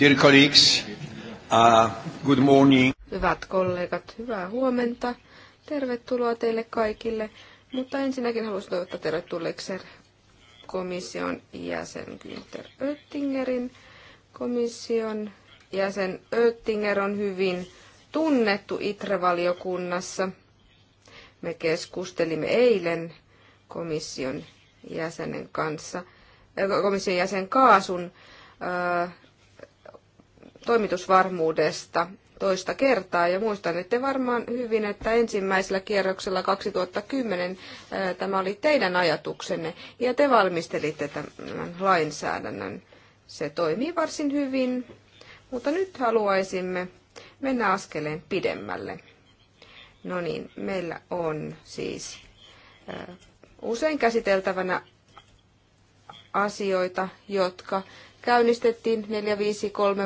Dear colleagues, uh, good morning. Hyvät kollegat, hyvää huomenta. Tervetuloa teille kaikille. Mutta ensinnäkin haluaisin toivottaa tervetulleeksi komission jäsen Günther Oettingerin. Komission jäsen Oettinger on hyvin tunnettu ITRE-valiokunnassa. Me keskustelimme eilen komission jäsenen kanssa, äh, komission jäsen Kaasun äh, toimitusvarmuudesta toista kertaa. Ja muistan, että varmaan hyvin, että ensimmäisellä kierroksella 2010 tämä oli teidän ajatuksenne ja te valmistelitte tämän lainsäädännön. Se toimii varsin hyvin, mutta nyt haluaisimme mennä askeleen pidemmälle. No niin, meillä on siis usein käsiteltävänä asioita, jotka käynnistettiin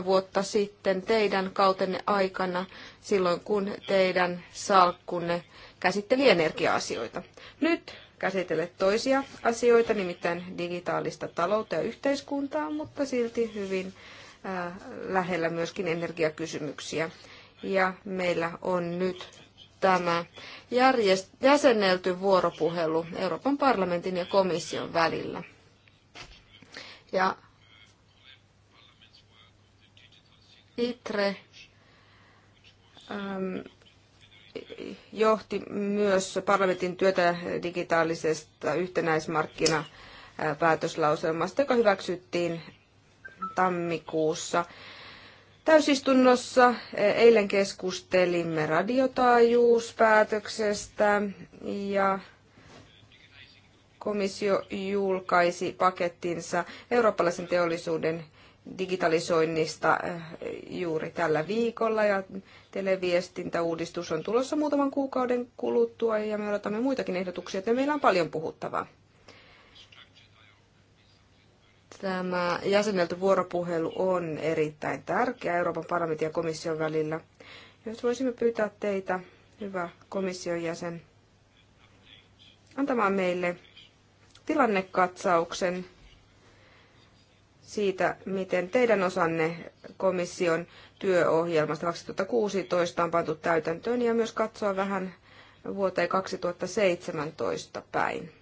4-5-3 vuotta sitten teidän kautenne aikana, silloin kun teidän salkkunne käsitteli energia-asioita. Nyt käsitelle toisia asioita, nimittäin digitaalista taloutta ja yhteiskuntaa, mutta silti hyvin äh, lähellä myöskin energiakysymyksiä. Ja meillä on nyt tämä järjest- jäsennelty vuoropuhelu Euroopan parlamentin ja komission välillä. Ja ITRE ähm, johti myös parlamentin työtä digitaalisesta yhtenäismarkkinapäätöslauselmasta, joka hyväksyttiin tammikuussa. Täysistunnossa e, eilen keskustelimme radiotaajuuspäätöksestä ja komissio julkaisi pakettinsa eurooppalaisen teollisuuden digitalisoinnista eh, juuri tällä viikolla ja televiestintäuudistus on tulossa muutaman kuukauden kuluttua ja me odotamme muitakin ehdotuksia, että meillä on paljon puhuttavaa. Tämä jäsenelty vuoropuhelu on erittäin tärkeä Euroopan parlamentin ja komission välillä. Jos voisimme pyytää teitä, hyvä komission jäsen, antamaan meille tilannekatsauksen siitä, miten teidän osanne komission työohjelmasta 2016 on pantu täytäntöön ja myös katsoa vähän vuoteen 2017 päin.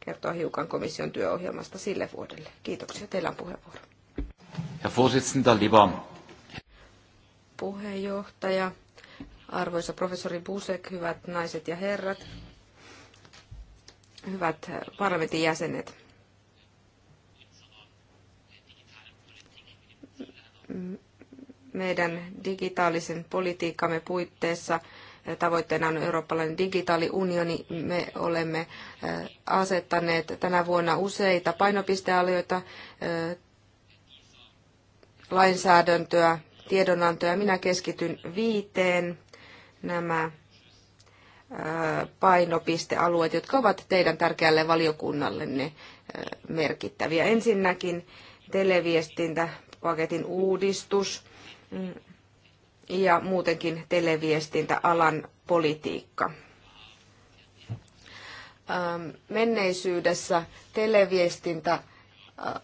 Kertoa hiukan komission työohjelmasta sille vuodelle. Kiitoksia. Teillä on puheenvuoro. Vorsitzender, puheenjohtaja, arvoisa professori Busek, hyvät naiset ja herrat, hyvät parlamentin jäsenet. meidän digitaalisen politiikkamme puitteissa tavoitteena on eurooppalainen digitaaliunioni. Me olemme asettaneet tänä vuonna useita painopistealueita, lainsäädäntöä, tiedonantoja. Minä keskityn viiteen nämä painopistealueet, jotka ovat teidän tärkeälle valiokunnallenne merkittäviä. Ensinnäkin televiestintä, paketin uudistus ja muutenkin televiestintäalan politiikka. Ähm, menneisyydessä televiestintäala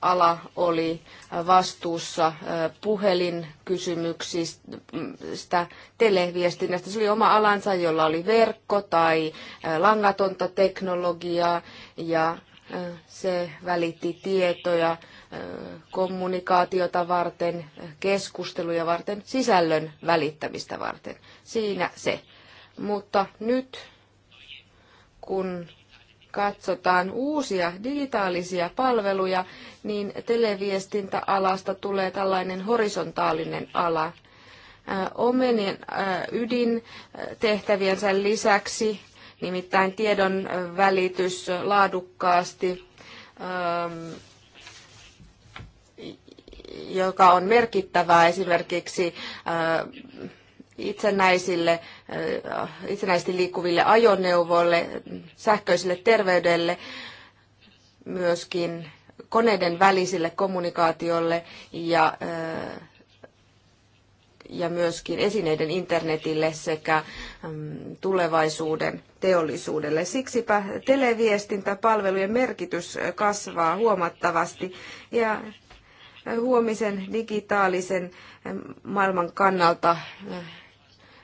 ala oli vastuussa äh, puhelinkysymyksistä, televiestinnästä. Se oli oma alansa, jolla oli verkko tai äh, langatonta teknologiaa ja äh, se välitti tietoja kommunikaatiota varten, keskusteluja varten, sisällön välittämistä varten. Siinä se. Mutta nyt kun katsotaan uusia digitaalisia palveluja, niin televiestintäalasta tulee tällainen horisontaalinen ala. Omenien ydin tehtäviensä lisäksi, nimittäin tiedon välitys laadukkaasti, joka on merkittävää esimerkiksi äh, itsenäisille, äh, itsenäisesti liikkuville ajoneuvoille, sähköisille terveydelle, myöskin koneiden välisille kommunikaatiolle ja, äh, ja myöskin esineiden internetille sekä mm, tulevaisuuden teollisuudelle. Siksipä televiestintäpalvelujen merkitys kasvaa huomattavasti ja huomisen digitaalisen eh, maailman kannalta eh,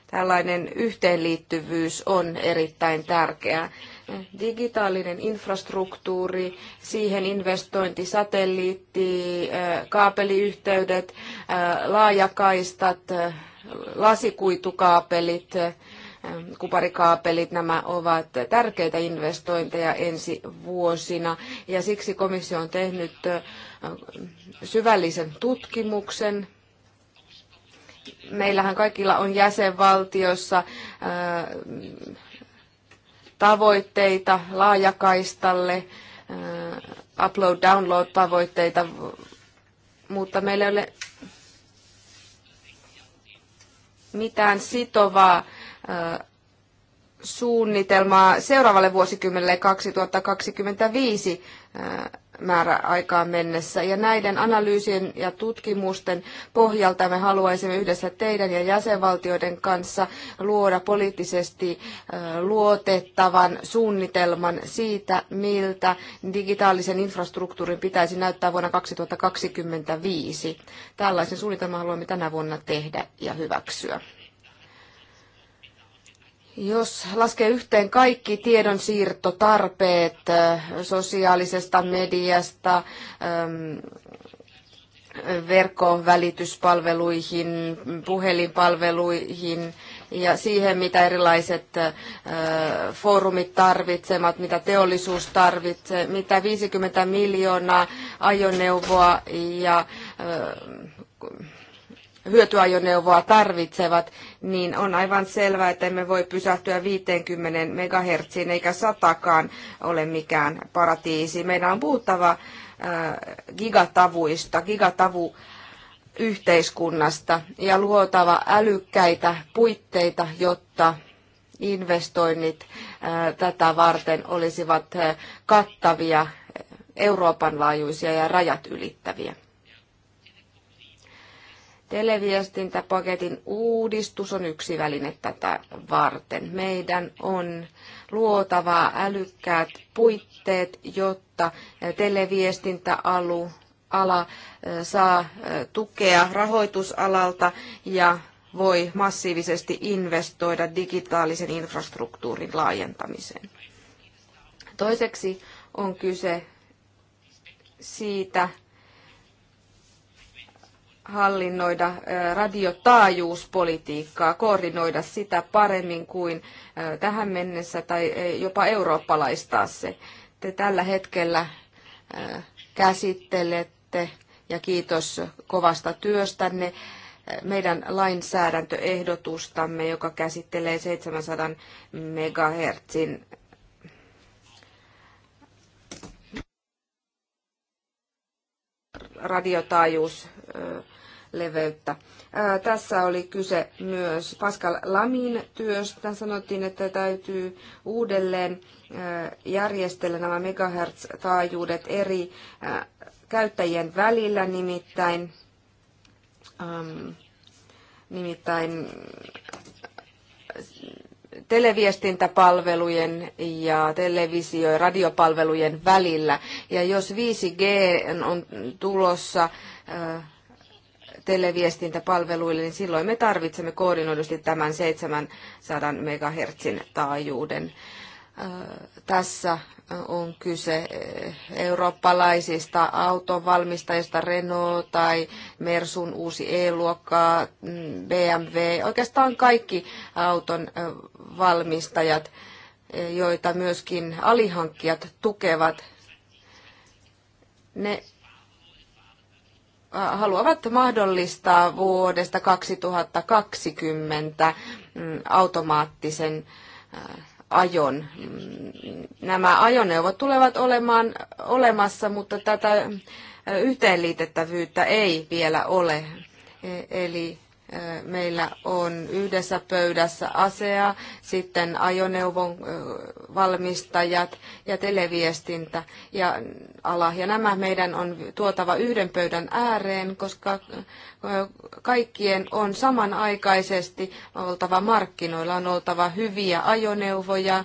tällainen yhteenliittyvyys on erittäin tärkeää. Eh, digitaalinen infrastruktuuri, siihen investointi, satelliitti, kaapeliyhteydet, laajakaistat, lasikuitukaapelit, kuparikaapelit, nämä ovat tärkeitä investointeja ensi vuosina ja siksi komissio on tehnyt syvällisen tutkimuksen. Meillähän kaikilla on jäsenvaltiossa äh, tavoitteita laajakaistalle, äh, upload-download-tavoitteita, mutta meillä ei ole mitään sitovaa äh, suunnitelmaa seuraavalle vuosikymmenelle 2025 määräaikaan mennessä. Ja näiden analyysien ja tutkimusten pohjalta me haluaisimme yhdessä teidän ja jäsenvaltioiden kanssa luoda poliittisesti luotettavan suunnitelman siitä, miltä digitaalisen infrastruktuurin pitäisi näyttää vuonna 2025. Tällaisen suunnitelman haluamme tänä vuonna tehdä ja hyväksyä. Jos laskee yhteen kaikki tiedonsiirtotarpeet sosiaalisesta mediasta, verkkovälityspalveluihin, puhelinpalveluihin ja siihen, mitä erilaiset foorumit tarvitsevat, mitä teollisuus tarvitsee, mitä 50 miljoonaa ajoneuvoa ja hyötyajoneuvoa tarvitsevat, niin on aivan selvää, että emme voi pysähtyä 50 megahertsiin eikä satakaan ole mikään paratiisi. Meidän on puhuttava äh, gigatavuista, gigatavu yhteiskunnasta ja luotava älykkäitä puitteita, jotta investoinnit äh, tätä varten olisivat äh, kattavia, Euroopan laajuisia ja rajat ylittäviä. Televiestintäpaketin uudistus on yksi väline tätä varten. Meidän on luotava älykkäät puitteet, jotta televiestintäalu ala saa tukea rahoitusalalta ja voi massiivisesti investoida digitaalisen infrastruktuurin laajentamiseen. Toiseksi on kyse siitä, hallinnoida radiotaajuuspolitiikkaa, koordinoida sitä paremmin kuin tähän mennessä tai jopa eurooppalaistaa se. Te tällä hetkellä käsittelette ja kiitos kovasta työstänne meidän lainsäädäntöehdotustamme, joka käsittelee 700 megahertsin radiotaajuus leveyttä. Ää, tässä oli kyse myös Pascal Lamin työstä. Sanottiin, että täytyy uudelleen ää, järjestellä nämä megahertz-taajuudet eri ää, käyttäjien välillä, nimittäin, äm, nimittäin televiestintäpalvelujen ja televisio- ja radiopalvelujen välillä. Ja jos 5G on tulossa ää, televiestintäpalveluille, niin silloin me tarvitsemme koordinoidusti tämän 700 MHz taajuuden. Tässä on kyse eurooppalaisista autonvalmistajista, Renault tai Mersun uusi E-luokka, mm, BMW, oikeastaan kaikki auton valmistajat, joita myöskin alihankkijat tukevat. Ne Äh, haluavat mahdollistaa vuodesta 2020 mm, automaattisen äh, ajon. Mm, nämä ajoneuvot tulevat olemaan olemassa, mutta tätä äh, yhteenliitettävyyttä ei vielä ole. E, eli Meillä on yhdessä pöydässä ASEA, sitten ajoneuvon valmistajat ja televiestintä ja ala. Ja nämä meidän on tuotava yhden pöydän ääreen, koska kaikkien on samanaikaisesti oltava markkinoilla, on oltava hyviä ajoneuvoja,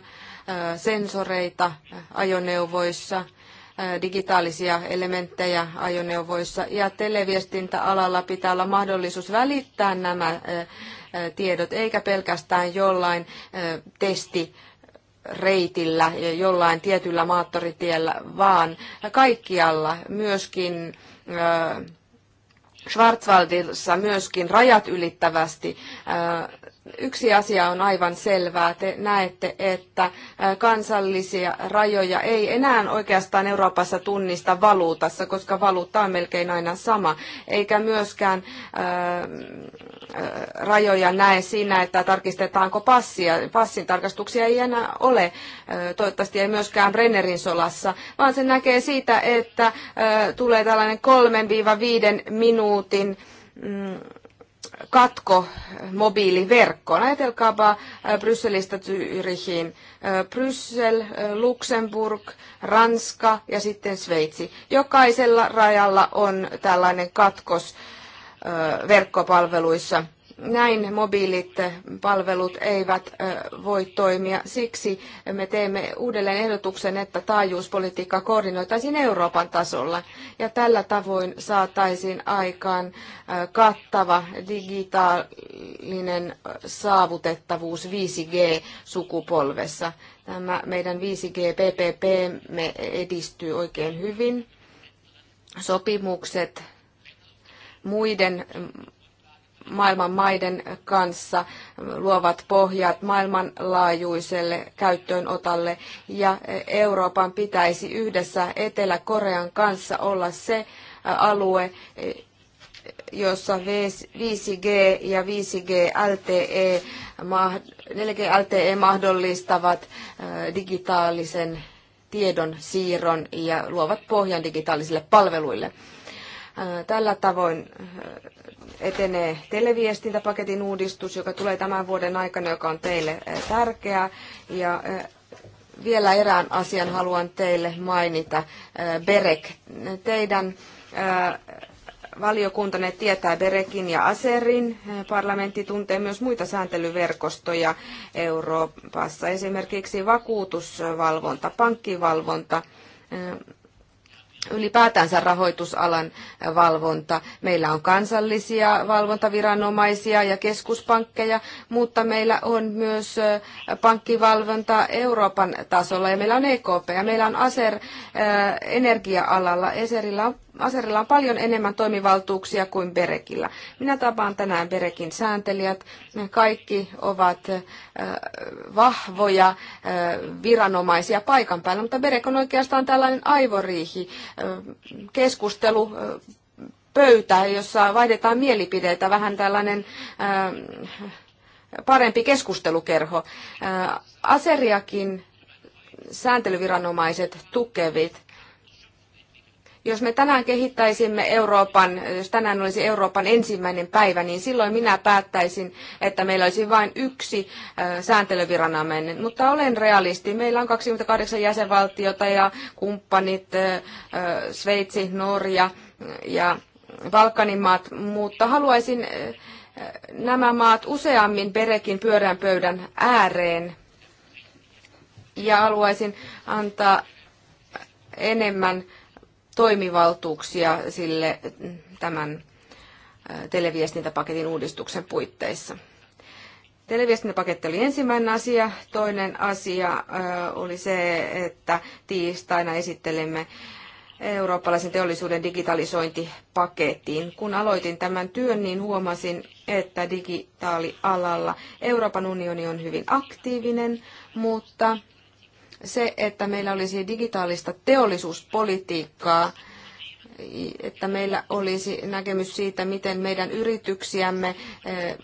sensoreita ajoneuvoissa – digitaalisia elementtejä ajoneuvoissa ja televiestintäalalla pitää olla mahdollisuus välittää nämä tiedot, eikä pelkästään jollain testi reitillä, jollain tietyllä maattoritiellä, vaan kaikkialla, myöskin Schwarzwaldissa, myöskin rajat ylittävästi. Yksi asia on aivan selvää. Te näette, että kansallisia rajoja ei enää oikeastaan Euroopassa tunnista valuutassa, koska valuutta on melkein aina sama, eikä myöskään rajoja näe siinä, että tarkistetaanko passia. Passin tarkastuksia ei enää ole, toivottavasti ei myöskään Brennerin solassa, vaan se näkee siitä, että tulee tällainen 3-5 minuutin mm, katko mobiiliverkkoon. Ajatelkaapa äh, Brysselistä Zürichiin. Äh, Bryssel, äh, Luxemburg, Ranska ja sitten Sveitsi. Jokaisella rajalla on tällainen katkos verkkopalveluissa – näin mobiilit palvelut eivät voi toimia. Siksi me teemme uudelleen ehdotuksen, että taajuuspolitiikka koordinoitaisiin Euroopan tasolla. Ja tällä tavoin saataisiin aikaan kattava digitaalinen saavutettavuus 5G-sukupolvessa. Tämä meidän 5G-PPP me edistyy oikein hyvin. Sopimukset muiden maailman maiden kanssa luovat pohjat maailmanlaajuiselle käyttöönotalle ja e, Euroopan pitäisi yhdessä Etelä-Korean kanssa olla se alue, e, jossa 5G ja 5G LTE, 4G LTE mahdollistavat digitaalisen tiedon siirron ja luovat pohjan digitaalisille palveluille. Tällä tavoin etenee televiestintäpaketin uudistus, joka tulee tämän vuoden aikana, joka on teille eh, tärkeä. Ja eh, vielä erään asian haluan teille mainita. Eh, Berek, teidän valiokuntanne tietää Berekin ja Aserin. Parlamentti tuntee myös muita sääntelyverkostoja Euroopassa, esimerkiksi vakuutusvalvonta, pankkivalvonta ylipäätänsä rahoitusalan valvonta. Meillä on kansallisia valvontaviranomaisia ja keskuspankkeja, mutta meillä on myös pankkivalvonta Euroopan tasolla ja meillä on EKP ja meillä on ASER energia-alalla. ESERillä on Aserilla on paljon enemmän toimivaltuuksia kuin Berekillä. Minä tapaan tänään Berekin sääntelijät. Kaikki ovat vahvoja viranomaisia paikan päällä, mutta Berek on oikeastaan tällainen aivoriihi, keskustelu pöytä, jossa vaihdetaan mielipiteitä, vähän tällainen parempi keskustelukerho. Aseriakin sääntelyviranomaiset tukevit jos me tänään kehittäisimme Euroopan, jos tänään olisi Euroopan ensimmäinen päivä, niin silloin minä päättäisin, että meillä olisi vain yksi sääntelyviranomainen. Mutta olen realisti. Meillä on 28 jäsenvaltiota ja kumppanit, Sveitsi, Norja ja Balkanin maat, mutta haluaisin nämä maat useammin perekin pyörän pöydän ääreen ja haluaisin antaa enemmän toimivaltuuksia sille tämän televiestintäpaketin uudistuksen puitteissa. Televiestintäpaketti oli ensimmäinen asia. Toinen asia oli se, että tiistaina esittelimme eurooppalaisen teollisuuden digitalisointipakettiin. Kun aloitin tämän työn, niin huomasin, että digitaalialalla Euroopan unioni on hyvin aktiivinen, mutta se, että meillä olisi digitaalista teollisuuspolitiikkaa, että meillä olisi näkemys siitä, miten meidän yrityksiämme, eh,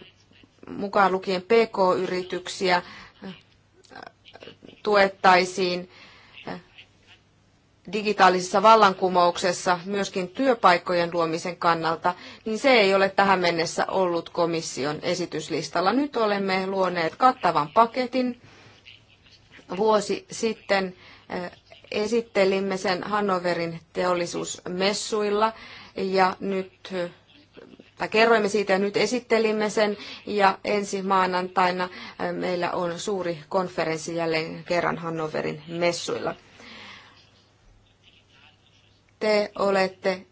mukaan lukien PK-yrityksiä, eh, tuettaisiin eh, digitaalisessa vallankumouksessa myöskin työpaikkojen luomisen kannalta, niin se ei ole tähän mennessä ollut komission esityslistalla. Nyt olemme luoneet kattavan paketin, Vuosi sitten eh, esittelimme sen Hannoverin teollisuusmessuilla ja nyt eh, tai kerroimme siitä ja nyt esittelimme sen ja ensi maanantaina eh, meillä on suuri konferenssi jälleen kerran Hannoverin messuilla te olette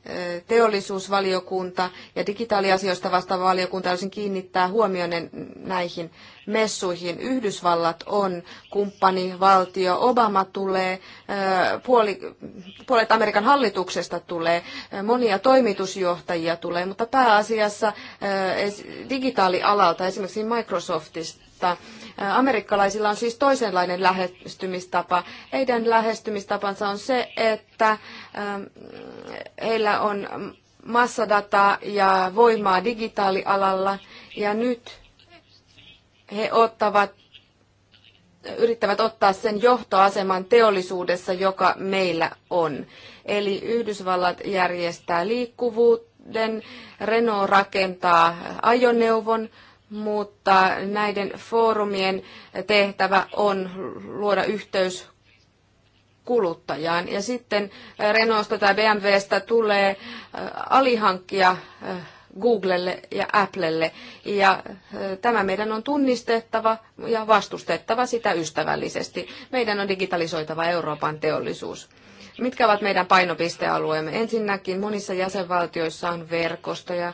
teollisuusvaliokunta ja digitaaliasioista vastaava valiokunta. Haluaisin kiinnittää huomioon näihin messuihin. Yhdysvallat on kumppanivaltio. Obama tulee, puoli, puolet Amerikan hallituksesta tulee, monia toimitusjohtajia tulee, mutta pääasiassa digitaalialalta, esimerkiksi Microsoftista, mutta amerikkalaisilla on siis toisenlainen lähestymistapa. Heidän lähestymistapansa on se, että heillä on massadataa ja voimaa digitaalialalla ja nyt he ottavat yrittävät ottaa sen johtoaseman teollisuudessa, joka meillä on. Eli Yhdysvallat järjestää liikkuvuuden, Renault rakentaa ajoneuvon, mutta näiden foorumien tehtävä on luoda yhteys kuluttajaan. Ja sitten eh, Renaultsta tai BMWstä tulee eh, alihankkia eh, Googlelle ja Applelle. Ja tämä meidän on tunnistettava ja vastustettava sitä ystävällisesti. Meidän on digitalisoitava Euroopan teollisuus. Mitkä ovat meidän painopistealueemme? Ensinnäkin monissa jäsenvaltioissa on verkostoja,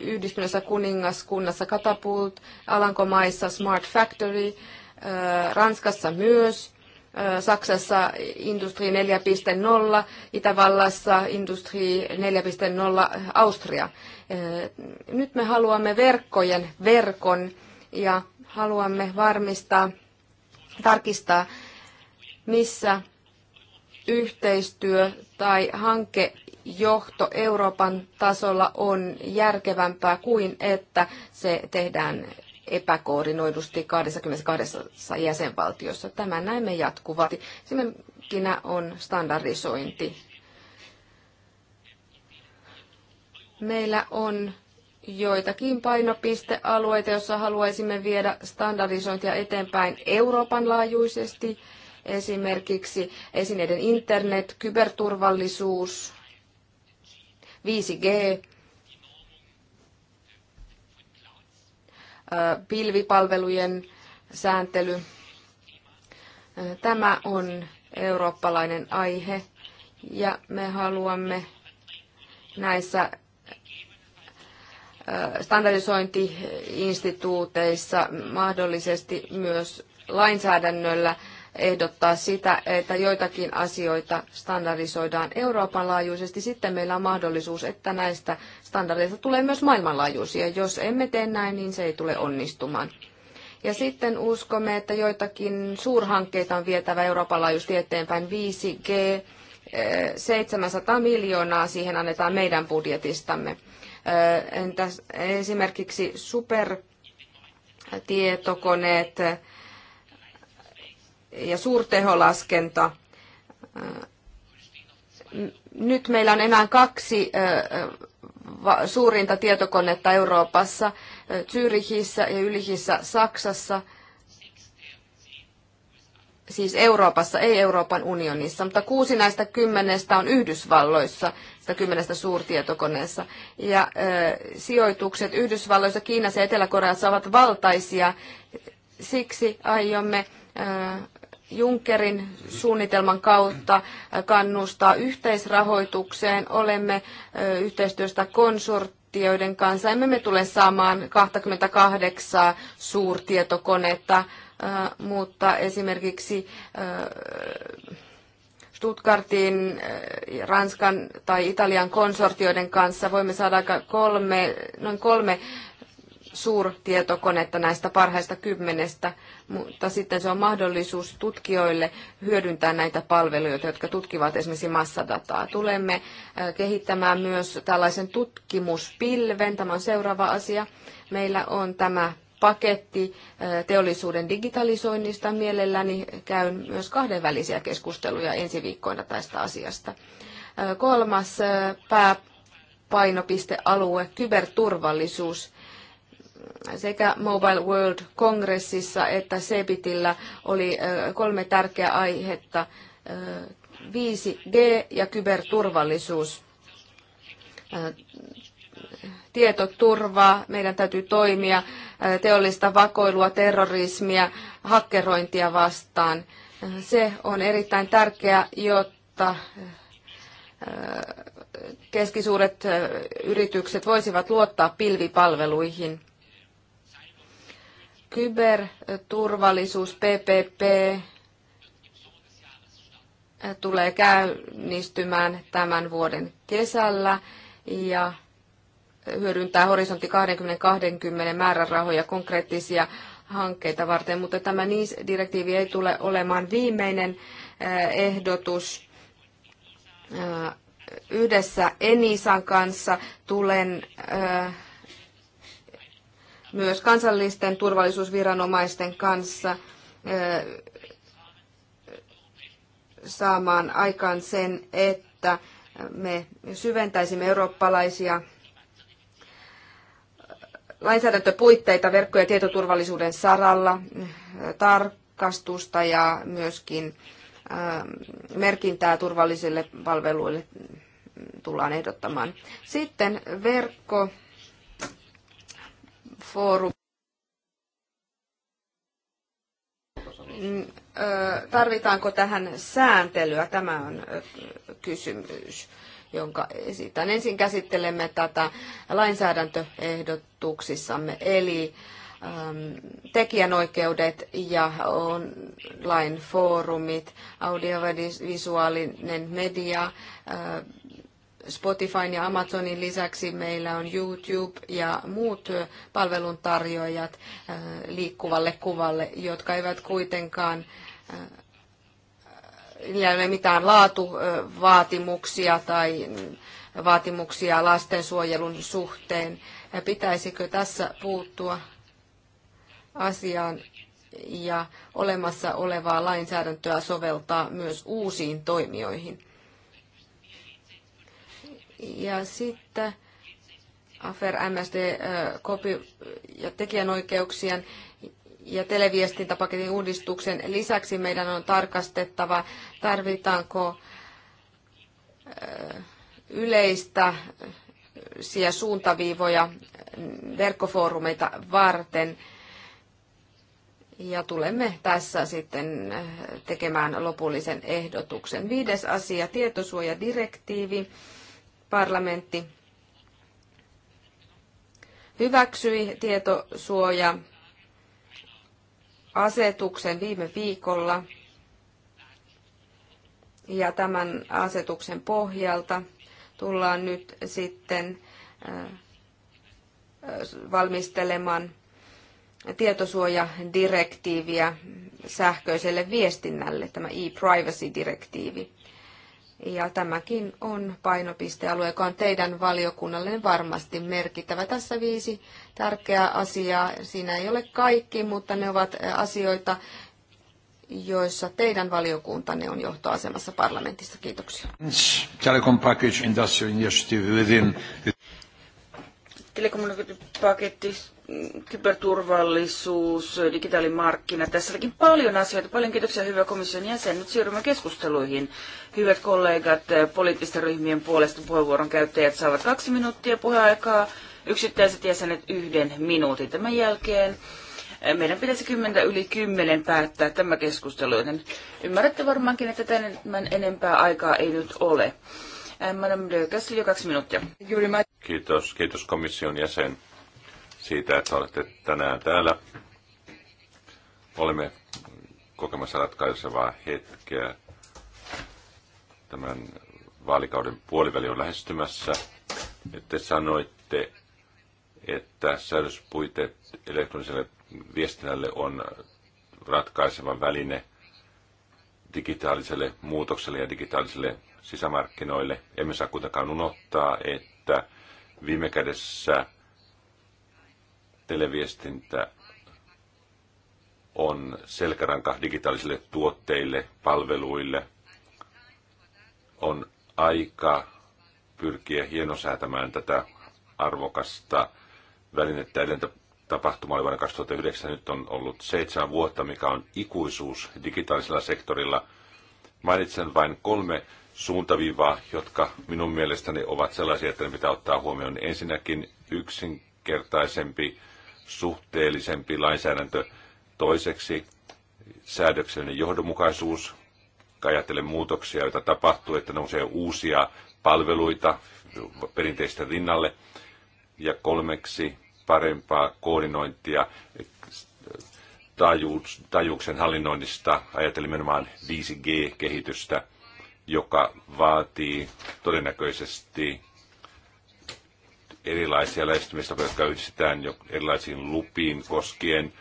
Yhdistyneessä kuningaskunnassa katapult, Alankomaissa Smart Factory, äh, Ranskassa myös, äh, Saksassa Industri 4.0, Itävallassa Industri 4.0, Austria. Äh, nyt me haluamme verkkojen verkon ja haluamme varmistaa, tarkistaa, missä yhteistyö tai hanke johto Euroopan tasolla on järkevämpää kuin että se tehdään epäkoordinoidusti 22 jäsenvaltiossa. Tämä näemme jatkuvasti. Esimerkkinä on standardisointi. Meillä on joitakin painopistealueita, joissa haluaisimme viedä standardisointia eteenpäin Euroopan laajuisesti, esimerkiksi esineiden internet, kyberturvallisuus, 5G, pilvipalvelujen sääntely. Tämä on eurooppalainen aihe ja me haluamme näissä standardisointiinstituuteissa mahdollisesti myös lainsäädännöllä ehdottaa sitä, että joitakin asioita standardisoidaan Euroopan laajuisesti. Sitten meillä on mahdollisuus, että näistä standardeista tulee myös maailmanlaajuisia. Jos emme tee näin, niin se ei tule onnistumaan. Ja sitten uskomme, että joitakin suurhankkeita on vietävä Euroopan laajuisesti eteenpäin. 5G, 700 miljoonaa siihen annetaan meidän budjetistamme. Entäs esimerkiksi supertietokoneet, ja suurteholaskenta. Nyt meillä on enää kaksi suurinta tietokonetta Euroopassa, Zyrihissä ja Ylihissä Saksassa, siis Euroopassa, ei Euroopan unionissa, mutta kuusi näistä kymmenestä on Yhdysvalloissa, sitä kymmenestä suurtietokoneessa. Ja ö, sijoitukset Yhdysvalloissa, Kiinassa ja Etelä-Koreassa ovat valtaisia, siksi aiomme ö, Junckerin suunnitelman kautta kannustaa yhteisrahoitukseen. Olemme yhteistyöstä konsortioiden kanssa. Emme me tule saamaan 28 suurtietokonetta, mutta esimerkiksi Stuttgartin, Ranskan tai Italian konsortioiden kanssa voimme saada kolme, noin kolme suurtietokonetta näistä parhaista kymmenestä, mutta sitten se on mahdollisuus tutkijoille hyödyntää näitä palveluita, jotka tutkivat esimerkiksi massadataa. Tulemme äh, kehittämään myös tällaisen tutkimuspilven, tämä on seuraava asia. Meillä on tämä paketti äh, teollisuuden digitalisoinnista. Mielelläni käyn myös kahdenvälisiä keskusteluja ensi viikkoina tästä asiasta. Äh, kolmas pääpainopistealue, kyberturvallisuus sekä Mobile World-kongressissa että Sebitillä oli kolme tärkeää aihetta, 5G ja kyberturvallisuus. Tietoturvaa, meidän täytyy toimia teollista vakoilua, terrorismia, hakkerointia vastaan. Se on erittäin tärkeää, jotta keskisuuret yritykset voisivat luottaa pilvipalveluihin. Kyberturvallisuus, PPP, tulee käynnistymään tämän vuoden kesällä ja hyödyntää horisontti 2020 määrärahoja konkreettisia hankkeita varten, mutta tämä NIS-direktiivi ei tule olemaan viimeinen eh, ehdotus. Eh, yhdessä Enisan kanssa tulen eh, myös kansallisten turvallisuusviranomaisten kanssa saamaan aikaan sen, että me syventäisimme eurooppalaisia lainsäädäntöpuitteita verkko- ja tietoturvallisuuden saralla, tarkastusta ja myöskin merkintää turvallisille palveluille tullaan ehdottamaan. Sitten verkko- foorumi mm, tarvitaanko tähän sääntelyä? Tämä on kysymys, jonka esitän. Ensin käsittelemme tätä lainsäädäntöehdotuksissamme, eli tekijänoikeudet ja online-foorumit, audiovisuaalinen media, Spotifyn ja Amazonin lisäksi meillä on YouTube ja muut palveluntarjoajat liikkuvalle kuvalle, jotka eivät kuitenkaan niillä ei ole mitään laatuvaatimuksia tai mm, vaatimuksia lastensuojelun suhteen. Pitäisikö tässä puuttua asiaan ja olemassa olevaa lainsäädäntöä soveltaa myös uusiin toimijoihin? Ja sitten AFER, MSD, kopi- ja tekijänoikeuksien ja televiestintäpaketin uudistuksen lisäksi meidän on tarkastettava, tarvitaanko yleistä suuntaviivoja verkkofoorumeita varten. Ja tulemme tässä sitten tekemään lopullisen ehdotuksen. Viides asia, tietosuojadirektiivi. direktiivi parlamentti hyväksyi tietosuoja asetuksen viime viikolla ja tämän asetuksen pohjalta tullaan nyt sitten äh, valmistelemaan tietosuojadirektiiviä sähköiselle viestinnälle, tämä e-privacy-direktiivi. Ja tämäkin on painopistealue, joka on teidän valiokunnallinen varmasti merkittävä. Tässä viisi tärkeää asiaa. Siinä ei ole kaikki, mutta ne ovat eh, asioita, joissa teidän valiokuntanne on johtoasemassa parlamentissa. Kiitoksia. Telecom package industrial initiative within kyberturvallisuus, digitaalimarkkina. Tässä olikin paljon asioita. Paljon kiitoksia hyvä komission jäsen. Nyt siirrymme keskusteluihin. Hyvät kollegat, poliittisten ryhmien puolesta puheenvuoron käyttäjät saavat kaksi minuuttia puheaikaa, yksittäiset jäsenet yhden minuutin. Tämän jälkeen meidän pitäisi kymmentä yli kymmenen päättää tämä keskustelu, joten ymmärrätte varmaankin, että tämän enempää aikaa ei nyt ole. Madame de Castillo, kaksi minuuttia. Kiitos, kiitos komission jäsen siitä, että olette tänään täällä. Olemme kokemassa ratkaisevaa hetkeä. Tämän vaalikauden puoliväli on lähestymässä. Te sanoitte, että säädöspuitteet elektroniselle viestinnälle on ratkaiseva väline digitaaliselle muutokselle ja digitaaliselle sisämarkkinoille. Emme saa kuitenkaan unohtaa, että viime kädessä televiestintä on selkäranka digitaalisille tuotteille, palveluille. On aika pyrkiä hienosäätämään tätä arvokasta välinettä edeltä tapahtuma oli vuonna 2009, nyt on ollut seitsemän vuotta, mikä on ikuisuus digitaalisella sektorilla. Mainitsen vain kolme suuntaviivaa, jotka minun mielestäni ovat sellaisia, että ne pitää ottaa huomioon. Ensinnäkin yksinkertaisempi suhteellisempi lainsäädäntö. Toiseksi säädöksellinen johdonmukaisuus, ajattelen muutoksia, joita tapahtuu, että nousee uusia palveluita perinteistä rinnalle. Ja kolmeksi parempaa koordinointia taajuuksien hallinnoinnista, ajatellen nimenomaan 5G-kehitystä, joka vaatii todennäköisesti erilaisia lähestymistapoja, jotka yhdistetään jo erilaisiin lupiin koskien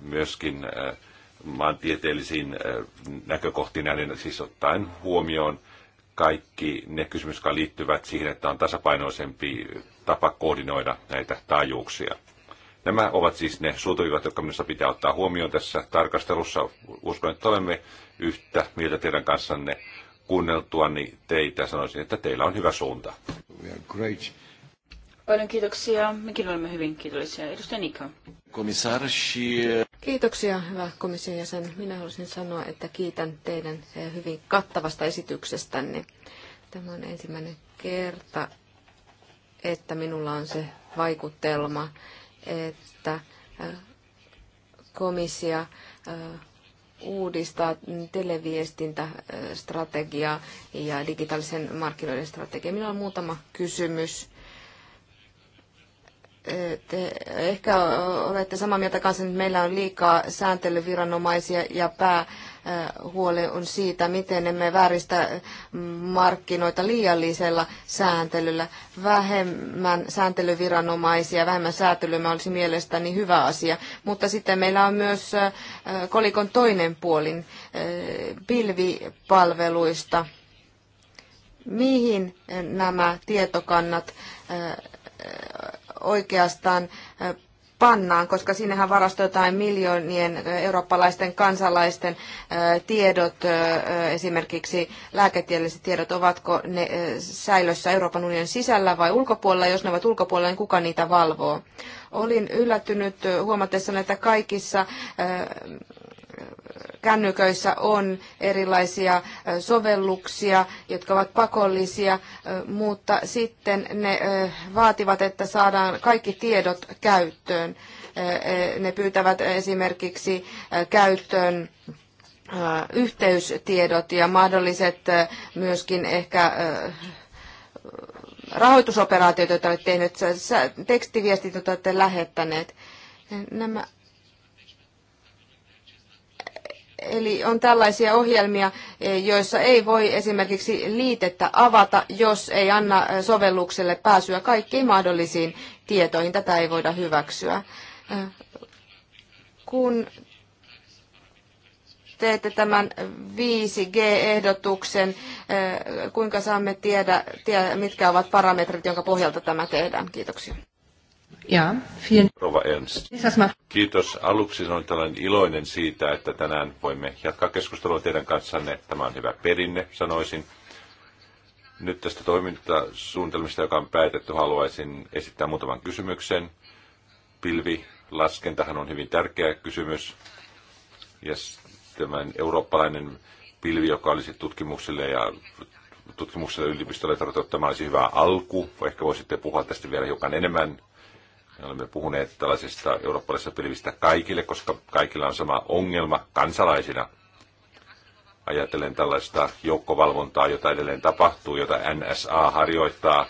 myöskin äh, maantieteellisiin äh, näkökohtiin näiden siis ottaen huomioon kaikki ne kysymykset, jotka liittyvät siihen, että on tasapainoisempi tapa koordinoida näitä taajuuksia. Nämä ovat siis ne suuntaviivat, jotka minusta pitää ottaa huomioon tässä tarkastelussa. Uskon, että olemme yhtä mieltä teidän kanssanne kuunneltuani teitä. Sanoisin, että teillä on hyvä suunta. Paljon kiitoksia. Mekin olemme hyvin kiitollisia. Edustaja Nika. Komissaarsi. Kiitoksia, hyvä komission jäsen. Minä haluaisin sanoa, että kiitän teidän eh, hyvin kattavasta esityksestänne. Tämä on ensimmäinen kerta, että minulla on se vaikutelma, että eh, komissio eh, uudistaa televiestintästrategiaa ja digitaalisen markkinoiden strategiaa. Minulla on muutama kysymys te ehkä olette samaa mieltä kanssa, että meillä on liikaa sääntelyviranomaisia ja päähuoli on siitä, miten emme vääristä markkinoita liiallisella sääntelyllä. Vähemmän sääntelyviranomaisia, vähemmän säätelyä olisi mielestäni hyvä asia, mutta sitten meillä on myös kolikon toinen puolin pilvipalveluista. Mihin nämä tietokannat oikeastaan pannaan, koska sinnehän varastoitaan miljoonien eurooppalaisten kansalaisten tiedot, esimerkiksi lääketieteelliset tiedot, ovatko ne säilössä Euroopan unionin sisällä vai ulkopuolella. Jos ne ovat ulkopuolella, niin kuka niitä valvoo? Olin yllättynyt huomatessani, että kaikissa kännyköissä on erilaisia sovelluksia, jotka ovat pakollisia, mutta sitten ne vaativat, että saadaan kaikki tiedot käyttöön. Ne pyytävät esimerkiksi käyttöön yhteystiedot ja mahdolliset myöskin ehkä rahoitusoperaatiot, joita olette tehneet, tekstiviestit, joita olette lähettäneet. Nämä Eli on tällaisia ohjelmia, e, joissa ei voi esimerkiksi liitettä avata, jos ei anna e, sovellukselle pääsyä kaikkiin mahdollisiin tietoihin. Tätä ei voida hyväksyä. E, kun teette tämän 5G-ehdotuksen, kuinka saamme tiedä, mitkä ovat parametrit, jonka pohjalta tämä tehdään? Kiitoksia. Ja, vielen... Rova Ernst. Kiitos. Aluksi olen tällainen iloinen siitä, että tänään voimme jatkaa keskustelua teidän kanssanne. Tämä on hyvä perinne, sanoisin. Nyt tästä toimintasuunnitelmista, joka on päätetty, haluaisin esittää muutaman kysymyksen. Pilvi, laskentahan on hyvin tärkeä kysymys. Ja tämän eurooppalainen pilvi, joka olisi tutkimukselle ja tutkimukselle yliopistolle tarkoittama olisi hyvä alku. Ehkä voisitte puhua tästä vielä hiukan enemmän me olemme puhuneet tällaisista eurooppalaisista pilvistä kaikille, koska kaikilla on sama ongelma kansalaisina. Ajatellen tällaista joukkovalvontaa, jota edelleen tapahtuu, jota NSA harjoittaa.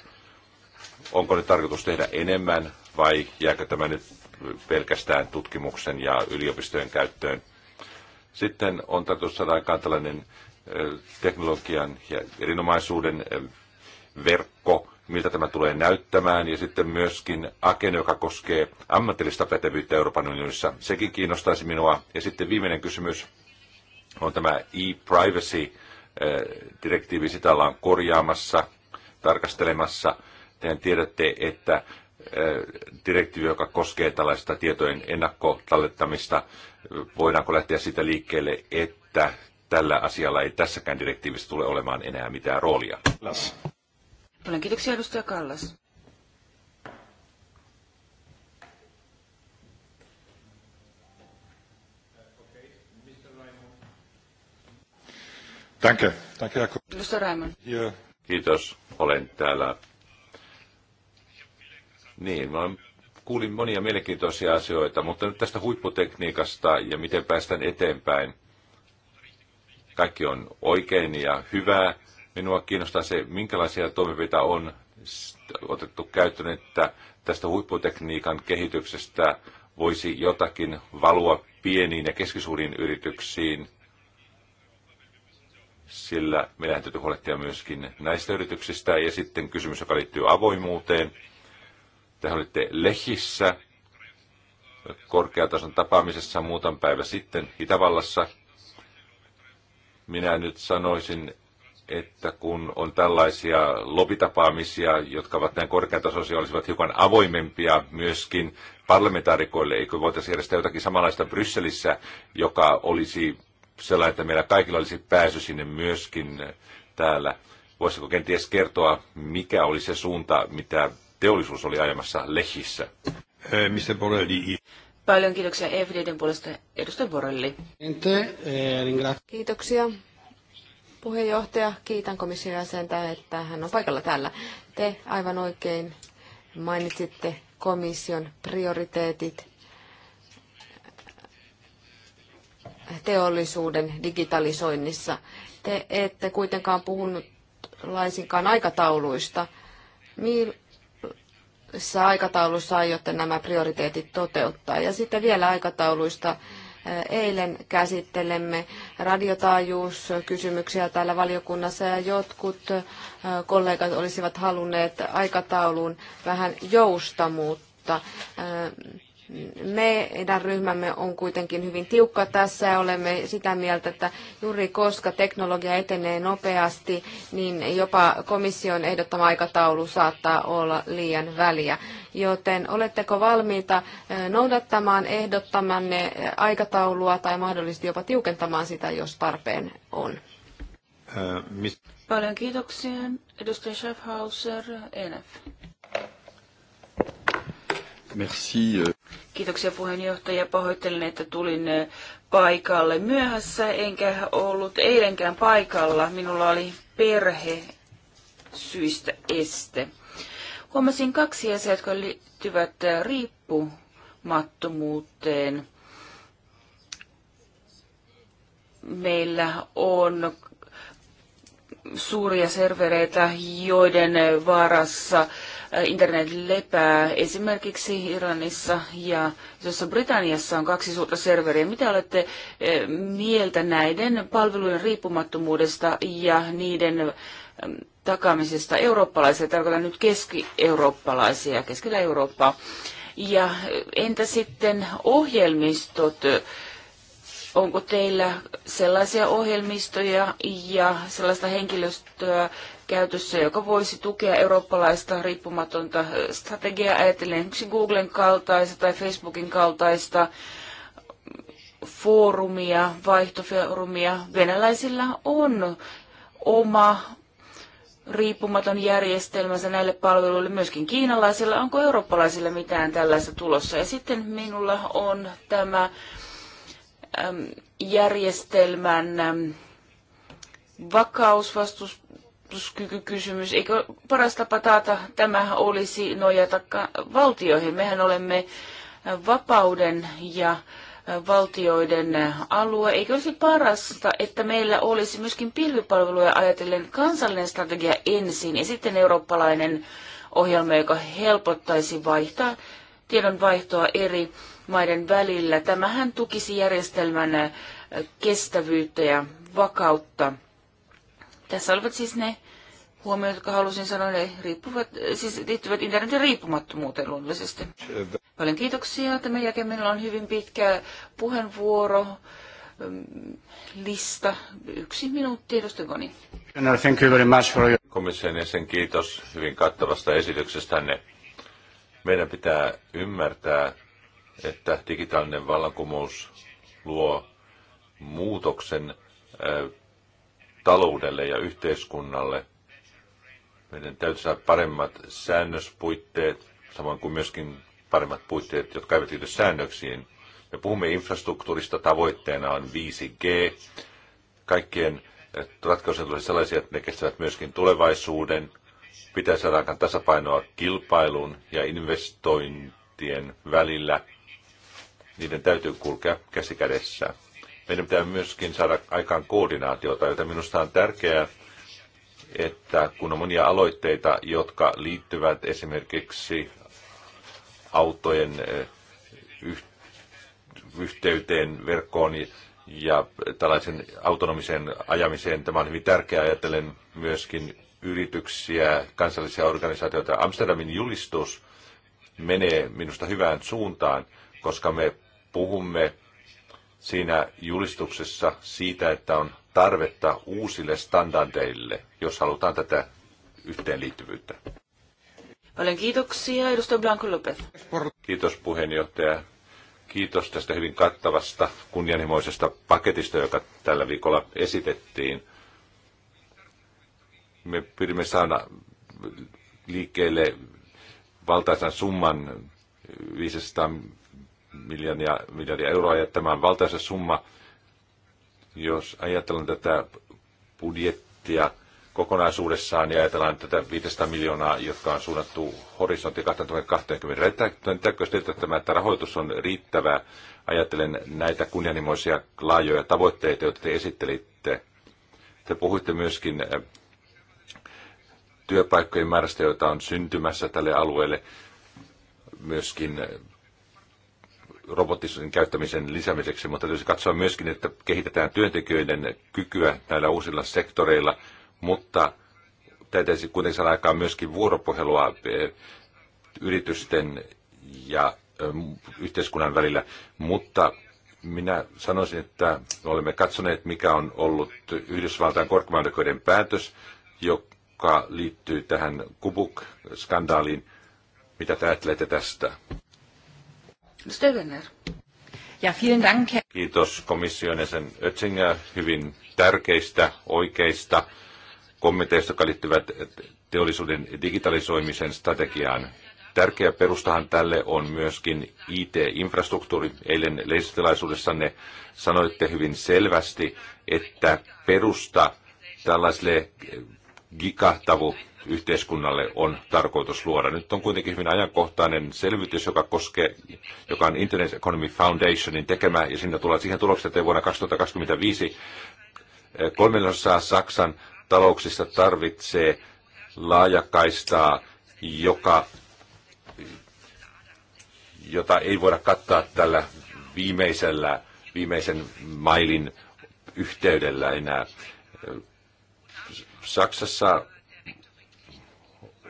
Onko nyt tarkoitus tehdä enemmän vai jääkö tämä nyt pelkästään tutkimuksen ja yliopistojen käyttöön? Sitten on tarkoitus saada aikaan tällainen teknologian ja erinomaisuuden verkko, miltä tämä tulee näyttämään, ja sitten myöskin Aken, joka koskee ammatillista pätevyyttä Euroopan unionissa. Sekin kiinnostaisi minua. Ja sitten viimeinen kysymys on tämä e-privacy-direktiivi. Eh, Sitä ollaan korjaamassa, tarkastelemassa. Tehän tiedätte, että eh, direktiivi, joka koskee tällaista tietojen ennakkotallettamista, voidaanko lähteä siitä liikkeelle, että tällä asialla ei tässäkään direktiivissä tule olemaan enää mitään roolia. Las. Paljon kiitoksia edustaja Kallas. Danke. Danke, Raimon. Kiitos. Olen täällä. Niin, mä kuulin monia mielenkiintoisia asioita, mutta nyt tästä huipputekniikasta ja miten päästään eteenpäin. Kaikki on oikein ja hyvää, Minua kiinnostaa se, minkälaisia toimenpiteitä on otettu käyttöön, että tästä huipputekniikan kehityksestä voisi jotakin valua pieniin ja keskisuuriin yrityksiin, sillä meidän täytyy huolehtia myöskin näistä yrityksistä. Ja sitten kysymys, joka liittyy avoimuuteen. Te olitte Lehissä korkeatason tapaamisessa muutaman päivä sitten Itävallassa. Minä nyt sanoisin, että kun on tällaisia lobitapaamisia, jotka ovat näin korkeatasoisia, olisivat hiukan avoimempia myöskin parlamentaarikoille, eikö voitaisiin järjestää jotakin samanlaista Brysselissä, joka olisi sellainen, että meillä kaikilla olisi pääsy sinne myöskin täällä. Voisiko kenties kertoa, mikä oli se suunta, mitä teollisuus oli ajamassa Lehissä? Eh, Mr. Borrelli. Paljon kiitoksia EFDn puolesta edustaja Borrelli. Eh, kiitoksia puheenjohtaja. Kiitän komission jäsentä, että hän on paikalla täällä. Te aivan oikein mainitsitte komission prioriteetit teollisuuden digitalisoinnissa. Te ette kuitenkaan puhunut laisinkaan aikatauluista. Missä aikataulussa aiotte nämä prioriteetit toteuttaa? Ja sitten vielä aikatauluista Eilen käsittelemme radiotaajuuskysymyksiä täällä valiokunnassa ja jotkut kollegat olisivat halunneet aikatauluun vähän joustamuutta edän ryhmämme on kuitenkin hyvin tiukka tässä ja olemme sitä mieltä, että juuri koska teknologia etenee nopeasti, niin jopa komission ehdottama aikataulu saattaa olla liian väliä. Joten oletteko valmiita noudattamaan ehdottamanne aikataulua tai mahdollisesti jopa tiukentamaan sitä, jos tarpeen on? Paljon kiitoksia. Edustaja Schaffhauser, ENF. Merci. Euh. Kiitoksia puheenjohtaja. Pahoittelen, että tulin äh, paikalle myöhässä, enkä ollut eilenkään paikalla. Minulla oli perhe syistä este. Huomasin kaksi asiaa, jotka liittyvät äh, riippumattomuuteen. Meillä on suuria servereitä, joiden varassa internet lepää. Esimerkiksi Iranissa ja jossa Britanniassa on kaksi suurta serveriä. Mitä olette eh, mieltä näiden palvelujen riippumattomuudesta ja niiden mm, takaamisesta eurooppalaisia, tarkoitan nyt keski-eurooppalaisia, keskellä Eurooppaa. Ja eh, entä sitten ohjelmistot? Onko teillä sellaisia ohjelmistoja ja sellaista henkilöstöä, käytössä, joka voisi tukea eurooppalaista riippumatonta strategiaa ajatellen esimerkiksi Googlen kaltaista tai Facebookin kaltaista foorumia, vaihtofoorumia. Venäläisillä on oma riippumaton järjestelmänsä näille palveluille myöskin kiinalaisilla. Onko eurooppalaisilla mitään tällaista tulossa? Ja sitten minulla on tämä järjestelmän vakausvastus puolustuskykykysymys. Eikö paras tapa taata tämä olisi nojata valtioihin? Mehän olemme vapauden ja valtioiden alue. Eikö olisi parasta, että meillä olisi myöskin pilvipalveluja ajatellen kansallinen strategia ensin ja sitten eurooppalainen ohjelma, joka helpottaisi vaihtaa tiedonvaihtoa eri maiden välillä. Tämähän tukisi järjestelmän kestävyyttä ja vakautta. Tässä olivat siis ne huomiot, jotka halusin sanoa, ne riippuvat, siis liittyvät internetin riippumattomuuteen luonnollisesti. Paljon kiitoksia. Tämän jälkeen meillä on hyvin pitkä puheenvuoro mm, lista. Yksi minuutti, edustaja Goni. No, Komission jäsen, kiitos hyvin kattavasta esityksestänne. Meidän pitää ymmärtää, että digitaalinen vallankumous luo muutoksen taloudelle ja yhteiskunnalle. Meidän täytyy saada paremmat säännöspuitteet, samoin kuin myöskin paremmat puitteet, jotka eivät liity säännöksiin. Me puhumme infrastruktuurista, tavoitteena on 5G. Kaikkien ratkaisujen tulee sellaisia, että ne kestävät myöskin tulevaisuuden. Pitää saada aikaan tasapainoa kilpailun ja investointien välillä. Niiden täytyy kulkea käsi kädessä meidän pitää myöskin saada aikaan koordinaatiota, jota minusta on tärkeää, että kun on monia aloitteita, jotka liittyvät esimerkiksi autojen e, yhteyteen, verkkoon ja tällaisen autonomiseen ajamiseen, tämä on hyvin tärkeää ajatellen myöskin yrityksiä, kansallisia organisaatioita. Amsterdamin julistus menee minusta hyvään suuntaan, koska me puhumme siinä julistuksessa siitä, että on tarvetta uusille standardeille, jos halutaan tätä yhteenliittyvyyttä. Paljon kiitoksia, edustaja Blanco Lopez. Kiitos puheenjohtaja. Kiitos tästä hyvin kattavasta, kunnianhimoisesta paketista, joka tällä viikolla esitettiin. Me pyrimme saada liikkeelle valtaisan summan 500 miljardia, miljardia euroa, ja tämä on valtaisa summa. Jos ajatellaan tätä budjettia kokonaisuudessaan ja ajatellaan tätä 500 miljoonaa, jotka on suunnattu horisontti 2020, tietää tämä, että rahoitus on riittävää? Ajattelen näitä kunnianhimoisia laajoja tavoitteita, joita te esittelitte. Te puhuitte myöskin äh, työpaikkojen määrästä, joita on syntymässä tälle alueelle myöskin äh, robottisen käyttämisen lisäämiseksi, mutta täytyy katsoa myöskin, että kehitetään työntekijöiden kykyä näillä uusilla sektoreilla, mutta täytyisi kuitenkin saada aikaan myöskin vuoropuhelua eh, yritysten ja eh, yhteiskunnan välillä, mutta minä sanoisin, että me olemme katsoneet, mikä on ollut Yhdysvaltain korkeimman päätös, joka liittyy tähän Kubuk-skandaaliin. Mitä te ajattelette tästä? Stövener. Ja vielen dank. Kiitos komission jäsen Oettinger hyvin tärkeistä, oikeista kommenteista, jotka liittyvät teollisuuden digitalisoimisen strategiaan. Tärkeä perustahan tälle on myöskin IT-infrastruktuuri. Eilen leisitilaisuudessanne sanoitte hyvin selvästi, että perusta tällaiselle gigahtavu yhteiskunnalle on tarkoitus luoda. Nyt on kuitenkin hyvin ajankohtainen selvitys, joka koskee, joka on Internet Economy Foundationin tekemä, ja siinä tulee siihen tulokseen, että vuonna 2025 kolmennosaa Saksan talouksista tarvitsee laajakaistaa, joka, jota ei voida kattaa tällä viimeisellä, viimeisen mailin yhteydellä enää. Saksassa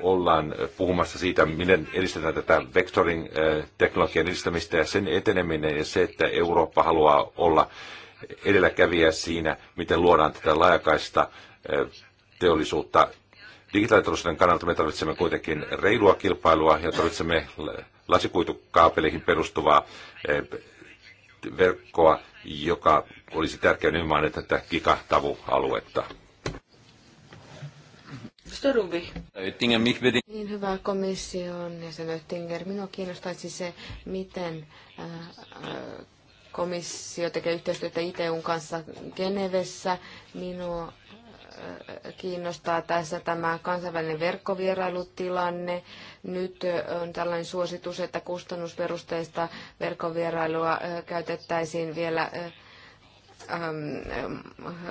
ollaan puhumassa siitä, miten edistetään tätä vectoring äh, teknologian edistämistä ja sen eteneminen ja se, että Eurooppa haluaa olla edelläkävijä siinä, miten luodaan tätä laajakaista äh, teollisuutta. Digitaalitalousten kannalta me tarvitsemme kuitenkin reilua kilpailua ja tarvitsemme lasikuitukaapeleihin perustuvaa äh, verkkoa, joka olisi tärkeä nimenomaan tätä gigatavualuetta. Edustaja Rubi. Niin hyvä komission ja sen Oettinger. Minua kiinnostaisi se, miten äh, äh, komissio tekee yhteistyötä ITUn kanssa Genevessä. Minua äh, kiinnostaa tässä tämä kansainvälinen verkkovierailutilanne. Nyt on tällainen suositus, että kustannusperusteista verkkovierailua käytettäisiin vielä Ähm, ähm,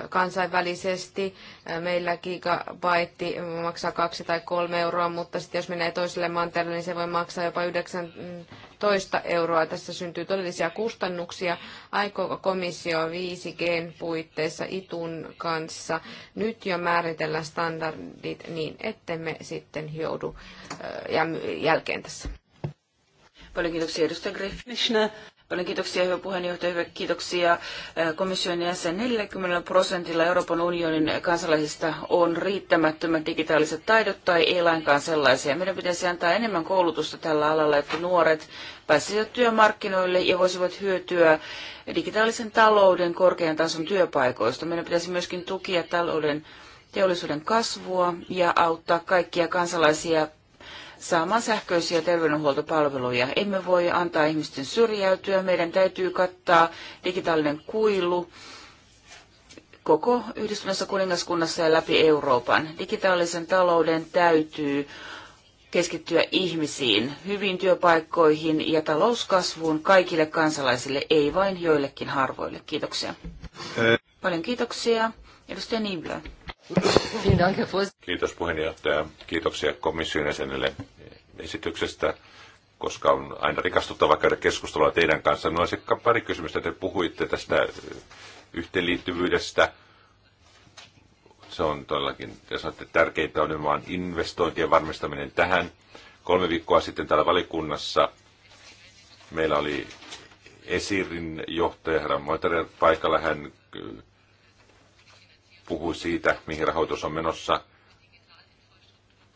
kansainvälisesti. Äh, meillä gigabaitti maksaa kaksi tai kolme euroa, mutta sitten jos menee toiselle mantereelle, niin se voi maksaa jopa 19 euroa. Tässä syntyy todellisia kustannuksia. Aikooko komissio 5 g puitteissa ITUN kanssa nyt jo määritellä standardit niin, ettemme sitten joudu äh, jälkeen tässä? Paljon kiitoksia edustaja Griffin. Paljon kiitoksia, hyvä puheenjohtaja, hyvä kiitoksia komission jäsen. 40 prosentilla Euroopan unionin kansalaisista on riittämättömät digitaaliset taidot tai ei lainkaan sellaisia. Meidän pitäisi antaa enemmän koulutusta tällä alalla, että nuoret pääsisivät työmarkkinoille ja voisivat hyötyä digitaalisen talouden korkean tason työpaikoista. Meidän pitäisi myöskin tukia talouden teollisuuden kasvua ja auttaa kaikkia kansalaisia saamaan sähköisiä terveydenhuoltopalveluja. Emme voi antaa ihmisten syrjäytyä. Meidän täytyy kattaa digitaalinen kuilu koko yhdistyneessä kuningaskunnassa ja läpi Euroopan. Digitaalisen talouden täytyy keskittyä ihmisiin, hyvin työpaikkoihin ja talouskasvuun kaikille kansalaisille, ei vain joillekin harvoille. Kiitoksia. Paljon kiitoksia. Edustaja Niblö. Kiitos puheenjohtaja. Kiitoksia komission jäsenelle esityksestä, koska on aina rikastuttava käydä keskustelua teidän kanssa. No se pari kysymystä. Te puhuitte tästä eh, yhteenliittyvyydestä. Se on todellakin, te sanotte, tärkeintä on nimenomaan investointien varmistaminen tähän. Kolme viikkoa sitten täällä valikunnassa meillä oli Esirin johtaja, herra Moiterer, paikalla. Hän eh, puhui siitä, mihin rahoitus on menossa.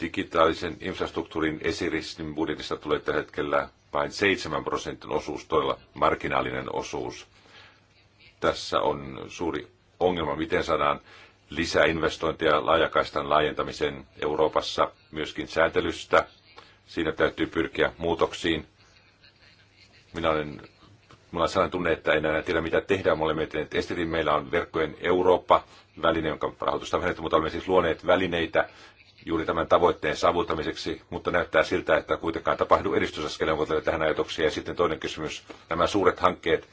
Digitaalisen infrastruktuurin esiristin budjetista tulee tällä hetkellä vain 7 prosentin osuus, todella marginaalinen osuus. Tässä on suuri ongelma, miten saadaan lisää investointeja laajakaistan laajentamisen Euroopassa, myöskin sääntelystä. Siinä täytyy pyrkiä muutoksiin. Minä olen Mulla on sellainen tunne, että en enää tiedä mitä tehdään. on että estetin, meillä on verkkojen Eurooppa-väline, jonka rahoitusta on mutta olemme siis luoneet välineitä juuri tämän tavoitteen saavuttamiseksi, mutta näyttää siltä, että kuitenkaan tapahtuu edistysaskeleen tälle tähän ajatuksia. Ja sitten toinen kysymys, nämä suuret hankkeet,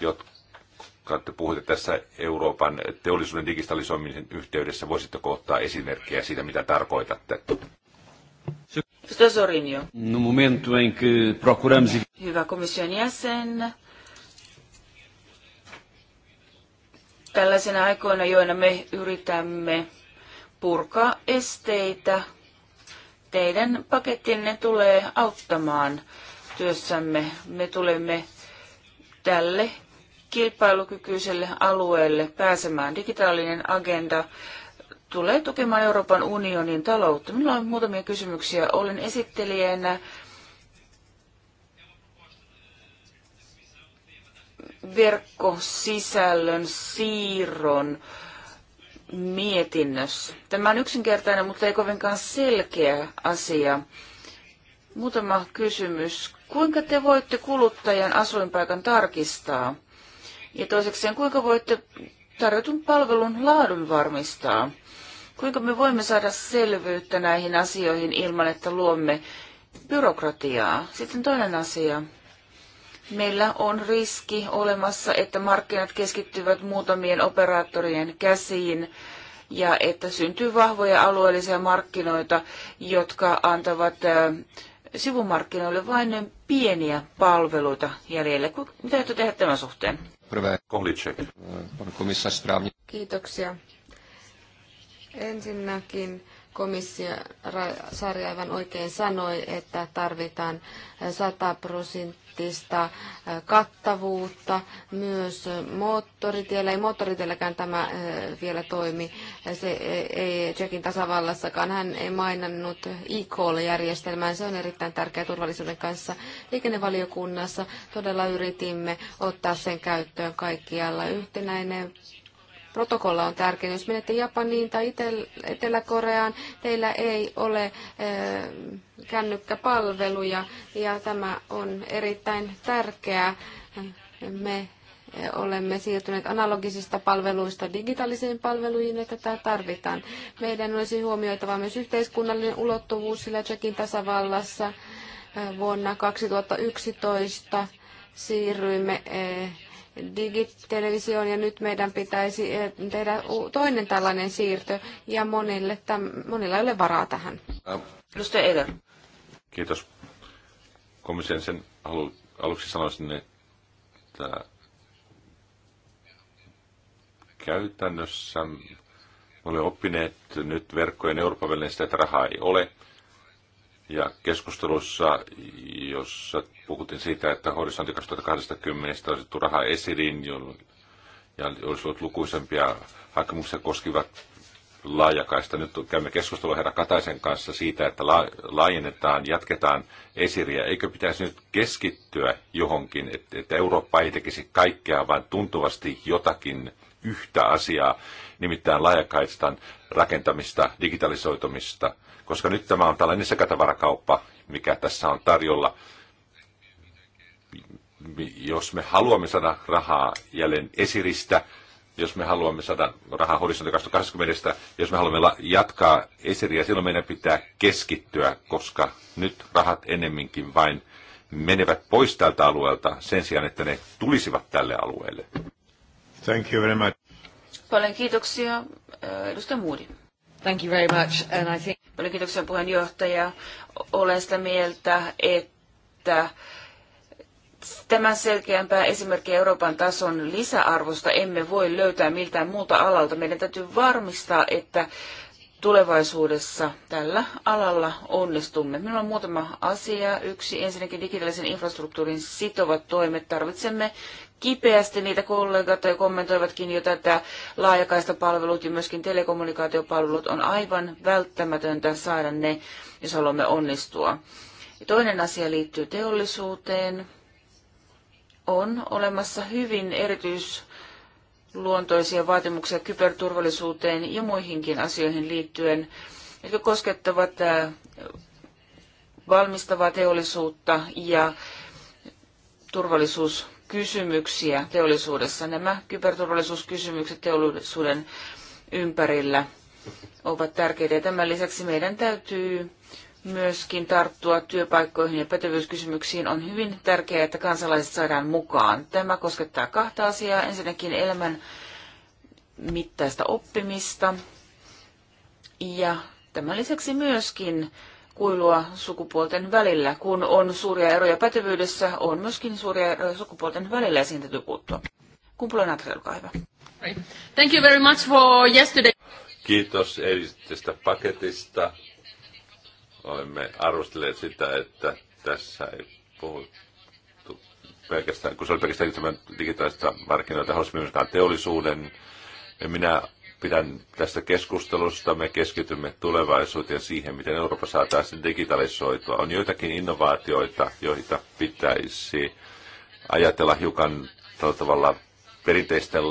jotka te puhutte tässä Euroopan teollisuuden digitalisoimisen yhteydessä, voisitteko ottaa esimerkkejä siitä, mitä tarkoitatte? No momento que procuramos. Hyvä komission jäsen, tällaisina aikoina, joina me yritämme purkaa esteitä, teidän pakettinne tulee auttamaan työssämme. Me tulemme tälle kilpailukykyiselle alueelle pääsemään. Digitaalinen agenda tulee tukemaan Euroopan unionin taloutta. Minulla on muutamia kysymyksiä. Olen esittelijänä verkkosisällön siirron mietinnössä. Tämä on yksinkertainen, mutta ei kovinkaan selkeä asia. Muutama kysymys. Kuinka te voitte kuluttajan asuinpaikan tarkistaa? Ja toisekseen, kuinka voitte tarjotun palvelun laadun varmistaa? Kuinka me voimme saada selvyyttä näihin asioihin ilman, että luomme byrokratiaa? Sitten toinen asia meillä on riski olemassa, että markkinat keskittyvät muutamien operaattorien käsiin ja että syntyy vahvoja alueellisia markkinoita, jotka antavat sivumarkkinoille vain pieniä palveluita jäljelle. Mitä aiotte tehdä tämän suhteen? Kiitoksia. Ensinnäkin komissio Sari aivan oikein sanoi, että tarvitaan 100 prosenttia automaattista äh, kattavuutta myös moottoritiellä. Ei moottoritielläkään tämä äh, vielä toimi. Se e, ei Tsekin tasavallassakaan. Hän ei mainannut e-call-järjestelmään. Se on erittäin tärkeä turvallisuuden kanssa. Liikennevaliokunnassa todella yritimme ottaa sen käyttöön kaikkialla. Yhtenäinen protokolla on tärkeä. Jos menette Japaniin tai Etelä-Koreaan, teillä ei ole eh, kännykkäpalveluja ja tämä on erittäin tärkeää. Me eh, olemme siirtyneet analogisista palveluista digitaalisiin palveluihin, että tätä tarvitaan. Meidän olisi huomioitava myös yhteiskunnallinen ulottuvuus, sillä Tsekin tasavallassa eh, vuonna 2011 siirryimme digitelevisioon ja nyt meidän pitäisi eh, tehdä toinen tällainen siirto ja monille, täm, monilla ei ole varaa tähän. Edustaja Eiler. Kiitos. Komission sen halu, aluksi sanoisin, että käytännössä me olemme oppineet nyt verkkojen Euroopan välineistä, että rahaa ei ole – ja keskustelussa, jossa puhuttiin siitä, että horisontti 2020 olisi otettu rahaa esiin, ja olisi ollut lukuisempia hakemuksia koskivat laajakaista. Nyt käymme keskustelua herra Kataisen kanssa siitä, että laajennetaan, jatketaan esiriä. Eikö pitäisi nyt keskittyä johonkin, että Eurooppa ei tekisi kaikkea, vaan tuntuvasti jotakin yhtä asiaa, nimittäin laajakaistan rakentamista, digitalisoitumista – koska nyt tämä on tällainen sekatavarakauppa, mikä tässä on tarjolla. Jos me haluamme saada rahaa jälleen esiristä, jos me haluamme saada rahaa horisontti 2020, jos me haluamme jatkaa esiriä, silloin meidän pitää keskittyä, koska nyt rahat enemminkin vain menevät pois tältä alueelta sen sijaan, että ne tulisivat tälle alueelle. Thank you very much. Paljon kiitoksia. Edustaja Moody. Thank you very much. And I think... Paljon kiitoksia puheenjohtaja. Olen sitä mieltä, että Tämän selkeämpää esimerkkiä Euroopan tason lisäarvosta emme voi löytää miltään muulta alalta. Meidän täytyy varmistaa, että tulevaisuudessa tällä alalla onnistumme. Minulla on muutama asia. Yksi, ensinnäkin digitaalisen infrastruktuurin sitovat toimet. Tarvitsemme kipeästi. Niitä kollegat kommentoivatkin jo tätä laajakaistapalvelut ja myöskin telekommunikaatiopalvelut on aivan välttämätöntä saada ne, jos haluamme onnistua. Ja toinen asia liittyy teollisuuteen. On olemassa hyvin erityis luontoisia vaatimuksia kyberturvallisuuteen ja muihinkin asioihin liittyen, jotka koskettavat valmistavaa teollisuutta ja turvallisuus kysymyksiä teollisuudessa. Nämä kyberturvallisuuskysymykset teollisuuden ympärillä ovat tärkeitä. Tämän lisäksi meidän täytyy myöskin tarttua työpaikkoihin ja pätevyyskysymyksiin. On hyvin tärkeää, että kansalaiset saadaan mukaan. Tämä koskettaa kahta asiaa. Ensinnäkin elämän mittaista oppimista ja tämän lisäksi myöskin kuilua sukupuolten välillä. Kun on suuria eroja pätevyydessä, on myöskin suuria eroja sukupuolten välillä ja siihen Kumpula Natri, olkaa hyvä. Thank you very much for yesterday. Kiitos eilisestä paketista. Olemme arvostelleet sitä, että tässä ei puhuttu pelkästään, kun se oli pelkästään digitaalista markkinoita, halusimme myöskään teollisuuden. Ja minä Pidän tästä keskustelusta, me keskitymme tulevaisuuteen siihen, miten Eurooppa saataisiin digitalisoitua. On joitakin innovaatioita, joita pitäisi ajatella hiukan tavalla perinteisten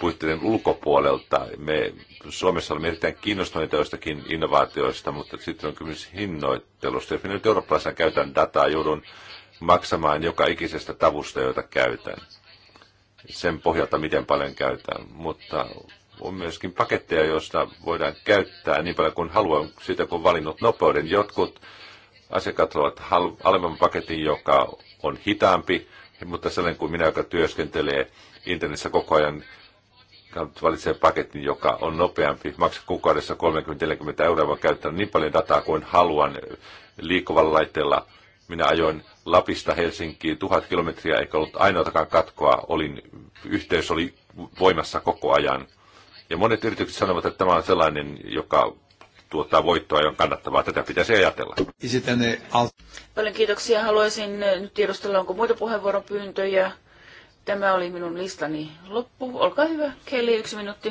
puitteiden ulkopuolelta. Me Suomessa olemme erittäin kiinnostuneita joistakin innovaatioista, mutta sitten on kysymys hinnoittelusta. Jos minä nyt eurooppalaisena käytän dataa, joudun maksamaan joka ikisestä tavusta, jota käytän. Sen pohjalta, miten paljon käytän. Mutta on myöskin paketteja, joista voidaan käyttää niin paljon kuin haluaa, siitä kun valinnut nopeuden. Jotkut asiakkaat ovat alemman paketin, joka on hitaampi, mutta sellainen kuin minä, joka työskentelee internetissä koko ajan, valitsee paketin, joka on nopeampi, maksaa kuukaudessa 30-40 euroa, voi käyttää niin paljon dataa kuin haluan liikkuvalla laitteella. Minä ajoin Lapista Helsinkiin tuhat kilometriä, eikä ollut ainoatakaan katkoa, olin, yhteys oli voimassa koko ajan. Ja monet yritykset sanovat, että tämä on sellainen, joka tuottaa voittoa ja on kannattavaa. Tätä pitäisi ajatella. Paljon kiitoksia. Haluaisin nyt tiedustella, onko muita puheenvuoropyyntöjä. Tämä oli minun listani loppu. Olkaa hyvä, Kelly, yksi minuutti.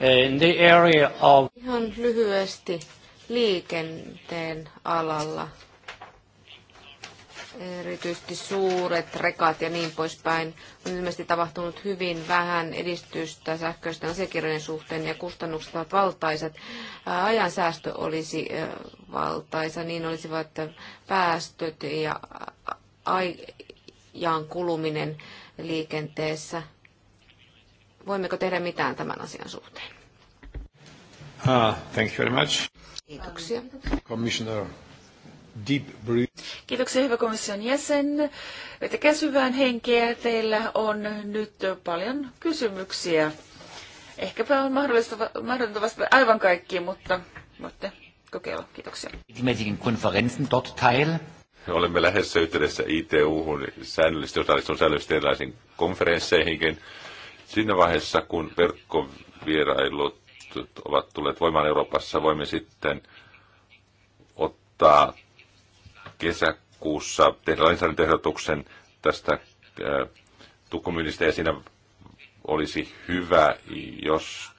In the area of... Ihan lyhyesti liikenteen alalla erityisesti suuret rekat ja niin poispäin. On ilmeisesti tapahtunut hyvin vähän edistystä sähköisten asiakirjojen suhteen ja kustannukset ovat valtaiset. Ajansäästö olisi valtaisa, niin olisivat päästöt ja ajan kuluminen liikenteessä. Voimmeko tehdä mitään tämän asian suhteen? Ah, thank you very much. Kiitoksia. Commissioner, deep breathing. Kiitoksia hyvä komission jäsen. Vetäkää syvään henkeä. Teillä on nyt paljon kysymyksiä. Ehkäpä on mahdollista, mahdollista vastata aivan kaikkiin, mutta voitte kokeilla. Kiitoksia. Olemme lähdössä yhteydessä ITU-hun säännöllisesti osallistun säännöllisesti erilaisiin konferensseihinkin. Siinä vaiheessa, kun verkkovierailut ovat tulleet voimaan Euroopassa, voimme sitten ottaa kesäkuussa tehdä lainsäädäntöehdotuksen tästä äh, tukkomyynnistä ja siinä olisi hyvä, jos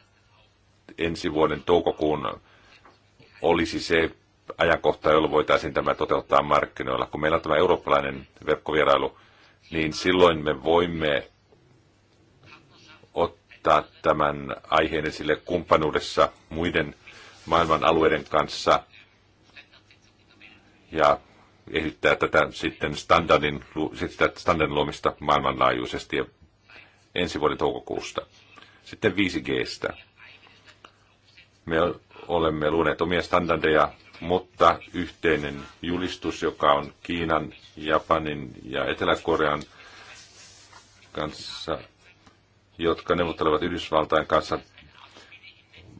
ensi vuoden toukokuun olisi se ajankohta, jolloin voitaisiin tämä toteuttaa markkinoilla. Kun meillä on tämä eurooppalainen verkkovierailu, niin silloin me voimme ottaa tämän aiheen esille kumppanuudessa muiden maailman alueiden kanssa. Ja ehdittää tätä sitten standardin, sitä standardin luomista maailmanlaajuisesti ja ensi vuoden toukokuusta. Sitten 5Gstä. Me olemme luoneet omia standardeja, mutta yhteinen julistus, joka on Kiinan, Japanin ja Etelä-Korean kanssa, jotka neuvottelevat Yhdysvaltain kanssa.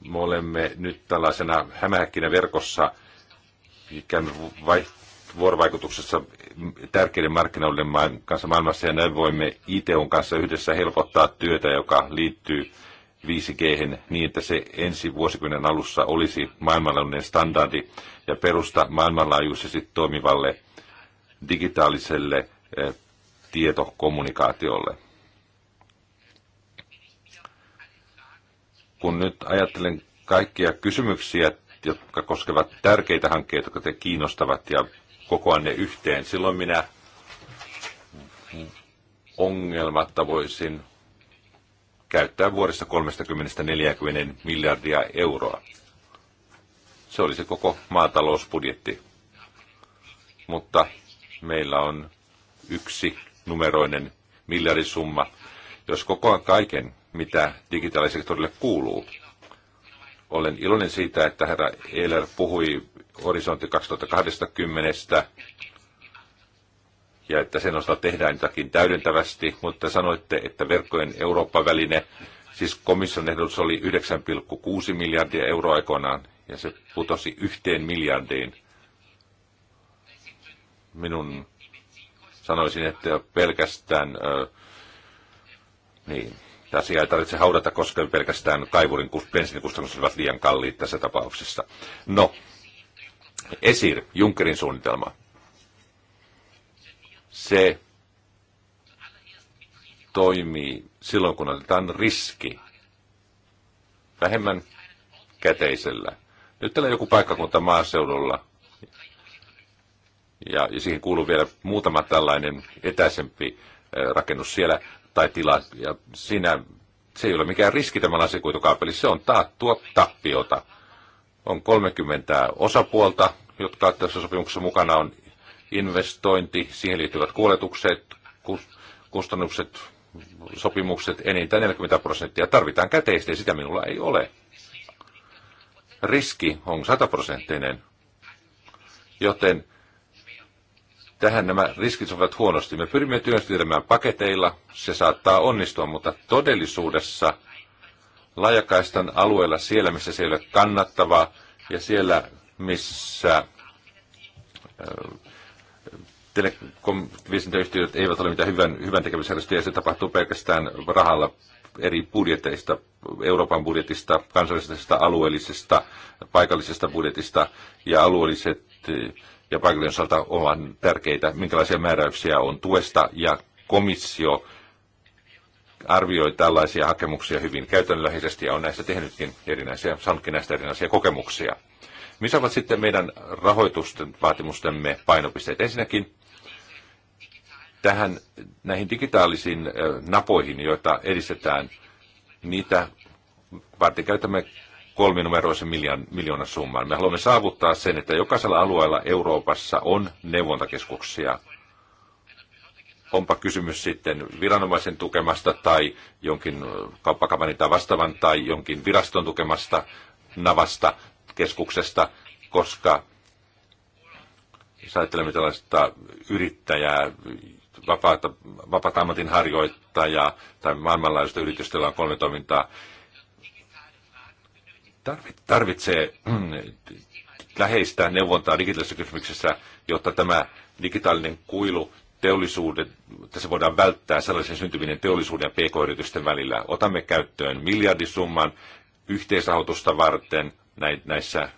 Me olemme nyt tällaisena hämähäkkinä verkossa ikään vuorovaikutuksessa tärkeiden markkinoiden kanssa maailmassa ja näin voimme ITUn kanssa yhdessä helpottaa työtä, joka liittyy 5G niin, että se ensi vuosikymmenen alussa olisi maailmanlaajuinen standardi ja perusta maailmanlaajuisesti toimivalle digitaaliselle e, tietokommunikaatiolle. Kun nyt ajattelen kaikkia kysymyksiä, jotka koskevat tärkeitä hankkeita, jotka te kiinnostavat ja kokoa ne yhteen. Silloin minä ongelmatta voisin käyttää vuodesta 30-40 miljardia euroa. Se olisi koko maatalousbudjetti. Mutta meillä on yksi numeroinen miljardisumma, jos kokoan kaiken, mitä digitaalisektorille kuuluu. Olen iloinen siitä, että herra Eiler puhui horisontti 2020 ja että sen osalta tehdään jotakin täydentävästi, mutta sanoitte, että verkkojen Eurooppa-väline, siis komission ehdotus oli 9,6 miljardia euroa aikoinaan ja se putosi yhteen miljardiin. Minun sanoisin, että pelkästään, ö, niin, tässä ei tarvitse haudata, koska pelkästään kaivurin bensiinikustannukset ovat liian kalliit tässä tapauksessa. No, Esir, Junckerin suunnitelma. Se toimii silloin, kun otetaan riski vähemmän käteisellä. Nyt täällä on joku paikkakunta maaseudulla, ja, ja siihen kuuluu vielä muutama tällainen etäisempi rakennus siellä tai tila, ja siinä se ei ole mikään riski tämä lasikuitukaapeli, se on taattua tappiota. On 30 osapuolta, jotka tässä sopimuksessa mukana on investointi, siihen liittyvät kuljetukset, kustannukset, sopimukset, enintään 40 prosenttia. Tarvitaan käteistä ja sitä minulla ei ole. Riski on sataprosenttinen, prosenttinen, joten tähän nämä riskit ovat huonosti. Me pyrimme työskentelemään paketeilla, se saattaa onnistua, mutta todellisuudessa – laajakaistan alueella siellä, missä se ei ole kannattavaa ja siellä, missä telekom eivät ole mitään hyvän, hyvän tekemisjärjestöjä, se tapahtuu pelkästään rahalla eri budjeteista, Euroopan budjetista, kansallisesta, alueellisesta, paikallisesta budjetista ja alueelliset ja paikallinen osalta ovat tärkeitä, minkälaisia määräyksiä on tuesta ja komissio arvioi tällaisia hakemuksia hyvin käytännönläheisesti ja on näistä tehnytkin erinäisiä, saanutkin näistä erinäisiä kokemuksia. Missä ovat sitten meidän rahoitusten vaatimustemme painopisteet? Ensinnäkin tähän, näihin digitaalisiin napoihin, joita edistetään, niitä varten käytämme kolminumeroisen miljoon, miljoonan summan. Me haluamme saavuttaa sen, että jokaisella alueella Euroopassa on neuvontakeskuksia, onpa kysymys sitten viranomaisen tukemasta tai jonkin kauppakamarin tai vastaavan tai jonkin viraston tukemasta navasta keskuksesta, koska jos ajattelemme tällaista yrittäjää, vapaata, vapaata ammatin harjoittajaa tai maailmanlaajuista yritystä, jolla on kolme toimintaa, tarvitsee läheistä neuvontaa digitaalisessa kysymyksessä, jotta tämä digitaalinen kuilu teollisuudet, se voidaan välttää sellaisen syntyminen teollisuuden ja pk-yritysten välillä. Otamme käyttöön miljardisumman yhteisrahoitusta varten näissä äh,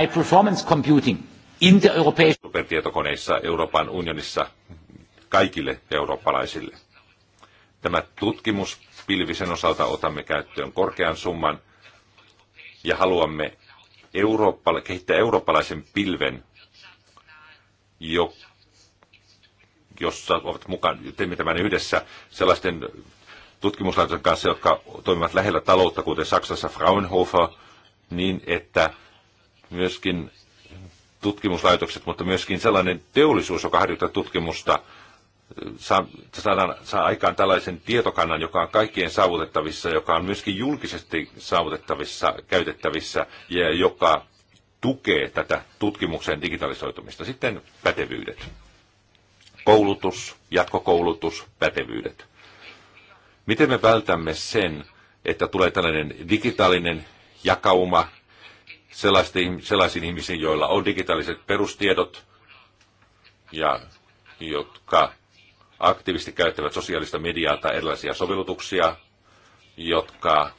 High performance computing in the European... supertietokoneissa Euroopan unionissa kaikille eurooppalaisille. Tämä tutkimus pilvisen osalta otamme käyttöön korkean summan ja haluamme Eurooppa, kehittää eurooppalaisen pilven, joka jossa ovat mukaan, teemme tämän yhdessä sellaisten tutkimuslaitosten kanssa, jotka toimivat lähellä taloutta, kuten Saksassa Fraunhofer, niin että myöskin tutkimuslaitokset, mutta myöskin sellainen teollisuus, joka harjoittaa tutkimusta, saa, saadaan, saa aikaan tällaisen tietokannan, joka on kaikkien saavutettavissa, joka on myöskin julkisesti saavutettavissa, käytettävissä ja joka tukee tätä tutkimuksen digitalisoitumista. Sitten pätevyydet koulutus, jatkokoulutus, pätevyydet. Miten me vältämme sen, että tulee tällainen digitaalinen jakauma sellaisiin ihmisiin, joilla on digitaaliset perustiedot ja jotka aktiivisesti käyttävät sosiaalista mediaa tai erilaisia sovellutuksia, jotka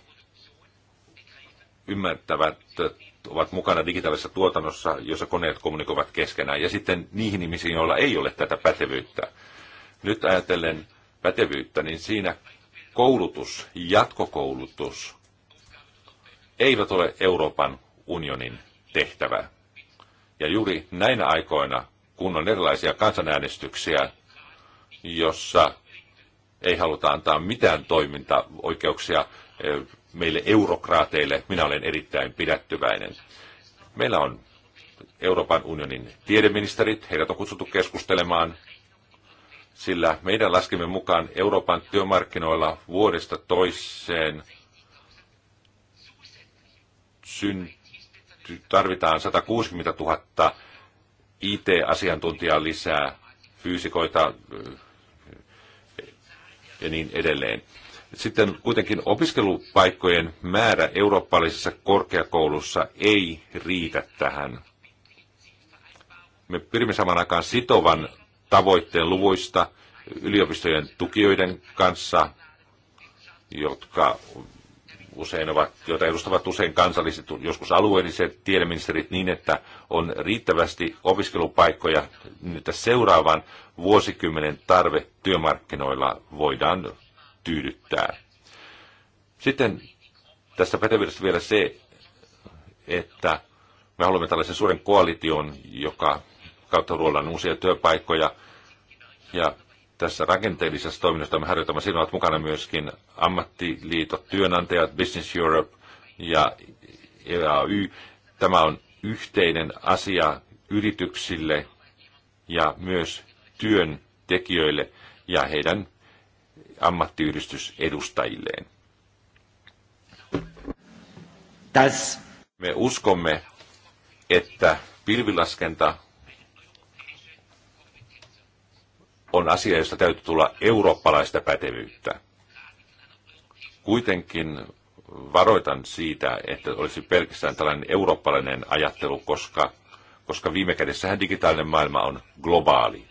ymmärtävät ovat mukana digitaalisessa tuotannossa, jossa koneet kommunikoivat keskenään, ja sitten niihin ihmisiin, joilla ei ole tätä pätevyyttä. Nyt ajatellen pätevyyttä, niin siinä koulutus, jatkokoulutus, eivät ole Euroopan unionin tehtävä. Ja juuri näinä aikoina, kun on erilaisia kansanäänestyksiä, jossa ei haluta antaa mitään toimintaoikeuksia Eh, meille eurokraateille. Minä olen erittäin pidättyväinen. Meillä on Euroopan unionin tiedeministerit, heidät on kutsuttu keskustelemaan, sillä meidän laskemme mukaan Euroopan työmarkkinoilla vuodesta toiseen synty, tarvitaan 160 000 IT-asiantuntijaa lisää, fyysikoita eh, ja niin edelleen. Sitten kuitenkin opiskelupaikkojen määrä eurooppalaisessa korkeakoulussa ei riitä tähän. Me pyrimme saman aikaan sitovan tavoitteen luvuista yliopistojen tukijoiden kanssa, jotka usein ovat, joita edustavat usein kansalliset, joskus alueelliset tiedeministerit niin, että on riittävästi opiskelupaikkoja, niin että seuraavan vuosikymmenen tarve työmarkkinoilla voidaan tyydyttää. Sitten tästä pätevyydestä vielä se, että me haluamme tällaisen suuren koalition, joka kautta luodaan uusia työpaikkoja. Ja tässä rakenteellisessa toiminnassa me harjoitamme, siinä ovat mukana myöskin ammattiliitot, työnantajat, Business Europe ja EAY. Tämä on yhteinen asia yrityksille ja myös työntekijöille ja heidän ammattiyhdistysedustajilleen. Täs. Me uskomme, että pilvilaskenta on asia, josta täytyy tulla eurooppalaista pätevyyttä. Kuitenkin varoitan siitä, että olisi pelkästään tällainen eurooppalainen ajattelu, koska, koska viime kädessähän digitaalinen maailma on globaali.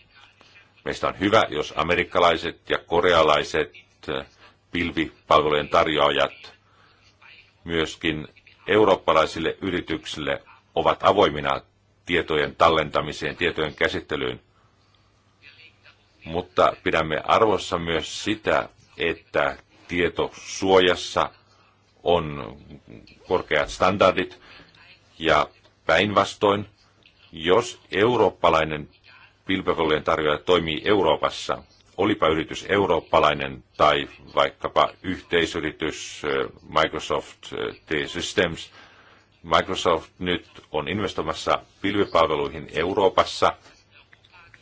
Meistä on hyvä, jos amerikkalaiset ja korealaiset eh, pilvipalvelujen tarjoajat myöskin eurooppalaisille yrityksille ovat avoimina tietojen tallentamiseen, tietojen käsittelyyn. Mutta pidämme arvossa myös sitä, että tietosuojassa on korkeat standardit ja päinvastoin, jos eurooppalainen pilvepalvelujen tarjoaja toimii Euroopassa, olipa yritys eurooppalainen tai vaikkapa yhteisyritys Microsoft T-Systems, Microsoft nyt on investoimassa pilvipalveluihin Euroopassa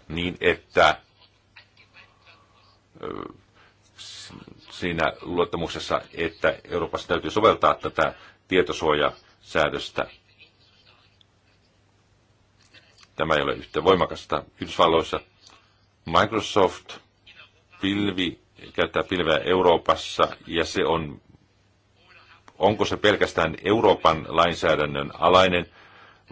niin, että siinä luottamuksessa, että Euroopassa täytyy soveltaa tätä tietosuojasäädöstä. Tämä ei ole yhtä voimakasta. Yhdysvalloissa Microsoft pilvi käyttää pilveä Euroopassa ja se on, onko se pelkästään Euroopan lainsäädännön alainen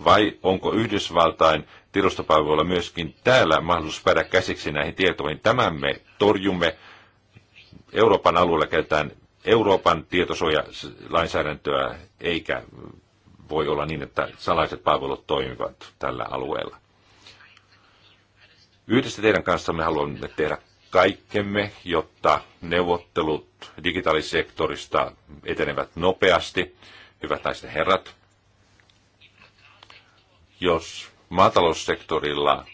vai onko Yhdysvaltain tiedostopalveluilla myöskin täällä mahdollisuus päädä käsiksi näihin tietoihin. Tämän me torjumme. Euroopan alueella käytetään Euroopan tietosuojalainsäädäntöä eikä voi olla niin, että salaiset palvelut toimivat tällä alueella. Yhdessä teidän kanssa me haluamme tehdä kaikkemme, jotta neuvottelut digitaalisektorista etenevät nopeasti. Hyvät naiset ja herrat, jos maataloussektorilla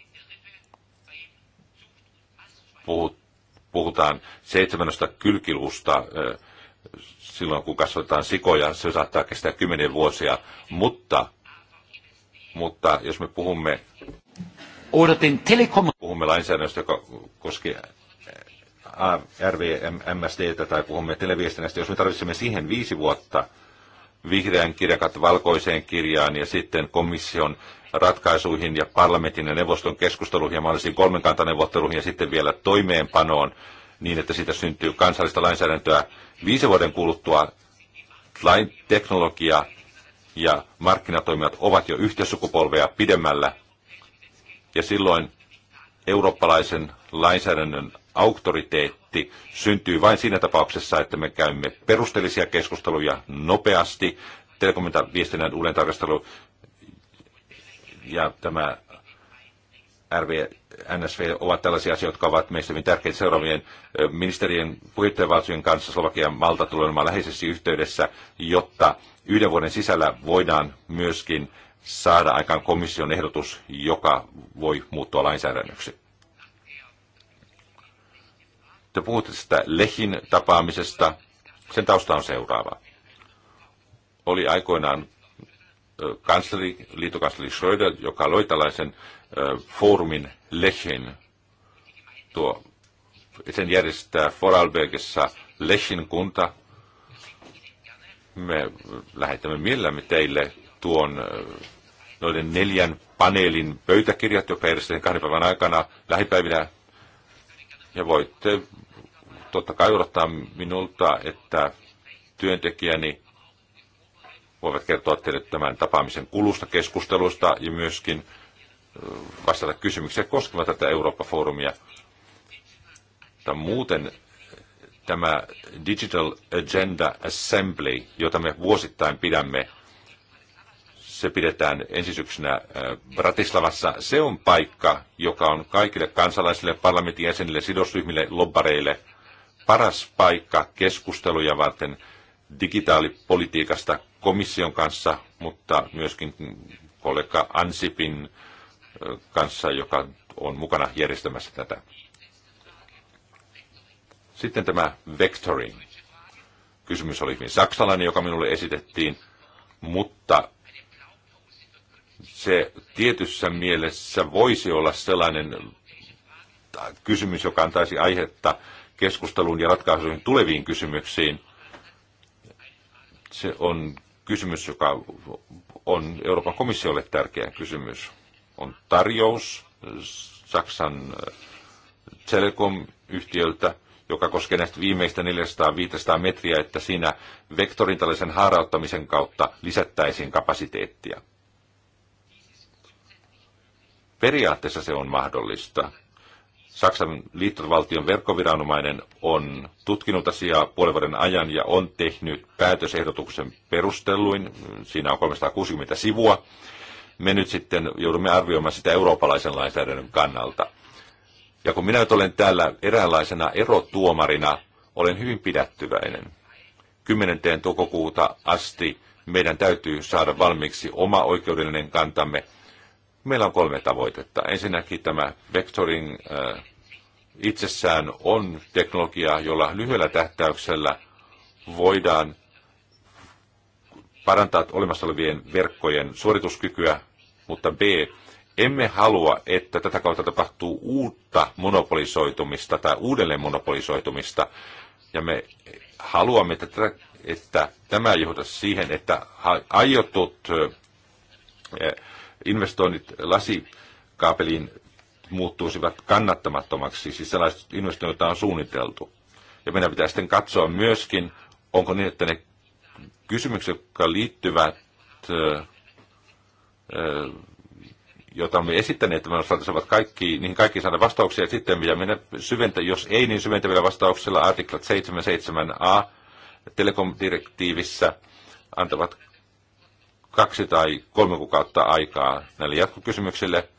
puhutaan seitsemästä kylkilusta silloin, kun kasvataan sikoja, se saattaa kestää kymmenen vuosia, mutta, mutta jos me puhumme, Odotin telekom- puhumme lainsäädännöstä, joka koskee RVMSD tai puhumme televiestinnästä, jos me tarvitsemme siihen viisi vuotta vihreän kirjakat valkoiseen kirjaan ja sitten komission ratkaisuihin ja parlamentin ja neuvoston keskusteluihin ja mahdollisiin kolmenkantaneuvotteluihin ja sitten vielä toimeenpanoon niin, että siitä syntyy kansallista lainsäädäntöä, Viisi vuoden kuluttua lain teknologia ja markkinatoimijat ovat jo yhteisukupolveja pidemmällä, ja silloin eurooppalaisen lainsäädännön auktoriteetti syntyy vain siinä tapauksessa, että me käymme perusteellisia keskusteluja nopeasti, telekomintaviestinnän uuden tarkastelu ja tämä RV, NSV ovat tällaisia asioita, jotka ovat meistä hyvin tärkeitä seuraavien ministerien puheenjohtajavaltojen kanssa Slovakian Malta tulee olemaan läheisessä yhteydessä, jotta yhden vuoden sisällä voidaan myöskin saada aikaan komission ehdotus, joka voi muuttua lainsäädännöksi. Te puhutte sitä Lehin tapaamisesta. Sen tausta on seuraava. Oli aikoinaan kansleri, liittokansleri Schröder, joka loi tällaisen foorumin Lechin. Tuo, sen järjestää Foralbergissa Lechin kunta. Me lähetämme mielellämme teille tuon noiden neljän paneelin pöytäkirjat, jotka järjestetään kahden päivän aikana lähipäivinä. Ja voitte totta kai odottaa minulta, että työntekijäni voivat kertoa teille tämän tapaamisen kulusta, keskustelusta ja myöskin vastata kysymyksiä koskevat tätä Eurooppa-foorumia. Mutta muuten tämä Digital Agenda Assembly, jota me vuosittain pidämme, se pidetään ensi syksynä äh, Bratislavassa. Se on paikka, joka on kaikille kansalaisille, parlamentin jäsenille, sidosryhmille, lobbareille paras paikka keskusteluja varten digitaalipolitiikasta komission kanssa, mutta myöskin kollega Ansipin kanssa, joka on mukana järjestämässä tätä. Sitten tämä vectoring. Kysymys oli hyvin saksalainen, joka minulle esitettiin, mutta se tietyssä mielessä voisi olla sellainen kysymys, joka antaisi aihetta keskusteluun ja ratkaisuihin tuleviin kysymyksiin. Se on kysymys, joka on Euroopan komissiolle tärkeä kysymys on tarjous Saksan äh, Telekom-yhtiöltä, joka koskee näistä viimeistä 400-500 metriä, että siinä vektorin tällaisen haarauttamisen kautta lisättäisiin kapasiteettia. Periaatteessa se on mahdollista. Saksan liittovaltion verkkoviranomainen on tutkinut asiaa puolen vuoden ajan ja on tehnyt päätösehdotuksen perustelluin. Siinä on 360 sivua me nyt sitten joudumme arvioimaan sitä eurooppalaisen lainsäädännön kannalta. Ja kun minä nyt olen täällä eräänlaisena erotuomarina, olen hyvin pidättyväinen. 10. toukokuuta asti meidän täytyy saada valmiiksi oma oikeudellinen kantamme. Meillä on kolme tavoitetta. Ensinnäkin tämä vektorin äh, itsessään on teknologia, jolla lyhyellä tähtäyksellä voidaan parantaa olemassa olevien verkkojen suorituskykyä, mutta B, emme halua, että tätä kautta tapahtuu uutta monopolisoitumista tai uudelleen monopolisoitumista. Ja me haluamme, että, tätä, että tämä johda siihen, että aiotut e, investoinnit lasikaapeliin muuttuisivat kannattamattomaksi, siis sellaiset investoinnit, on suunniteltu. Ja meidän pitää sitten katsoa myöskin, onko niin, että ne kysymykset, jotka liittyvät, joita me esittäneet että me saataisiin kaikki, niihin kaikki saada vastauksia sitten, vielä mennä syventä, jos ei, niin syventävillä vastauksilla artiklat 77a telekomdirektiivissä antavat kaksi tai kolme kuukautta aikaa näille jatkokysymyksille.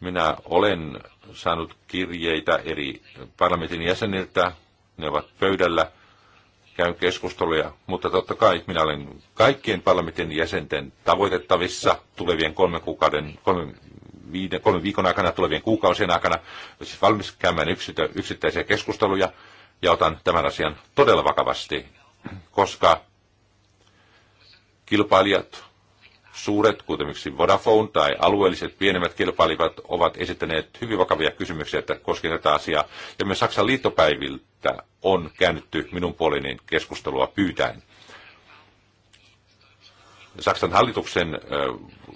Minä olen saanut kirjeitä eri parlamentin jäseniltä, ne ovat pöydällä – käyn keskusteluja, mutta totta kai minä olen kaikkien parlamentin jäsenten tavoitettavissa tulevien kolmen kuukauden, kolmen, viiden, kolmen viikon aikana, tulevien kuukausien aikana, siis valmis käymään yksittä, yksittäisiä keskusteluja ja otan tämän asian todella vakavasti, koska kilpailijat Suuret, kuten esimerkiksi Vodafone tai alueelliset pienemmät kilpailivat ovat esittäneet hyvin vakavia kysymyksiä että koskien tätä asiaa. Ja myös Saksan liittopäiviltä on käännetty minun puoleni keskustelua pyytäen. Saksan hallituksen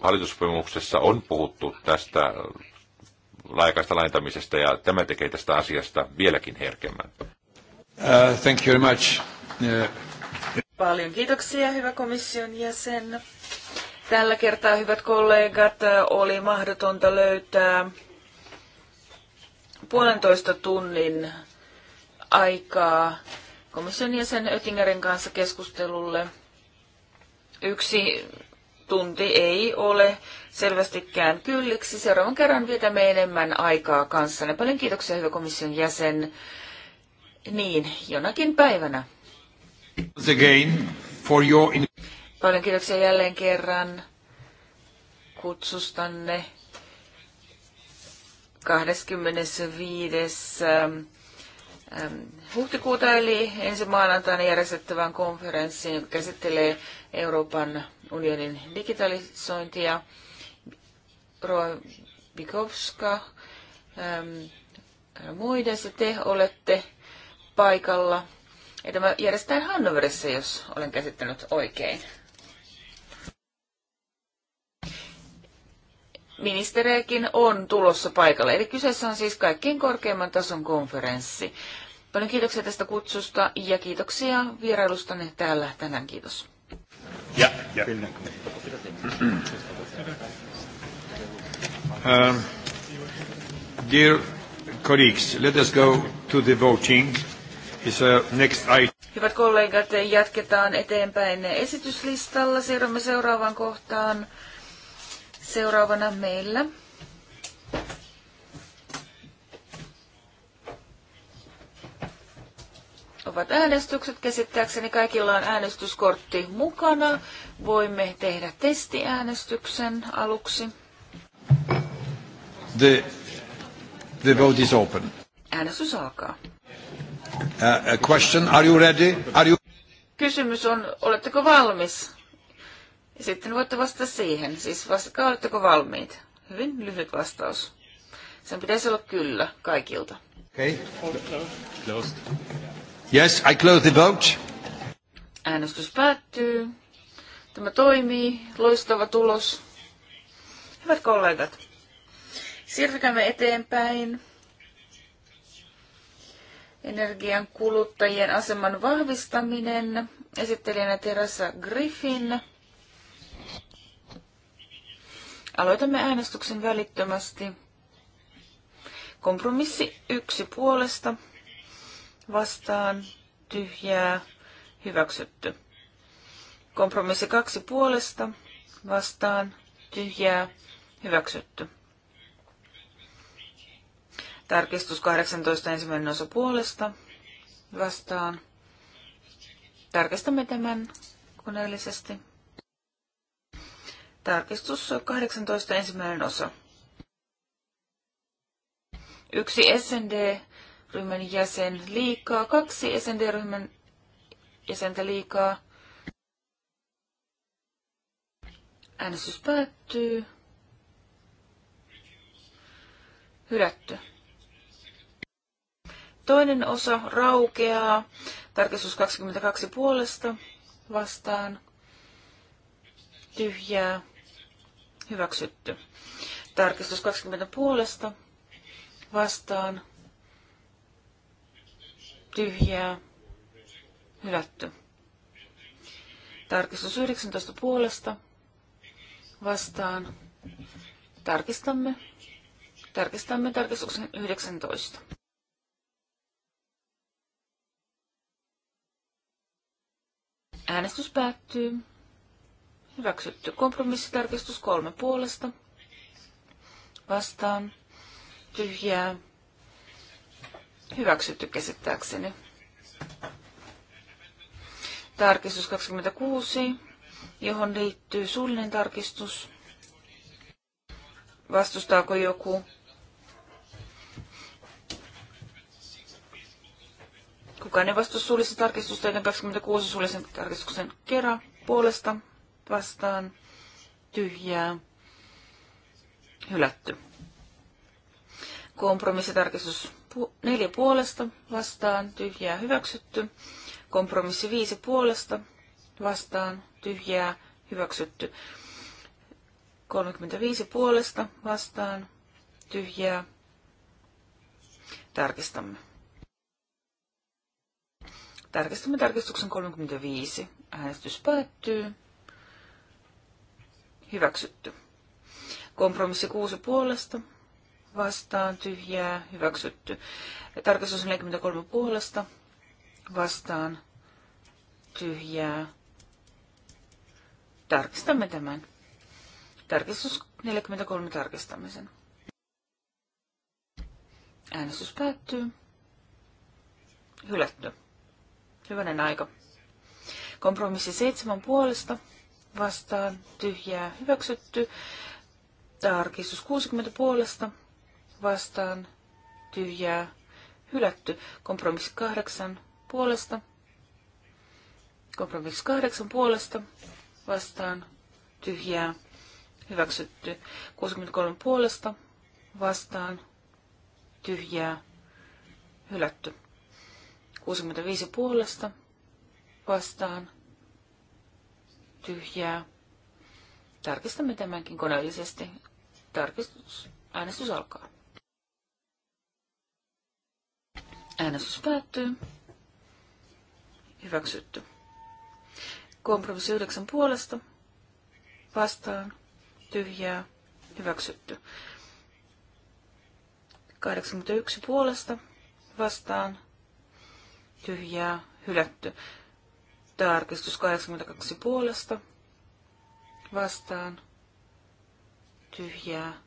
hallitussopimuksessa on puhuttu tästä laajakaista laajentamisesta ja tämä tekee tästä asiasta vieläkin herkemmän. Uh, thank you very much. Yeah. Uh, Paljon kiitoksia, hyvä komission jäsen. Tällä kertaa, hyvät kollegat, oli mahdotonta löytää puolentoista tunnin aikaa komission jäsen Oettingerin kanssa keskustelulle. Yksi tunti ei ole selvästikään kylliksi. Seuraavan kerran vietämme enemmän aikaa kanssanne. Paljon kiitoksia, hyvä komission jäsen. Niin, jonakin päivänä. Again for your... Paljon kiitoksia jälleen kerran kutsustanne 25. Ähm, ähm, huhtikuuta eli ensi maanantaina järjestettävään konferenssiin, joka käsittelee Euroopan unionin digitalisointia. Roa Bikovska, ähm, muiden se te olette paikalla. Ja tämä järjestetään Hannoverissa, jos olen käsittänyt oikein. ministereikin on tulossa paikalle. Eli kyseessä on siis kaikkein korkeimman tason konferenssi. Paljon kiitoksia tästä kutsusta ja kiitoksia vierailustanne täällä tänään. Kiitos. Ja, ja. Uh, dear colleagues, let us go to the voting. It's a uh, next item. Hyvät kollegat, jatketaan eteenpäin esityslistalla. Siirrymme seuraavaan kohtaan. Seuraavana meillä ovat äänestykset. Käsittääkseni kaikilla on äänestyskortti mukana. Voimme tehdä testiäänestyksen aluksi. The, the vote is open. Äänestys alkaa. Uh, a question, are you ready? Are you... Kysymys on, oletteko valmis? Ja sitten voitte vastata siihen. Siis vastatkaa, oletteko valmiit? Hyvin lyhyt vastaus. Sen pitäisi olla kyllä kaikilta. Okay. Yes, I close the vote. Äänestys päättyy. Tämä toimii. Loistava tulos. Hyvät kollegat, Siirrykäämme eteenpäin. Energian kuluttajien aseman vahvistaminen. Esittelijänä Terassa Griffin. Aloitamme äänestyksen välittömästi. Kompromissi yksi puolesta vastaan tyhjää hyväksytty. Kompromissi kaksi puolesta vastaan tyhjää hyväksytty. Tarkistus 18 ensimmäinen osa puolesta vastaan. Tarkistamme tämän koneellisesti. Tarkistus 18 ensimmäinen osa. Yksi SND-ryhmän jäsen liikaa, kaksi SND-ryhmän jäsentä liikaa. Äänestys päättyy. Hylätty. Toinen osa raukeaa. Tarkistus 22 puolesta vastaan. Tyhjää. Hyväksytty. Tarkistus 20 puolesta. Vastaan. Tyhjää. Hylätty. Tarkistus 19 puolesta. Vastaan. Tarkistamme. Tarkistamme tarkistuksen 19. Äänestys päättyy. Hyväksytty. Kompromissitarkistus kolme puolesta. Vastaan. Tyhjää. Hyväksytty käsittääkseni. Tarkistus 26, johon liittyy suullinen tarkistus. Vastustaako joku? Kukaan ei vastusta suullista tarkistusta, joten 26 suullisen tarkistuksen kerran puolesta vastaan tyhjää hylätty. Kompromissitarkistus neljä puolesta vastaan tyhjää hyväksytty. Kompromissi viisi puolesta vastaan tyhjää hyväksytty. 35 puolesta vastaan tyhjää. Tarkistamme. Tarkistamme tarkistuksen 35. Äänestys päättyy. Hyväksytty. Kompromissi 6 puolesta. Vastaan tyhjää. Hyväksytty. Tarkastus 43 puolesta. Vastaan tyhjää. Tarkistamme tämän. Tarkistus 43 tarkistamisen. Äänestys päättyy. Hylätty. Hyvänen aika. Kompromissi seitsemän puolesta vastaan tyhjää hyväksytty. Tarkistus 60 puolesta vastaan tyhjää hylätty. Kompromissi 8 puolesta. Kompromissi 8 puolesta vastaan tyhjää hyväksytty. 63 puolesta vastaan tyhjää hylätty. 65 puolesta vastaan tyhjää. Tarkistamme tämänkin koneellisesti. Tarkistus. Äänestys alkaa. Äänestys päättyy. Hyväksytty. Kompromissi yhdeksän puolesta. Vastaan. Tyhjää. Hyväksytty. 81 puolesta. Vastaan. Tyhjää. Hylätty. Tarkistus 82 puolesta. Vastaan. Tyhjää.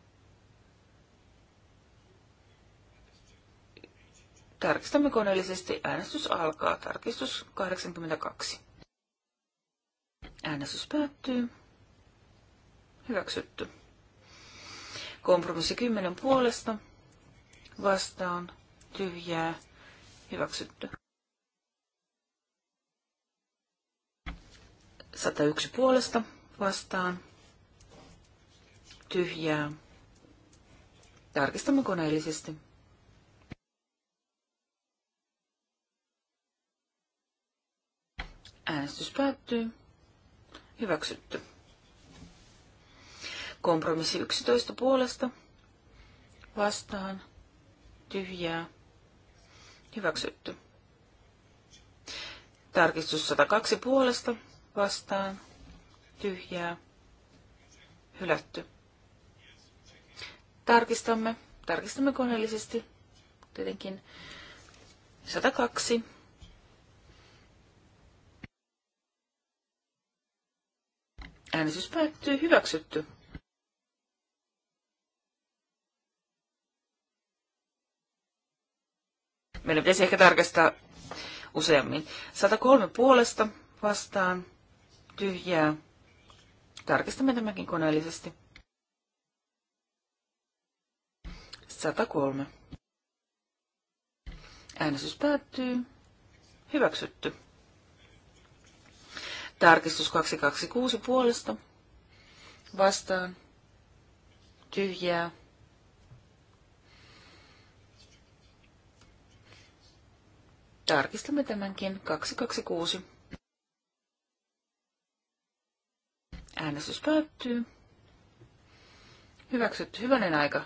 Tarkistamme koneellisesti. Äänestys alkaa. Tarkistus 82. Äänestys päättyy. Hyväksytty. Kompromissi 10 puolesta. Vastaan. Tyhjää. Hyväksytty. 101 puolesta vastaan. Tyhjää. Tarkistamme koneellisesti. Äänestys päättyy. Hyväksytty. Kompromissi 11 puolesta. Vastaan. Tyhjää. Hyväksytty. Tarkistus 102 puolesta vastaan tyhjää hylätty. Tarkistamme, tarkistamme koneellisesti tietenkin 102. Äänestys päättyy hyväksytty. Meidän pitäisi ehkä tarkistaa useammin. 103 puolesta vastaan tyhjää. Tarkistamme tämäkin koneellisesti. 103. Äänestys päättyy. Hyväksytty. Tarkistus 226 puolesta. Vastaan. Tyhjää. Tarkistamme tämänkin 226. Äänestys päättyy. Hyväksytty. Hyvänen aika.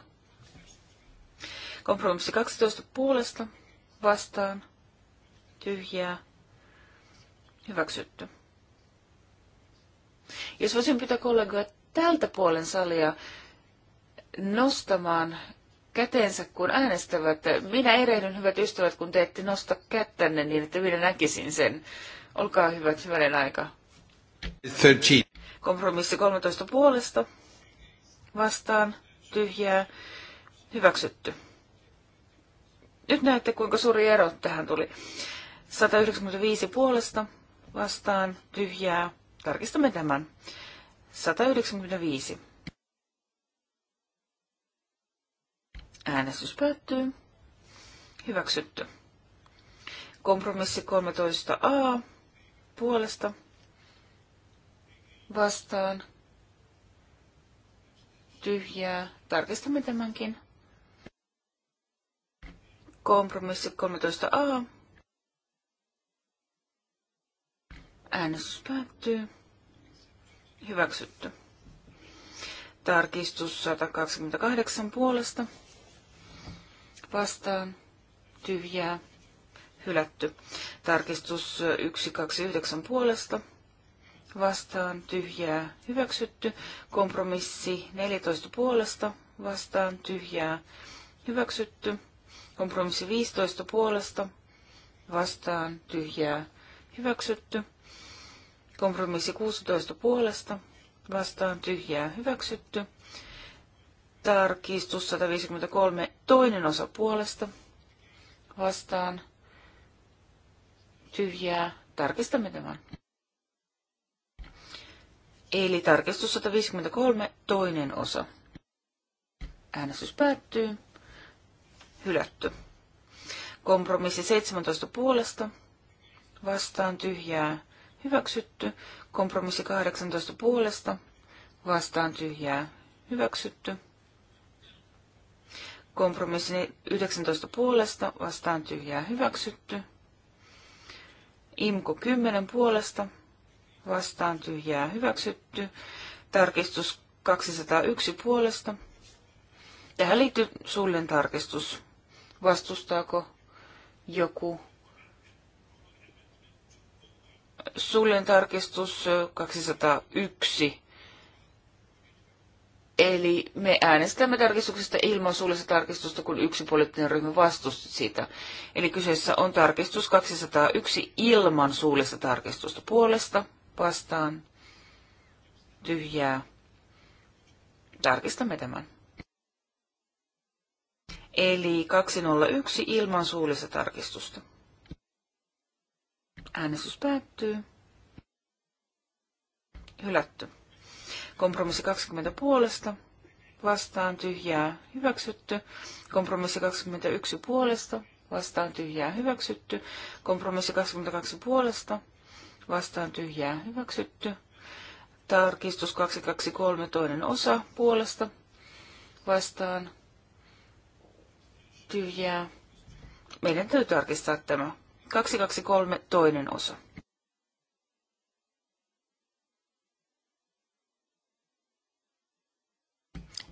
Kompromissi 12 puolesta vastaan. Tyhjää. Hyväksytty. Jos voisin pitää kollegoja tältä puolen salia nostamaan käteensä, kun äänestävät. Minä erehdyn, hyvät ystävät, kun te ette nosta kättänne niin, että minä näkisin sen. Olkaa hyvät, hyvänen aika. 13. Kompromissi 13 puolesta vastaan tyhjää hyväksytty. Nyt näette, kuinka suuri ero tähän tuli. 195 puolesta vastaan tyhjää. Tarkistamme tämän. 195. Äänestys päättyy. Hyväksytty. Kompromissi 13a puolesta vastaan tyhjää. Tarkistamme tämänkin. Kompromissi 13a. Äänestys päättyy. Hyväksytty. Tarkistus 128 puolesta. Vastaan. Tyhjää. Hylätty. Tarkistus 129 puolesta vastaan tyhjää hyväksytty. Kompromissi 14 puolesta vastaan tyhjää hyväksytty. Kompromissi 15 puolesta vastaan tyhjää hyväksytty. Kompromissi 16 puolesta vastaan tyhjää hyväksytty. Tarkistus 153 toinen osa puolesta vastaan tyhjää. Tarkistamme tämän. Eli tarkistus 153, toinen osa. Äänestys päättyy. Hylätty. Kompromissi 17 puolesta. Vastaan tyhjää. Hyväksytty. Kompromissi 18 puolesta. Vastaan tyhjää. Hyväksytty. Kompromissi 19 puolesta. Vastaan tyhjää. Hyväksytty. Imko 10 puolesta vastaan tyhjää hyväksytty. Tarkistus 201 puolesta. Tähän liittyy suullinen tarkistus. Vastustaako joku? Suullinen tarkistus 201. Eli me äänestämme tarkistuksesta ilman suullista tarkistusta, kun yksi poliittinen ryhmä vastusti sitä. Eli kyseessä on tarkistus 201 ilman suullista tarkistusta puolesta vastaan tyhjää. Tarkistamme tämän. Eli 201 ilman suullista tarkistusta. Äänestys päättyy. Hylätty. Kompromissi 20 puolesta. Vastaan tyhjää hyväksytty. Kompromissi 21 puolesta. Vastaan tyhjää hyväksytty. Kompromissi 22 puolesta vastaan tyhjää hyväksytty. Tarkistus 223 toinen osa puolesta vastaan tyhjää. Meidän täytyy tarkistaa tämä. 223 toinen osa.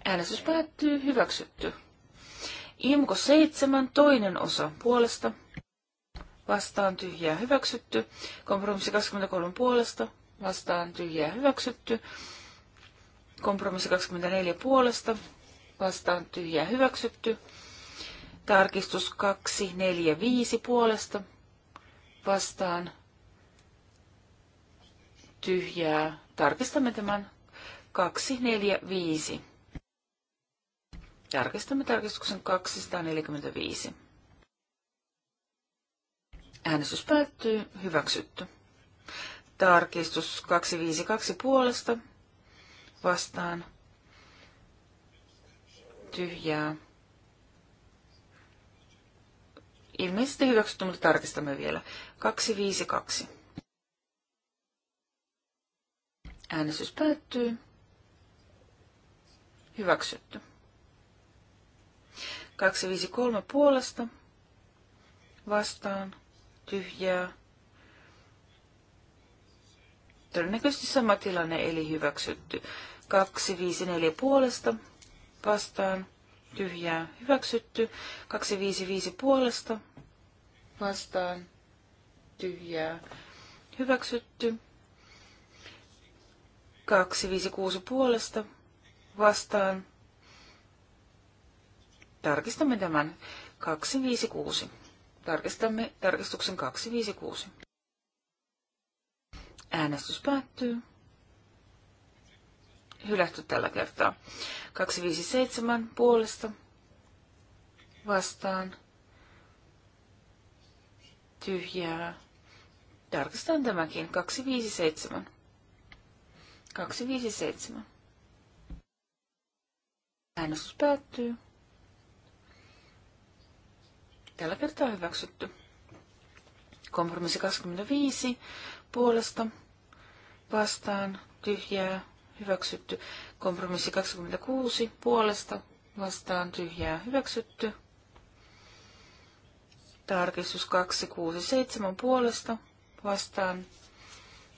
Äänestys päättyy hyväksytty. Imko 7 toinen osa puolesta vastaan tyhjää hyväksytty. Kompromissi 23 puolesta vastaan tyhjää hyväksytty. Kompromissi 24 puolesta vastaan tyhjää hyväksytty. Tarkistus 2, 4, 5 puolesta vastaan tyhjää. Tarkistamme tämän 2, 4, 5. Tarkistamme tarkistuksen 245. Äänestys päättyy. Hyväksytty. Tarkistus 252 puolesta. Vastaan. Tyhjää. Ilmeisesti hyväksytty, mutta tarkistamme vielä. 252. Äänestys päättyy. Hyväksytty. 253 puolesta. Vastaan tyhjää. Todennäköisesti sama tilanne, eli hyväksytty. 4 puolesta vastaan tyhjää hyväksytty. 5 puolesta vastaan tyhjää hyväksytty. 6 puolesta vastaan. Tarkistamme tämän. 256. Tarkistamme tarkistuksen 256. Äänestys päättyy. Hylätty tällä kertaa. 257 puolesta vastaan tyhjää. Tarkistan tämäkin. 257. 257. Äänestys päättyy tällä kertaa hyväksytty. Kompromissi 25 puolesta vastaan tyhjää hyväksytty. Kompromissi 26 puolesta vastaan tyhjää hyväksytty. Tarkistus 267 puolesta vastaan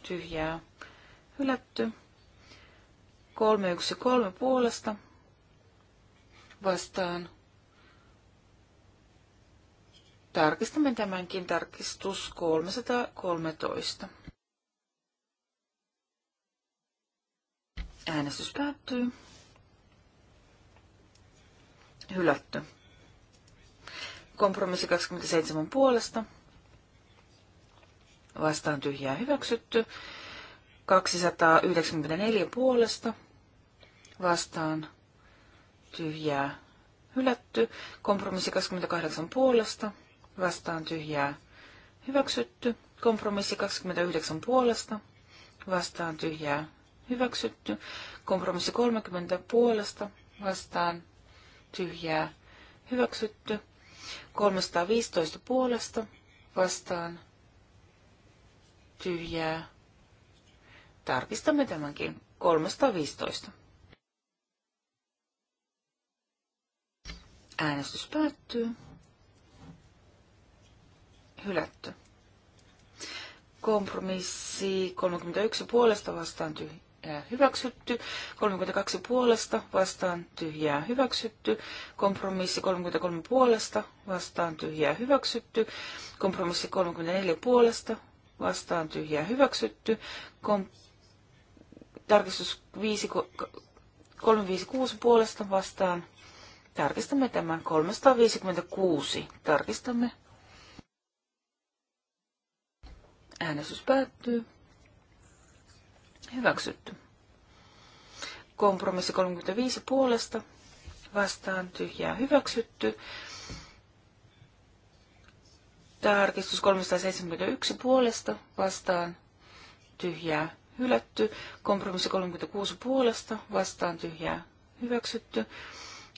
tyhjää hylätty. 313 puolesta vastaan Tarkistamme tämänkin tarkistus 313. Äänestys päättyy. Hylätty. Kompromissi 27 puolesta. Vastaan tyhjää hyväksytty. 294 puolesta. Vastaan tyhjää hylätty. Kompromissi 28 puolesta vastaan tyhjää hyväksytty. Kompromissi 29 puolesta vastaan tyhjää hyväksytty. Kompromissi 30 puolesta vastaan tyhjää hyväksytty. 315 puolesta vastaan tyhjää. Tarkistamme tämänkin. 315. Äänestys päättyy hylätty. Kompromissi 31 puolesta vastaan tyhjää hyväksytty. 32 puolesta vastaan tyhjää hyväksytty. Kompromissi 33 puolesta vastaan tyhjää hyväksytty. Kompromissi 34 puolesta vastaan tyhjää hyväksytty. Kom- tarkistus 5, 356 puolesta vastaan. Tarkistamme tämän 356. Tarkistamme Äänestys päättyy. Hyväksytty. Kompromissi 35 puolesta. Vastaan tyhjää hyväksytty. Tarkistus 371 puolesta. Vastaan tyhjää hylätty. Kompromissi 36 puolesta. Vastaan tyhjää hyväksytty.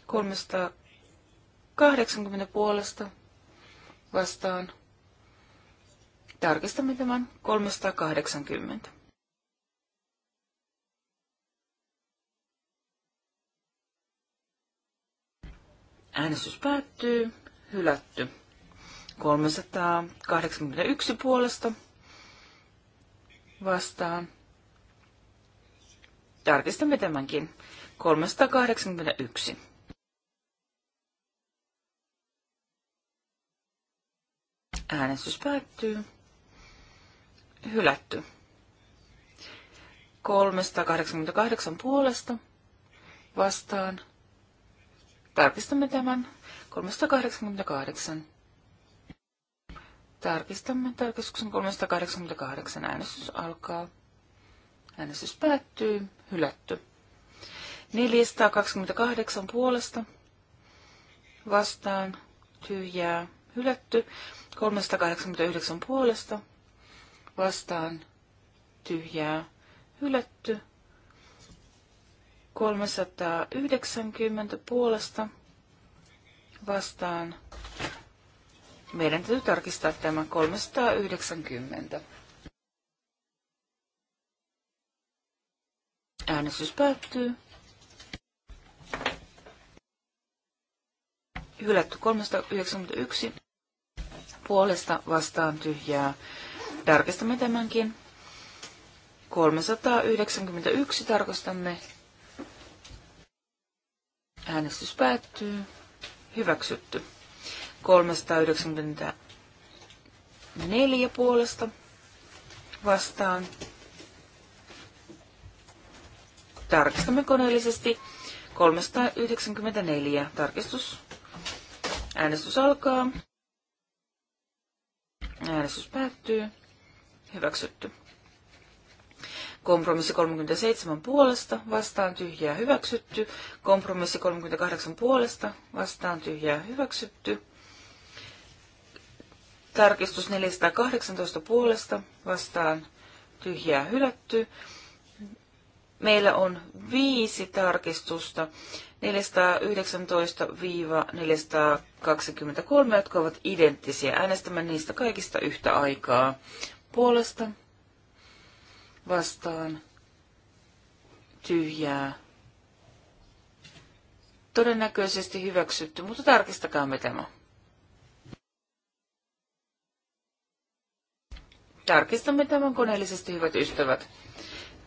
380 puolesta. Vastaan Tarkistamme tämän 380. Äänestys päättyy. Hylätty. 381 puolesta vastaan. Tarkistamme tämänkin. 381. Äänestys päättyy hylätty. 388 puolesta vastaan. Tarkistamme tämän. 388. Tarkistamme tarkistuksen 388. Äänestys alkaa. Äänestys päättyy. Hylätty. 428 puolesta vastaan. Tyhjää. Hylätty. 389 puolesta vastaan tyhjää hylätty. 390 puolesta vastaan. Meidän täytyy tarkistaa tämä 390. Äänestys päättyy. Hylätty 391 puolesta vastaan tyhjää Tarkistamme tämänkin. 391 tarkastamme. Äänestys päättyy. Hyväksytty. 394 puolesta vastaan. Tarkistamme koneellisesti 394. Tarkistus. Äänestys alkaa. Äänestys päättyy hyväksytty. Kompromissi 37 puolesta, vastaan tyhjää hyväksytty. Kompromissi 38 puolesta, vastaan tyhjää hyväksytty. Tarkistus 418 puolesta, vastaan tyhjää hylätty. Meillä on viisi tarkistusta, 419-423, jotka ovat identtisiä. Äänestämme niistä kaikista yhtä aikaa puolesta vastaan tyhjää. Todennäköisesti hyväksytty, mutta tarkistakaamme tämä. Tarkistamme tämän koneellisesti, hyvät ystävät.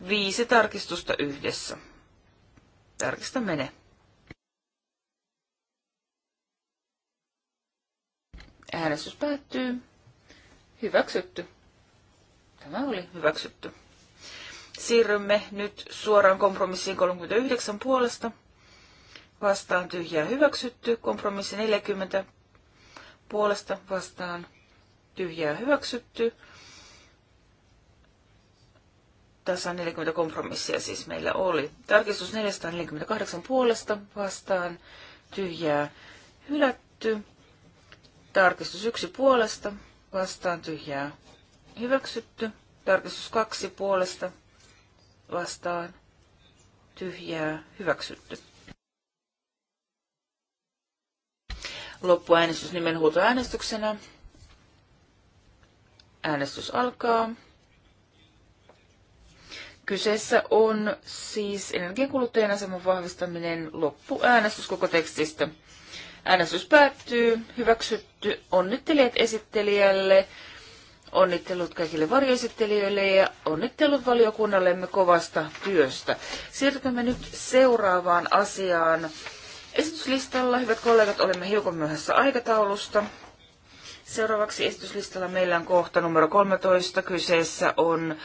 Viisi tarkistusta yhdessä. Tarkistamme mene. Äänestys päättyy. Hyväksytty. Tämä oli hyväksytty. Siirrymme nyt suoraan kompromissiin 39 puolesta. Vastaan tyhjää hyväksytty. Kompromissi 40 puolesta vastaan tyhjää hyväksytty. Tässä on 40 kompromissia siis meillä oli. Tarkistus 448 puolesta vastaan tyhjää hylätty. Tarkistus 1 puolesta vastaan tyhjää Hyväksytty. Tarkistus kaksi puolesta vastaan. Tyhjää. Hyväksytty. Loppuäänestys nimenhuutoäänestyksenä. Äänestys alkaa. Kyseessä on siis energiankuluttajan aseman vahvistaminen loppuäänestys koko tekstistä. Äänestys päättyy. Hyväksytty. Onnittelijat esittelijälle. Onnittelut kaikille varjoesittelijöille ja onnittelut valiokunnallemme kovasta työstä. Siirrymme nyt seuraavaan asiaan. Esityslistalla, hyvät kollegat, olemme hiukan myöhässä aikataulusta. Seuraavaksi esityslistalla meillä on kohta numero 13. Kyseessä on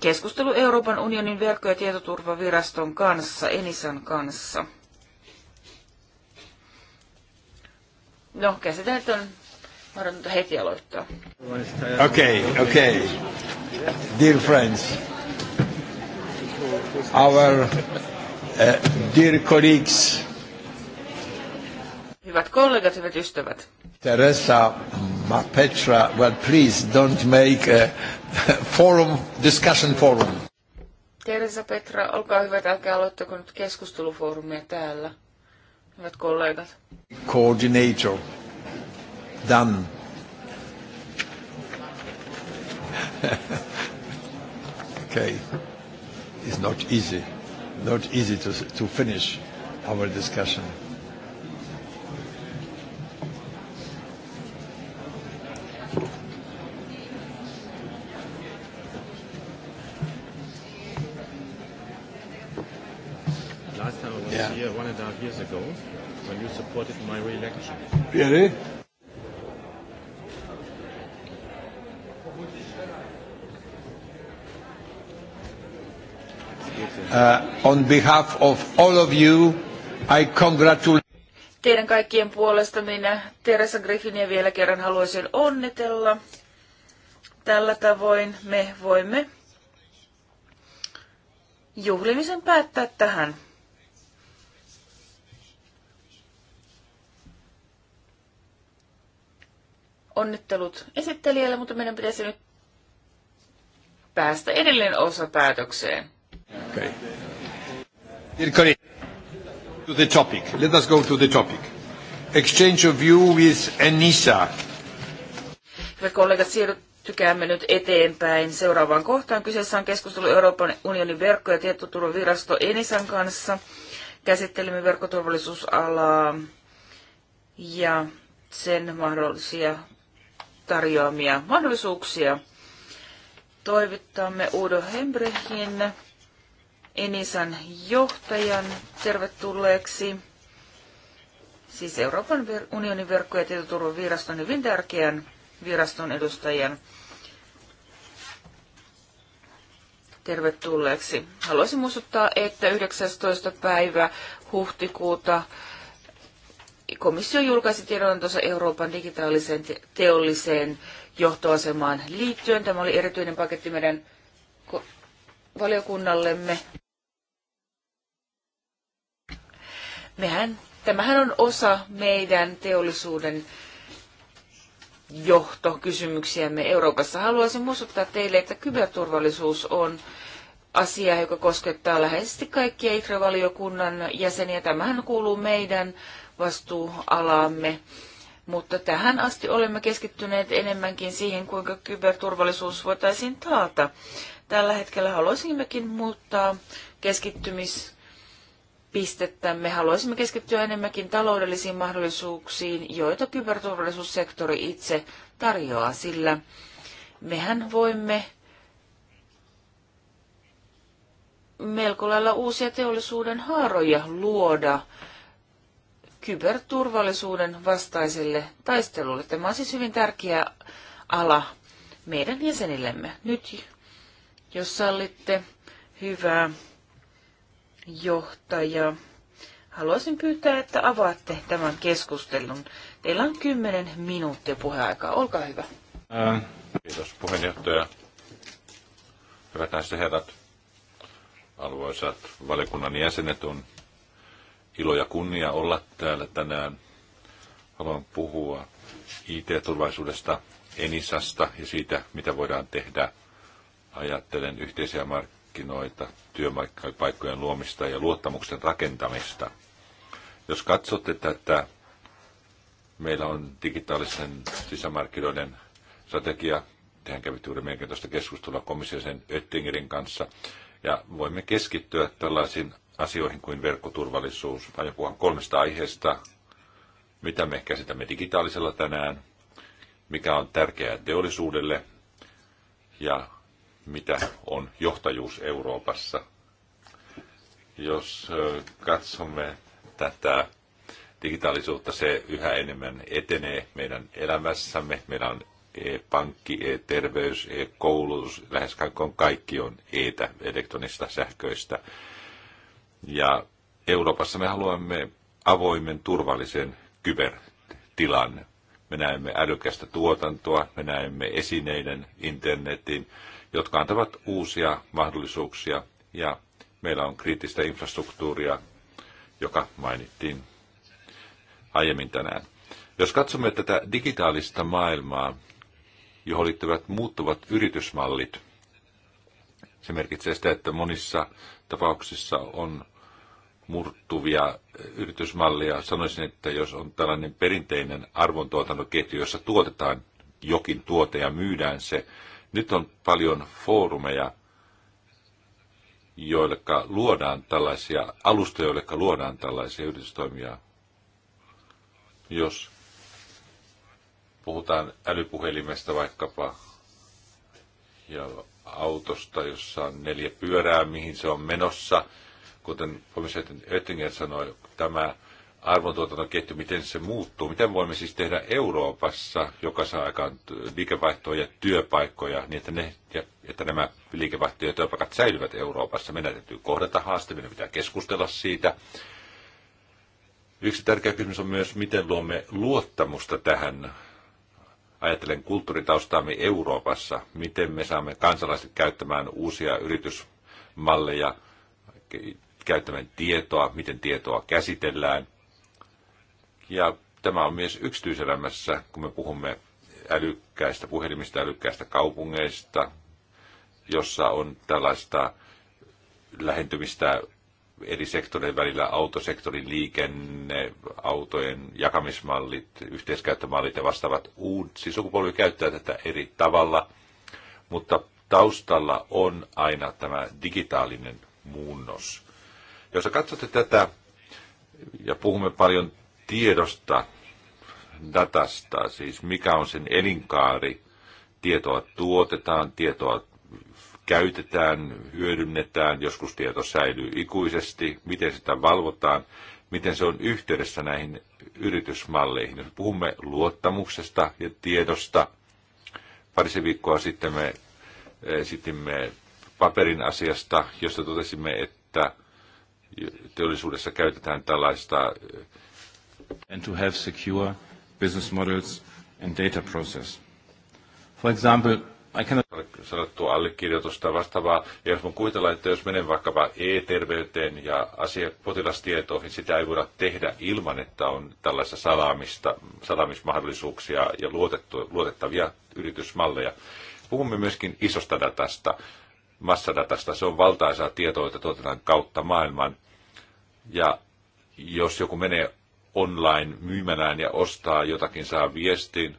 keskustelu Euroopan unionin verkko- ja tietoturvaviraston kanssa, Enisan kanssa. No, käsitellään mahdotonta heti aloittaa. Okei, okay, okei. Okay. Dear friends, our uh, dear colleagues, Hyvät kollegat, hyvät ystävät. Teresa, Petra, well please don't make a forum, discussion forum. Teresa, Petra, olkaa hyvät, älkää aloittako nyt keskustelufoorumia täällä. Hyvät kollegat. Coordinator done. okay. It's not easy, not easy to, to finish our discussion. Last time I was yeah. here one and a half years ago when you supported my re-election. Really? Uh, on behalf of all of you, I congratulate Teidän kaikkien puolesta minä Teresa Griffinia vielä kerran haluaisin onnitella. Tällä tavoin me voimme juhlimisen päättää tähän. Onnittelut esittelijälle, mutta meidän pitäisi nyt päästä edelleen päätökseen. Okay. Dear colleague, to the topic. Let us go to the topic. Exchange of view with Enisa. Hyvät kollegat, siirtykäämme nyt eteenpäin seuraavaan kohtaan. Kyseessä on keskustelu Euroopan unionin verkko- ja tietoturvavirasto Enisan kanssa. Käsittelemme verkkoturvallisuusalaa ja sen mahdollisia tarjoamia mahdollisuuksia. Toivottamme Udo Hembrehin Enisan johtajan tervetulleeksi, siis Euroopan unionin verkko- ja tietoturvaviraston hyvin tärkeän viraston edustajan tervetulleeksi. Haluaisin muistuttaa, että 19. päivä huhtikuuta komissio julkaisi tiedonantonsa Euroopan digitaaliseen teolliseen johtoasemaan liittyen. Tämä oli erityinen paketti meidän valiokunnallemme. mehän, tämähän on osa meidän teollisuuden johtokysymyksiämme Euroopassa. Haluaisin muistuttaa teille, että kyberturvallisuus on asia, joka koskettaa läheisesti kaikkia ITRE-valiokunnan jäseniä. Tämähän kuuluu meidän vastuualaamme, mutta tähän asti olemme keskittyneet enemmänkin siihen, kuinka kyberturvallisuus voitaisiin taata. Tällä hetkellä haluaisimmekin muuttaa keskittymis pistettä. Me haluaisimme keskittyä enemmänkin taloudellisiin mahdollisuuksiin, joita kyberturvallisuussektori itse tarjoaa, sillä mehän voimme melko lailla uusia teollisuuden haaroja luoda kyberturvallisuuden vastaiselle taistelulle. Tämä on siis hyvin tärkeä ala meidän jäsenillemme. Nyt, jos sallitte, hyvää johtaja. Haluaisin pyytää, että avaatte tämän keskustelun. Teillä on 10 minuuttia puheaikaa. Olkaa hyvä. Ää, ähm, kiitos puheenjohtaja. Hyvät näistä herrat, arvoisat valiokunnan jäsenet, on ilo ja kunnia olla täällä tänään. Haluan puhua IT-turvallisuudesta, Enisasta ja siitä, mitä voidaan tehdä. Ajattelen yhteisiä markkinoita markkinoita, työpaikkojen luomista ja luottamuksen rakentamista. Jos katsotte tätä, meillä on digitaalisen sisämarkkinoiden strategia. Tehän kävi juuri mielenkiintoista keskustelua komissiosen Öttingerin kanssa. Ja voimme keskittyä tällaisiin asioihin kuin verkkoturvallisuus. Aion puhua kolmesta aiheesta, mitä me käsitämme digitaalisella tänään, mikä on tärkeää teollisuudelle ja mitä on johtajuus Euroopassa. Jos katsomme tätä digitaalisuutta, se yhä enemmän etenee meidän elämässämme. Meillä on e-pankki, e-terveys, e-koulutus, lähes kaikki on e-tä, elektronista, sähköistä. Ja Euroopassa me haluamme avoimen, turvallisen kybertilan. Me näemme älykästä tuotantoa, me näemme esineiden, internetin, jotka antavat uusia mahdollisuuksia ja meillä on kriittistä infrastruktuuria, joka mainittiin aiemmin tänään. Jos katsomme tätä digitaalista maailmaa, johon liittyvät muuttuvat yritysmallit, se merkitsee sitä, että monissa tapauksissa on murtuvia yritysmallia. Sanoisin, että jos on tällainen perinteinen arvontuotantoketju, jossa tuotetaan jokin tuote ja myydään se, nyt on paljon foorumeja, joille luodaan tällaisia alustoja, joille luodaan tällaisia yritystoimia. Jos puhutaan älypuhelimesta vaikkapa ja autosta, jossa on neljä pyörää, mihin se on menossa, kuten komissaari Oettinger sanoi, tämä arvontuotannon ketju, miten se muuttuu. Miten voimme siis tehdä Euroopassa, joka saa aikaan liikevaihtoja ja työpaikkoja, niin että, ne, että nämä liikevaihtoja, ja työpaikat säilyvät Euroopassa. Meidän täytyy kohdata haaste, meidän pitää keskustella siitä. Yksi tärkeä kysymys on myös, miten luomme luottamusta tähän ajattelen kulttuuritaustaamme Euroopassa, miten me saamme kansalaiset käyttämään uusia yritysmalleja, käyttämään tietoa, miten tietoa käsitellään, ja tämä on myös yksityiselämässä, kun me puhumme älykkäistä puhelimista, älykkäistä kaupungeista, jossa on tällaista lähentymistä eri sektoreiden välillä, autosektorin liikenne, autojen jakamismallit, yhteiskäyttömallit ja vastaavat uudet. Siis sukupolvi käyttää tätä eri tavalla, mutta taustalla on aina tämä digitaalinen muunnos. Jos katsotte tätä, ja puhumme paljon tiedosta, datasta, siis mikä on sen elinkaari. Tietoa tuotetaan, tietoa käytetään, hyödynnetään, joskus tieto säilyy ikuisesti, miten sitä valvotaan, miten se on yhteydessä näihin yritysmalleihin. Jos puhumme luottamuksesta ja tiedosta, parisen viikkoa sitten me eh, esitimme paperin asiasta, josta totesimme, että teollisuudessa käytetään tällaista eh, and to have secure business models and data process. For example, I cannot... ...sanottu allekirjoitusta vastaavaa. Ja jos mun kuvitellaan, että jos menen vaikkapa e-terveyteen ja asia, potilastietoihin, niin sitä ei voida tehdä ilman, että on tällaista salaamista, salaamismahdollisuuksia ja luotettu, luotettavia yritysmalleja. Puhumme myöskin isosta datasta, massadatasta. Se on valtaisaa tietoa, jota tuotetaan kautta maailman. Ja jos joku menee online-myymälään ja ostaa jotakin, saa viestin.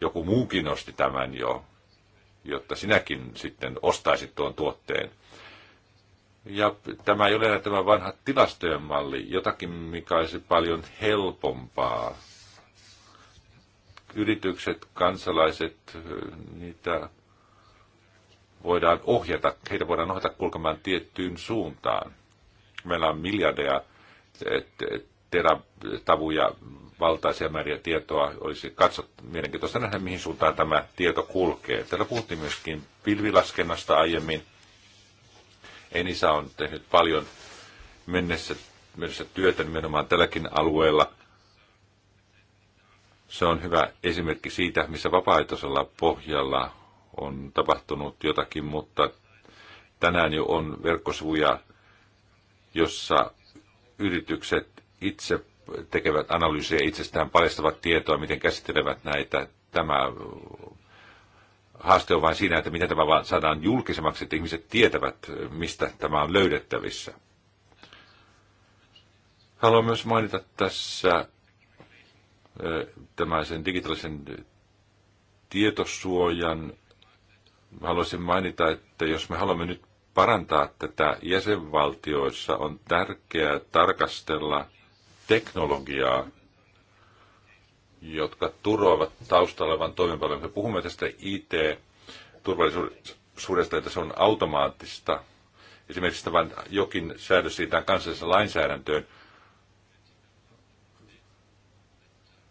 Joku muukin osti tämän jo, jotta sinäkin sitten ostaisit tuon tuotteen. Ja tämä ei ole enää tämä vanha tilastojen malli, jotakin mikä olisi paljon helpompaa. Yritykset, kansalaiset, niitä voidaan ohjata, heitä voidaan ohjata kulkemaan tiettyyn suuntaan. Meillä on miljardeja teratavuja, valtaisia määriä tietoa. Olisi katsottu mielenkiintoista nähdä, mihin suuntaan tämä tieto kulkee. Täällä puhuttiin myöskin pilvilaskennasta aiemmin. Enisa on tehnyt paljon mennessä, mennessä työtä nimenomaan tälläkin alueella. Se on hyvä esimerkki siitä, missä vapaaehtoisella pohjalla on tapahtunut jotakin, mutta tänään jo on verkkosivuja, jossa yritykset itse tekevät analyysiä itsestään, paljastavat tietoa, miten käsittelevät näitä. Tämä haaste on vain siinä, että miten tämä vaan saadaan julkisemmaksi, että ihmiset tietävät, mistä tämä on löydettävissä. Haluan myös mainita tässä tämän sen digitaalisen tietosuojan. Haluaisin mainita, että jos me haluamme nyt parantaa tätä jäsenvaltioissa, on tärkeää tarkastella – teknologiaa, jotka turvaavat taustalla olevan toimenpanoon. Me puhumme tästä IT-turvallisuudesta, että se on automaattista. Esimerkiksi vain jokin säädös siitä kansallisessa lainsäädäntöön.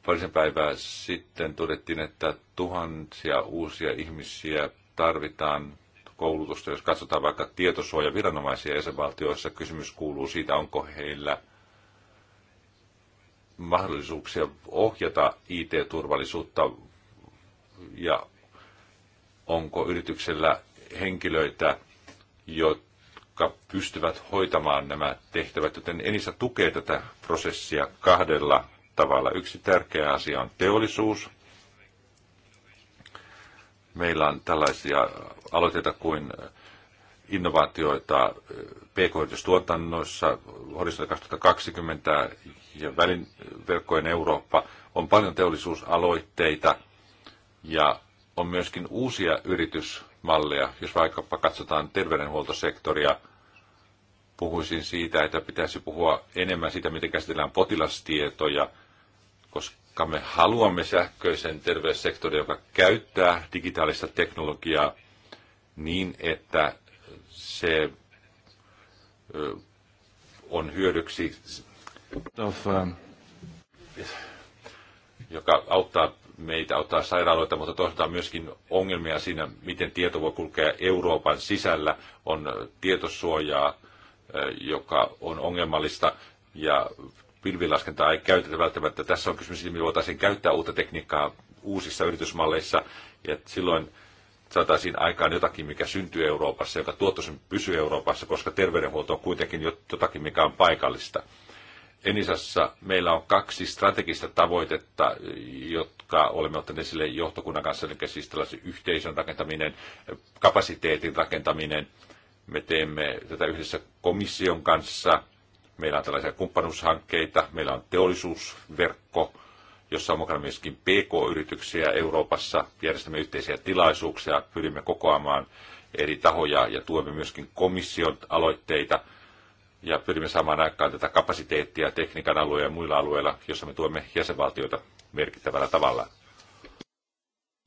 Parisen päivää sitten todettiin, että tuhansia uusia ihmisiä tarvitaan koulutusta. Jos katsotaan vaikka tietosuojaviranomaisia jäsenvaltioissa, kysymys kuuluu siitä, onko heillä – mahdollisuuksia ohjata IT-turvallisuutta ja onko yrityksellä henkilöitä, jotka pystyvät hoitamaan nämä tehtävät, joten Enisa tukee tätä prosessia kahdella tavalla. Yksi tärkeä asia on teollisuus. Meillä on tällaisia aloiteta kuin innovaatioita eh, PK-yritystuotannoissa, horisontti 2020 ja välinverkkojen Eurooppa, on paljon teollisuusaloitteita ja on myöskin uusia yritysmalleja. Jos vaikkapa katsotaan terveydenhuoltosektoria, puhuisin siitä, että pitäisi puhua enemmän siitä, miten käsitellään potilastietoja, koska me haluamme sähköisen terveyssektorin, joka käyttää digitaalista teknologiaa niin, että se on hyödyksi, um, joka auttaa meitä, auttaa sairaaloita, mutta toisaalta myöskin ongelmia siinä, miten tieto voi kulkea Euroopan sisällä. On tietosuojaa, joka on ongelmallista ja pilvilaskentaa ei käytetä välttämättä. Tässä on kysymys, miten voitaisiin käyttää uutta tekniikkaa uusissa yritysmalleissa ja silloin saataisiin aikaan jotakin, mikä syntyy Euroopassa, joka tuottoisen pysyy Euroopassa, koska terveydenhuolto on kuitenkin jotakin, mikä on paikallista. Enisassa meillä on kaksi strategista tavoitetta, jotka olemme ottaneet esille johtokunnan kanssa, eli siis tällaisen yhteisön rakentaminen, kapasiteetin rakentaminen. Me teemme tätä yhdessä komission kanssa. Meillä on tällaisia kumppanuushankkeita, meillä on teollisuusverkko, jossa on mukana myöskin PK-yrityksiä Euroopassa. Järjestämme yhteisiä tilaisuuksia, pyrimme kokoamaan eri tahoja ja tuemme myöskin komission aloitteita ja pyrimme saamaan aikaan tätä kapasiteettia tekniikan alueella ja muilla alueilla, jossa me tuemme jäsenvaltioita merkittävällä tavalla.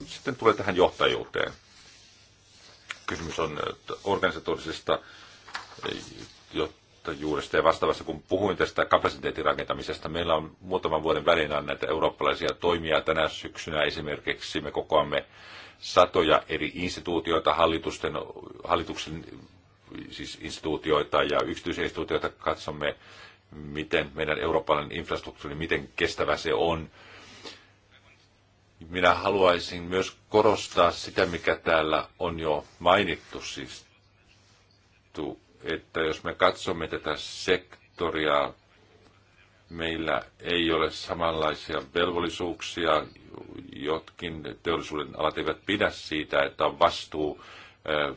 Sitten tulee tähän johtajuuteen. Kysymys on organisatorisesta juuresta ja vastaavassa, kun puhuin tästä kapasiteetin rakentamisesta, meillä on muutaman vuoden välin näitä eurooppalaisia toimia. Tänä syksynä esimerkiksi me kokoamme satoja eri instituutioita, hallitusten, hallituksen siis instituutioita ja yksityisiä instituutioita. Katsomme, miten meidän eurooppalainen infrastruktuuri, miten kestävä se on. Minä haluaisin myös korostaa sitä, mikä täällä on jo mainittu, siis että jos me katsomme tätä sektoria, meillä ei ole samanlaisia velvollisuuksia. Jotkin teollisuuden alat eivät pidä siitä, että on vastuu eh,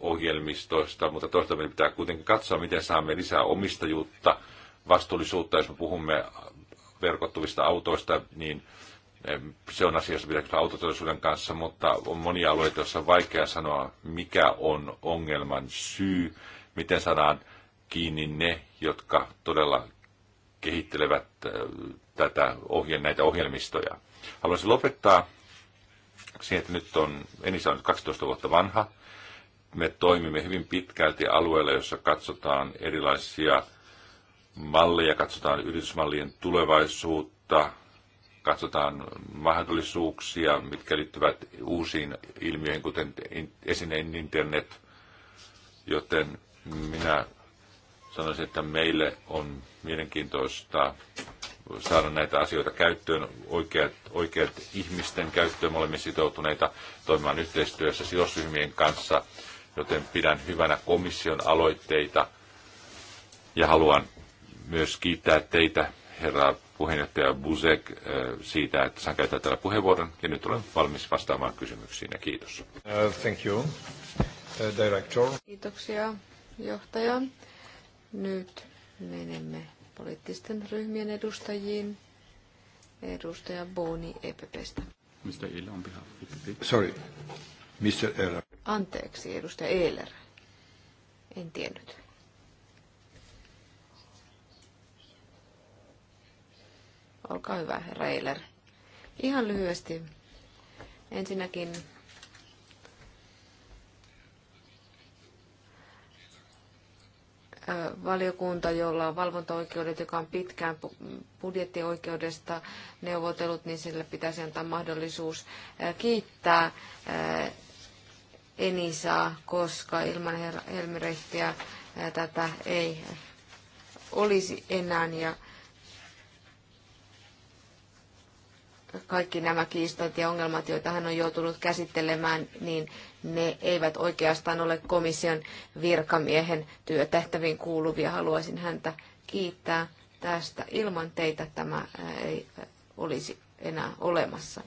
ohjelmistoista, mutta toista meidän pitää kuitenkin katsoa, miten saamme lisää omistajuutta, vastuullisuutta, jos me puhumme verkottuvista autoista, niin se on asia, jossa pitää autoteollisuuden kanssa, mutta on monia alueita, joissa on vaikea sanoa, mikä on ongelman syy, miten saadaan kiinni ne, jotka todella kehittelevät tätä ohje, näitä ohjelmistoja. Haluaisin lopettaa siihen, että nyt on, Enisa on 12 vuotta vanha. Me toimimme hyvin pitkälti alueella, jossa katsotaan erilaisia malleja, katsotaan yritysmallien tulevaisuutta, katsotaan mahdollisuuksia, mitkä liittyvät uusiin ilmiöihin, kuten esineen internet, joten minä sanoisin, että meille on mielenkiintoista saada näitä asioita käyttöön, oikeat, oikeat ihmisten käyttöön. Me olemme sitoutuneita toimimaan yhteistyössä sidosryhmien kanssa, joten pidän hyvänä komission aloitteita ja haluan myös kiittää teitä, herra puheenjohtaja Buzek eh, siitä, että saan käyttää tällä puheenvuoron. Ja nyt olen valmis vastaamaan kysymyksiin ja kiitos. Uh, thank you, uh, director. Kiitoksia, johtaja. Nyt menemme poliittisten ryhmien edustajiin. Edustaja Boni EPPstä. Mr. Ehler on behalf EPP. Sorry, Mr. Ehler. Anteeksi, edustaja Ehler. En tiennyt. Olkaa hyvä, Reiler. Ihan lyhyesti. Ensinnäkin valiokunta, jolla on valvontaoikeudet, joka on pitkään budjettioikeudesta neuvotellut, niin sillä pitäisi antaa mahdollisuus kiittää Enisaa, koska ilman Helmirehtiä tätä ei olisi enää. Ja kaikki nämä kiistat ja ongelmat, joita hän on joutunut käsittelemään, niin ne eivät oikeastaan ole komission virkamiehen työtehtäviin kuuluvia. Haluaisin häntä kiittää tästä. Ilman teitä tämä ei olisi enää olemassa.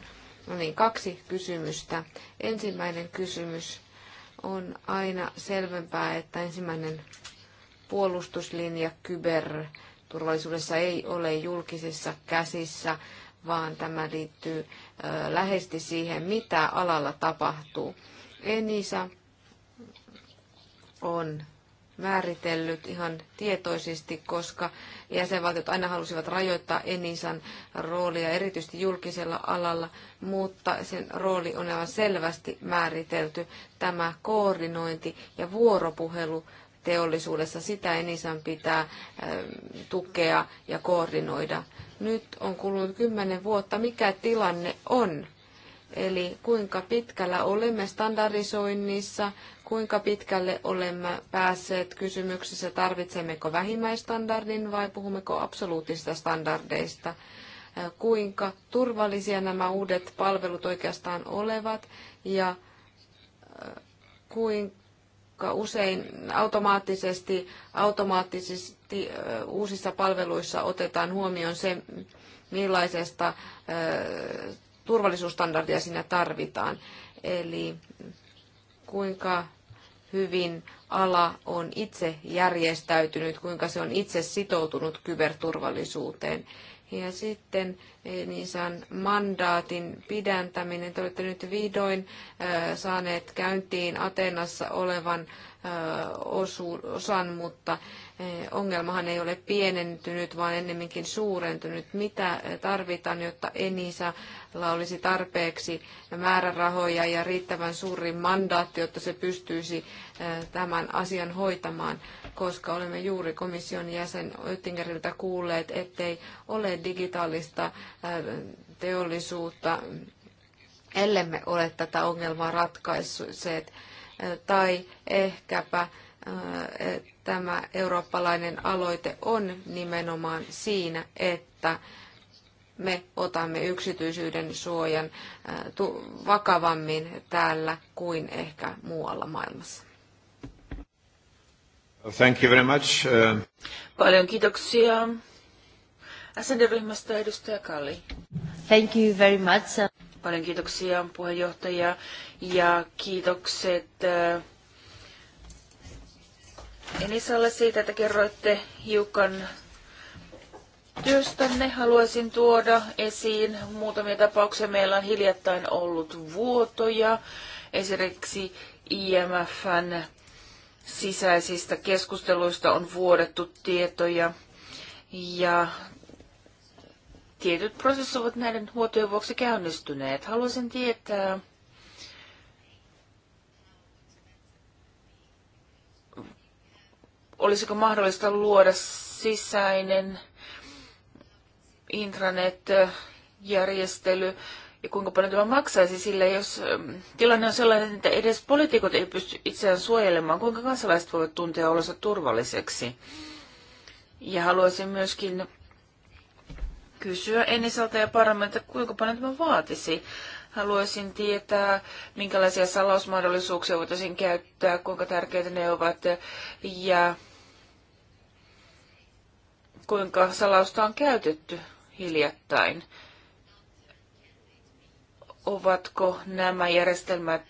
No niin, kaksi kysymystä. Ensimmäinen kysymys on aina selvempää, että ensimmäinen puolustuslinja kyberturvallisuudessa ei ole julkisissa käsissä vaan tämä liittyy läheisesti siihen, mitä alalla tapahtuu. Enisa on määritellyt ihan tietoisesti, koska jäsenvaltiot aina halusivat rajoittaa Enisan roolia, erityisesti julkisella alalla, mutta sen rooli on aivan selvästi määritelty. Tämä koordinointi ja vuoropuhelu teollisuudessa. Sitä Enisan pitää ähm, tukea ja koordinoida. Nyt on kulunut kymmenen vuotta. Mikä tilanne on? Eli kuinka pitkällä olemme standardisoinnissa, kuinka pitkälle olemme päässeet kysymyksessä, tarvitsemmeko vähimmäistandardin vai puhummeko absoluuttisista standardeista, äh, kuinka turvallisia nämä uudet palvelut oikeastaan olevat ja äh, kuinka jotka usein automaattisesti, automaattisesti uusissa palveluissa otetaan huomioon se, millaisesta turvallisuusstandardia siinä tarvitaan. Eli kuinka hyvin ala on itse järjestäytynyt, kuinka se on itse sitoutunut kyberturvallisuuteen. Ja sitten eh, niin sanon, mandaatin pidäntäminen. Te olette nyt vihdoin eh, saaneet käyntiin Atenassa olevan eh, osu, osan, mutta ongelmahan ei ole pienentynyt, vaan ennemminkin suurentynyt. Mitä tarvitaan, jotta Enisalla olisi tarpeeksi määrärahoja ja riittävän suuri mandaatti, jotta se pystyisi tämän asian hoitamaan? koska olemme juuri komission jäsen Oettingeriltä kuulleet, ettei ole digitaalista äh, teollisuutta, ellemme ole tätä ongelmaa ratkaisseet. Äh, tai ehkäpä äh, tämä eurooppalainen aloite on nimenomaan siinä, että me otamme yksityisyyden suojan vakavammin täällä kuin ehkä muualla maailmassa. Thank you very much. Uh, Paljon kiitoksia. SND-ryhmästä edustaja Kalli. Thank you very much. Paljon kiitoksia puheenjohtaja ja kiitokset eh, Enisalle siitä, että kerroitte hiukan työstänne. Haluaisin tuoda esiin muutamia tapauksia. Meillä on hiljattain ollut vuotoja, esimerkiksi IMFn sisäisistä keskusteluista on vuodettu tietoja ja tietyt prosessit ovat näiden huotojen vuoksi käynnistyneet. Haluaisin tietää, olisiko mahdollista luoda sisäinen intranet-järjestely, ja kuinka paljon tämä maksaisi, sillä jos ähm, tilanne on sellainen, että edes poliitikot ei pysty itseään suojelemaan, kuinka kansalaiset voivat tuntea olonsa turvalliseksi. Ja haluaisin myöskin kysyä Enisalta ja parlamentilta, kuinka paljon tämä vaatisi. Haluaisin tietää, minkälaisia salausmahdollisuuksia voitaisiin käyttää, kuinka tärkeitä ne ovat ja kuinka salausta on käytetty hiljattain ovatko nämä järjestelmät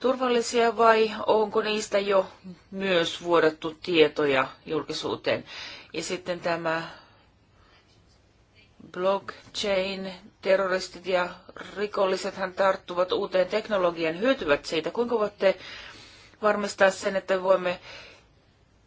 turvallisia vai onko niistä jo myös vuodattu tietoja julkisuuteen. Ja sitten tämä blockchain, terroristit ja rikollisethan tarttuvat uuteen teknologian, hyötyvät siitä. Kuinka voitte varmistaa sen, että voimme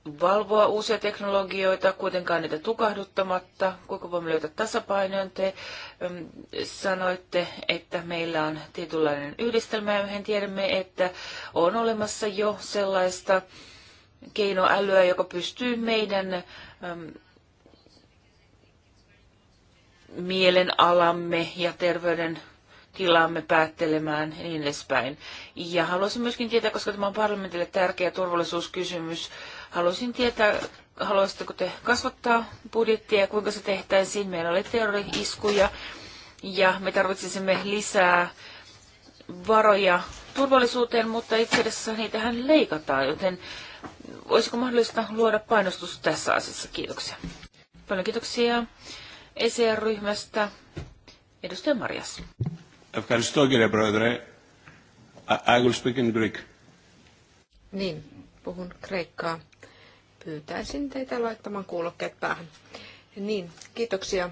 valvoa uusia teknologioita, kuitenkaan niitä tukahduttamatta, kuinka voimme löytää tasapainoon. Te äm, mm, sanoitte, että meillä on tietynlainen yhdistelmä, ja tiedämme, että on olemassa jo sellaista keinoälyä, joka pystyy meidän äm, mm, mielenalamme ja terveyden tilaamme päättelemään ja niin edespäin. Ja haluaisin myöskin tietää, koska tämä on parlamentille tärkeä turvallisuuskysymys, Haluaisin tietää, haluaisitteko te kasvattaa budjettia ja kuinka se tehtäisiin. Meillä oli terrori-iskuja ja me tarvitsisimme lisää varoja turvallisuuteen, mutta itse asiassa niitähän leikataan, joten olisiko mahdollista luoda painostus tässä asiassa? Kiitoksia. Paljon kiitoksia ECR-ryhmästä. Edustaja Marias. I will speak in Greek. Niin, puhun kreikkaa. Pyytäisin teitä laittamaan kuulokkeet päähän. Niin, kiitoksia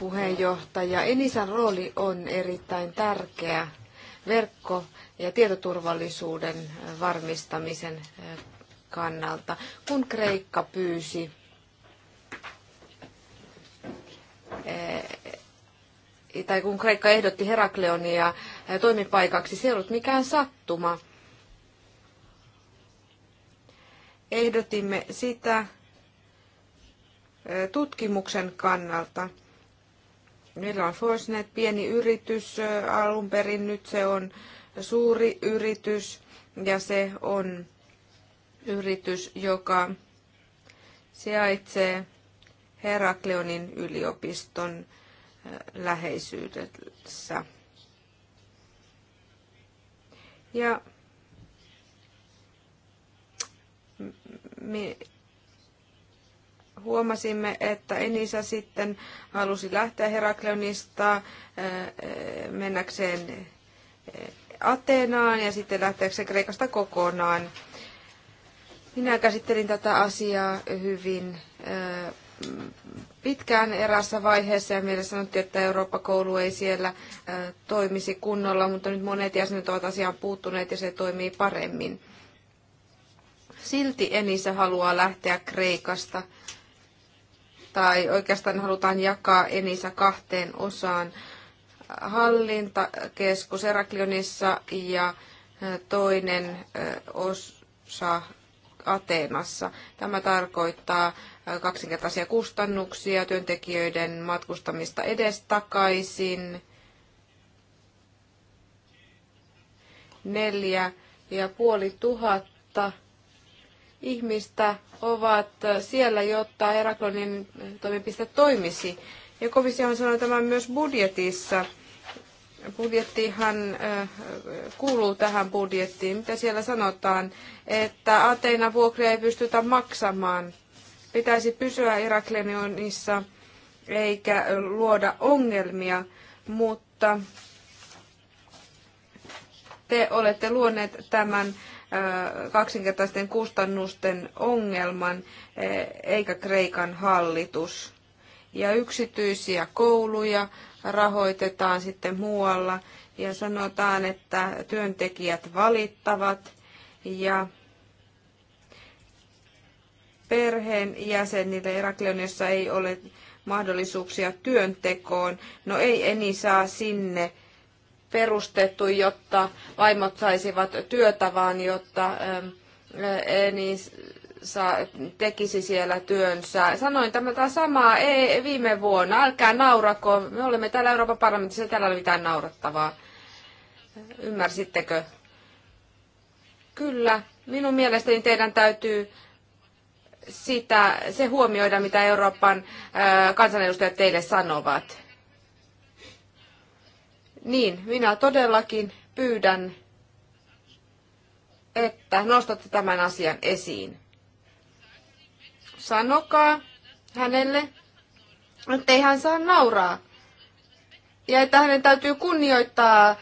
puheenjohtaja. Enisan rooli on erittäin tärkeä verkko- ja tietoturvallisuuden varmistamisen eh, kannalta, kun Kreikka pyysi eh, tai kun Kreikka ehdotti Herakleonia eh, toimipaikaksi, se ei ollut mikään sattuma. ehdotimme sitä tutkimuksen kannalta. Meillä on Forsnet, pieni yritys alun perin, nyt se on suuri yritys ja se on yritys, joka sijaitsee Herakleonin yliopiston läheisyydessä. Ja me huomasimme, että Enisa sitten halusi lähteä Herakleonista äh, äh, mennäkseen äh, Ateenaan ja sitten lähteäkseen Kreikasta kokonaan. Minä käsittelin tätä asiaa hyvin pitkään erässä vaiheessa ja meille sanottiin, että Eurooppa-koulu ei siellä toimisi kunnolla, mutta nyt monet jäsenet ovat asiaan puuttuneet ja se toimii paremmin silti Enisa haluaa lähteä Kreikasta. Tai oikeastaan halutaan jakaa Enisa kahteen osaan. Hallintakeskus Heraklionissa ja toinen osa Ateenassa. Tämä tarkoittaa kaksinkertaisia kustannuksia, työntekijöiden matkustamista edestakaisin, neljä ja puoli tuhatta ihmistä ovat siellä, jotta Heraklonin toimipiste toimisi. Ja komissio on sanonut tämän myös budjetissa. Budjettihan kuuluu tähän budjettiin. Mitä siellä sanotaan? Että Ateena vuokria ei pystytä maksamaan. Pitäisi pysyä Iraklionissa eikä luoda ongelmia, mutta te olette luoneet tämän kaksinkertaisten kustannusten ongelman, eikä Kreikan hallitus. Ja yksityisiä kouluja rahoitetaan sitten muualla ja sanotaan, että työntekijät valittavat ja perheen jäsenille Eraklionissa ei ole mahdollisuuksia työntekoon. No ei eni saa sinne perustettu, jotta vaimot saisivat työtä, vaan jotta ähm, äh, niin saa, tekisi siellä työnsä. Sanoin tämä samaa ei, viime vuonna. Älkää naurako. Me olemme täällä Euroopan parlamentissa, täällä ei ole mitään naurattavaa. Ymmärsittekö? Kyllä. Minun mielestäni teidän täytyy sitä, se huomioida, mitä Euroopan äh, kansanedustajat teille sanovat. Niin, minä todellakin pyydän, että nostatte tämän asian esiin. Sanokaa hänelle, ettei hän saa nauraa. Ja että hänen täytyy kunnioittaa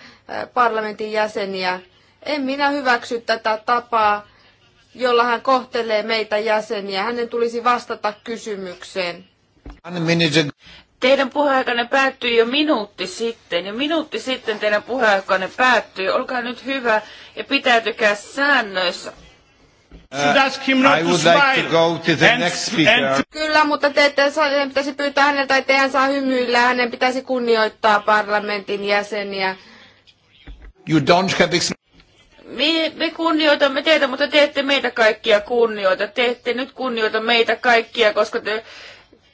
parlamentin jäseniä. En minä hyväksy tätä tapaa, jolla hän kohtelee meitä jäseniä. Hänen tulisi vastata kysymykseen. Teidän puheaikanne päättyi jo minuutti sitten, ja minuutti sitten teidän puheaikanne päättyi. Olkaa nyt hyvä ja pitäytykää säännöissä. Uh, Kyllä, mutta te ette saa, pitäisi pyytää häneltä, ettei hän saa hymyillä. Hänen pitäisi kunnioittaa parlamentin jäseniä. You don't have me, me kunnioitamme teitä, mutta te ette meitä kaikkia kunnioita. Te ette nyt kunnioita meitä kaikkia, koska te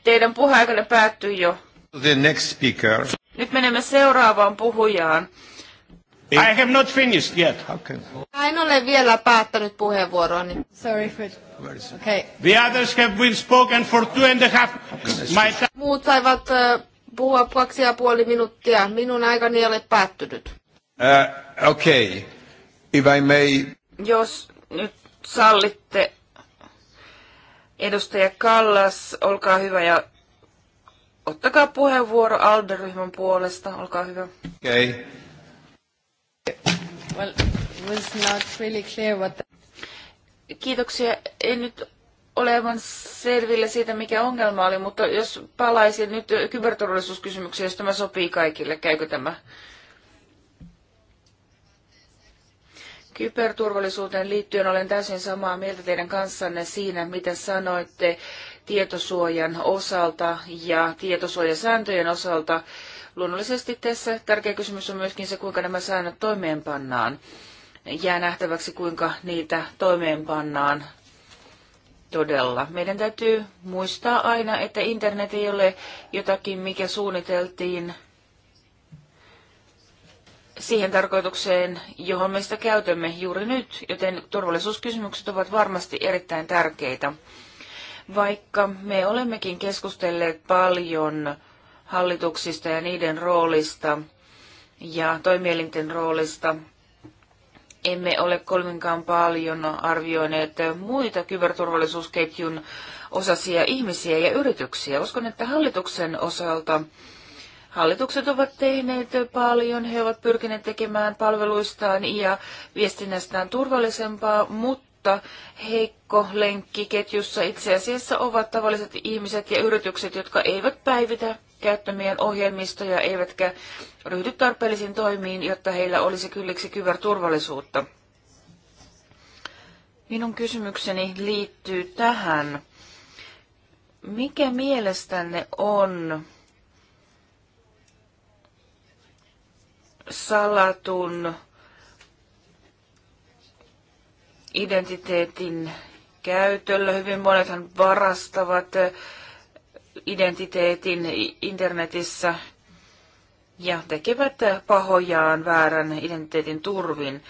Teidän puheaikanne päättyi jo. The next speaker. Nyt menemme seuraavaan puhujaan. I have not finished yet. Okay. En ole vielä päättänyt puheenvuoroni. Sorry, Fred. Okay. The others have been spoken for two and a half. My Muut saivat uh, puhua kaksi ja puoli minuuttia. Minun aikani ei ole päättynyt. Uh, okay. If I may... Jos nyt sallitte, Edustaja Kallas, olkaa hyvä ja ottakaa puheenvuoro Alderyhmän puolesta. Olkaa hyvä. Okay. Well, was not really clear what the... Kiitoksia. En nyt ole aivan selvillä siitä, mikä ongelma oli, mutta jos palaisin nyt kyberturvallisuuskysymykseen, jos tämä sopii kaikille, käykö tämä? Kyberturvallisuuteen liittyen olen täysin samaa mieltä teidän kanssanne siinä, mitä sanoitte tietosuojan osalta ja tietosuojasääntöjen osalta. Luonnollisesti tässä tärkeä kysymys on myöskin se, kuinka nämä säännöt toimeenpannaan. Jää nähtäväksi, kuinka niitä toimeenpannaan todella. Meidän täytyy muistaa aina, että internet ei ole jotakin, mikä suunniteltiin – siihen tarkoitukseen, johon me sitä käytämme juuri nyt, joten turvallisuuskysymykset ovat varmasti erittäin tärkeitä. Vaikka me olemmekin keskustelleet paljon hallituksista ja niiden roolista ja toimielinten roolista, emme ole kolminkaan paljon arvioineet muita kyberturvallisuusketjun osasia ihmisiä ja yrityksiä. Uskon, että hallituksen osalta Hallitukset ovat tehneet paljon, he ovat pyrkineet tekemään palveluistaan ja viestinnästään turvallisempaa, mutta heikko lenkki ketjussa itse asiassa ovat tavalliset ihmiset ja yritykset, jotka eivät päivitä käyttämien ohjelmistoja eivätkä ryhdy tarpeellisiin toimiin, jotta heillä olisi kylliksi kyberturvallisuutta. Minun kysymykseni liittyy tähän. Mikä mielestänne on salatun identiteetin käytöllä. Hyvin monethan varastavat identiteetin internetissä ja tekevät pahojaan väärän identiteetin turvin.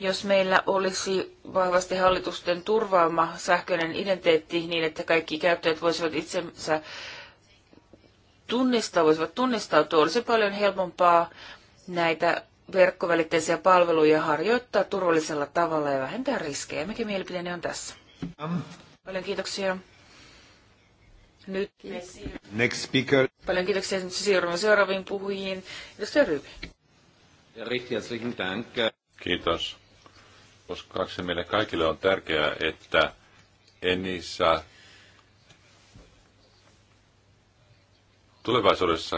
Jos meillä olisi vahvasti hallitusten turvaama sähköinen identiteetti niin, että kaikki käyttäjät voisivat itsensä tunnistaa, voisivat tunnistautua, olisi paljon helpompaa näitä verkkovälitteisiä palveluja harjoittaa turvallisella tavalla ja vähentää riskejä. Mikä mielipiteeni on tässä? Um. Paljon kiitoksia. Nyt Next speaker. Paljon kiitoksia. Nyt siirrymme seuraaviin puhujiin. Edustaja Ryby. Kiitos. Koska meille kaikille on tärkeää, että Enissä tulevaisuudessa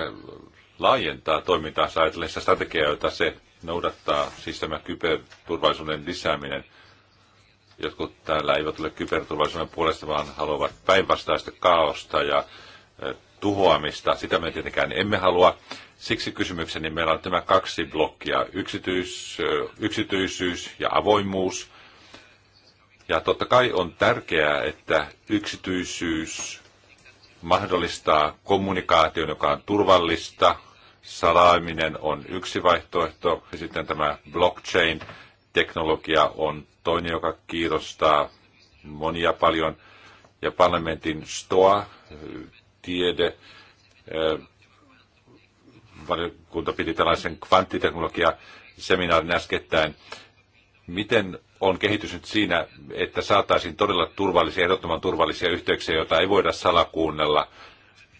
laajentaa toimintaansa ajatellen sitä strategiaa, jota se noudattaa, siis tämä kyberturvallisuuden lisääminen. Jotkut täällä eivät ole kyberturvallisuuden puolesta, vaan haluavat päinvastaista kaaosta ja tuhoamista. Sitä me tietenkään emme halua. Siksi kysymykseni meillä on tämä kaksi blokkia, yksityis, yksityisyys ja avoimuus. Ja totta kai on tärkeää, että yksityisyys mahdollistaa kommunikaation, joka on turvallista, salaaminen on yksi vaihtoehto, ja sitten tämä blockchain-teknologia on toinen, joka kiinnostaa monia paljon, ja parlamentin STOA, tiede, eh, valiokunta piti tällaisen kvanttiteknologia-seminaarin äskettäin. Miten on kehitys nyt siinä, että saataisiin todella turvallisia, ehdottoman turvallisia yhteyksiä, joita ei voida salakuunnella,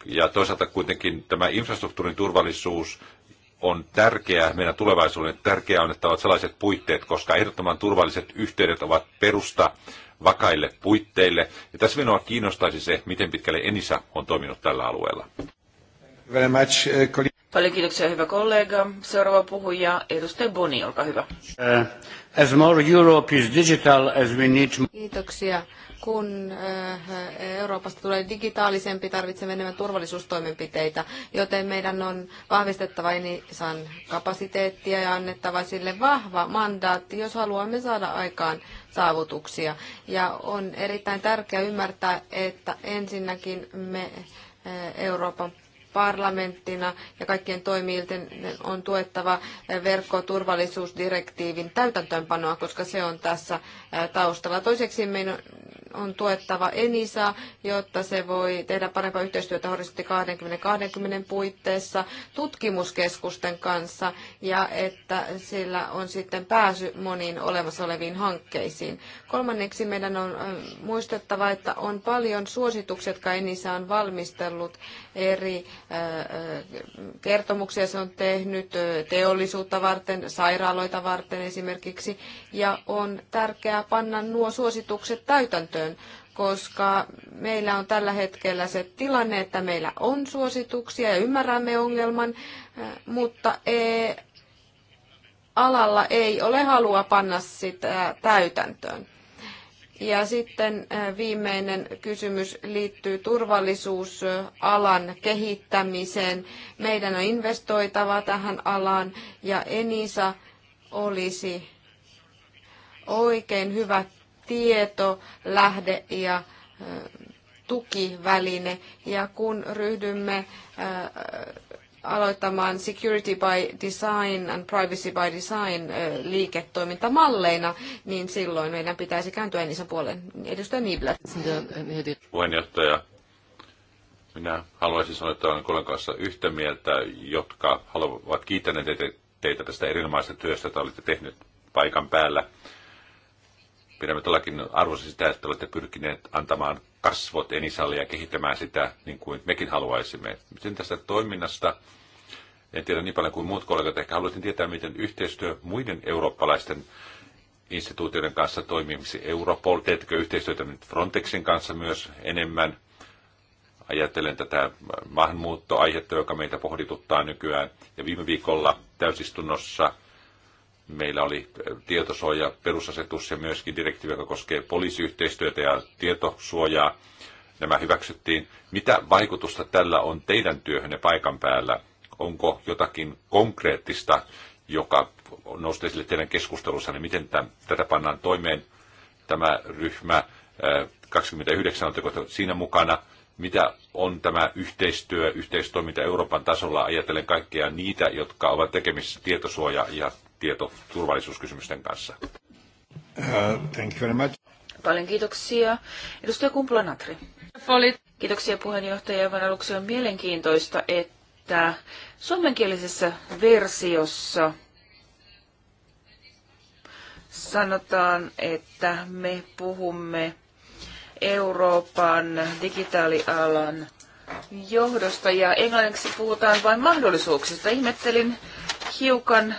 ja toisaalta kuitenkin tämä infrastruktuurin turvallisuus on tärkeää meidän tulevaisuuden. Tärkeää on, että ovat sellaiset puitteet, koska ehdottoman turvalliset yhteydet ovat perusta vakaille puitteille. Ja tässä minua kiinnostaisi se, miten pitkälle Enisa on toiminut tällä alueella. Very much, eh, Paljon kiitoksia, hyvä kollega. Seuraava puhuja, edustaja Boni, olkaa hyvä. Eh, kiitoksia kun eh, Euroopasta tulee digitaalisempi, tarvitsemme enemmän turvallisuustoimenpiteitä, joten meidän on vahvistettava Enisan kapasiteettia ja annettava sille vahva mandaatti, jos haluamme saada aikaan saavutuksia. Ja on erittäin tärkeää ymmärtää, että ensinnäkin me eh, Euroopan parlamenttina ja kaikkien toimijoiden on tuettava verkkoturvallisuusdirektiivin täytäntöönpanoa, koska se on tässä eh, taustalla. Toiseksi meidän on tuettava Enisa, jotta se voi tehdä parempaa yhteistyötä horisontti 20-20 puitteissa tutkimuskeskusten kanssa ja että sillä on sitten pääsy moniin olemassa oleviin hankkeisiin. Kolmanneksi meidän on äh, muistettava, että on paljon suosituksia, jotka Enisa on valmistellut eri äh, äh, kertomuksia se on tehnyt teollisuutta varten, sairaaloita varten esimerkiksi, ja on tärkeää panna nuo suositukset täytäntöön käyttöön, koska meillä on tällä hetkellä se tilanne, että meillä on suosituksia ja ymmärrämme ongelman, eh, mutta e, alalla ei ole halua panna sitä eh, täytäntöön. Ja sitten eh, viimeinen kysymys liittyy turvallisuusalan kehittämiseen. Meidän on investoitava tähän alaan ja Enisa olisi oikein hyvä tieto, lähde ja tukiväline. Ja kun ryhdymme aloittamaan Security by Design and Privacy by Design liiketoimintamalleina, niin silloin meidän pitäisi kääntyä Enisan puolen. Edustaja Nibler. Puheenjohtaja, minä haluaisin sanoa, että olen kollegan kanssa yhtä mieltä, jotka haluavat kiittäneet teitä tästä erinomaisesta työstä, jota olette tehneet paikan päällä pidämme todellakin arvoisin sitä, että olette pyrkineet antamaan kasvot Enisalle ja kehittämään sitä niin kuin mekin haluaisimme. Miten tästä toiminnasta, en tiedä niin paljon kuin muut kollegat, ehkä haluaisin tietää, miten yhteistyö muiden eurooppalaisten instituutioiden kanssa toimimisi Europol, Teettekö yhteistyötä nyt Frontexin kanssa myös enemmän? Ajattelen tätä maahanmuuttoaihetta, joka meitä pohdituttaa nykyään. Ja viime viikolla täysistunnossa Meillä oli tietosuoja, perusasetus ja myöskin direktiivi, joka koskee poliisiyhteistyötä ja tietosuojaa. Nämä hyväksyttiin. Mitä vaikutusta tällä on teidän työhönne paikan päällä? Onko jotakin konkreettista, joka nousi esille teidän keskustelussanne? Miten tämän, tätä pannaan toimeen? Tämä ryhmä 29 äh, on siinä mukana mitä on tämä yhteistyö, yhteistoiminta Euroopan tasolla, ajatellen kaikkia niitä, jotka ovat tekemisissä tietosuoja- ja tietoturvallisuuskysymysten kanssa. Uh, thank you very much. Paljon kiitoksia. Edustaja Kumpula-Natri. Kiitoksia puheenjohtaja. Aivan aluksi on mielenkiintoista, että suomenkielisessä versiossa sanotaan, että me puhumme Euroopan digitaalialan johdosta ja englanniksi puhutaan vain mahdollisuuksista. Ihmettelin hiukan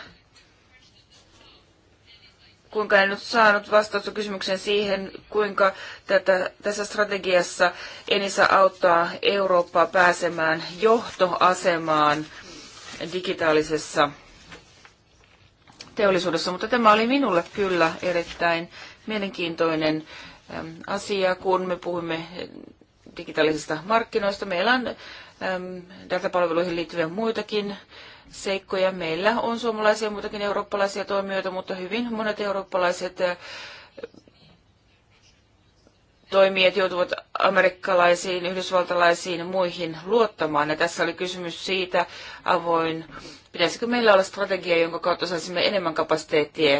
kuinka en nyt saanut vastausta kysymykseen siihen, kuinka tätä, tässä strategiassa Enisa auttaa Eurooppaa pääsemään johtoasemaan digitaalisessa teollisuudessa, mutta tämä oli minulle kyllä erittäin mielenkiintoinen asia, kun me puhumme digitaalisista markkinoista. Meillä on datapalveluihin liittyviä muitakin seikkoja. Meillä on suomalaisia ja muitakin eurooppalaisia toimijoita, mutta hyvin monet eurooppalaiset eh, toimijat joutuvat amerikkalaisiin, yhdysvaltalaisiin ja muihin luottamaan. Ja tässä oli kysymys siitä avoin, pitäisikö meillä olla strategia, jonka kautta saisimme enemmän kapasiteettia.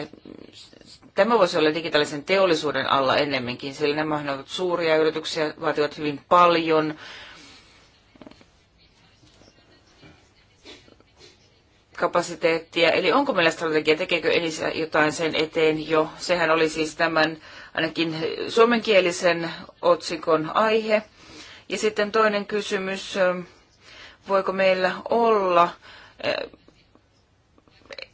Tämä voisi olla digitaalisen teollisuuden alla ennemminkin, sillä nämä ovat suuria yrityksiä, vaativat hyvin paljon kapasiteettia. Eli onko meillä strategia, tekeekö Elisa jotain sen eteen jo? Sehän oli siis tämän ainakin suomenkielisen otsikon aihe. Ja sitten toinen kysymys, voiko meillä olla eh,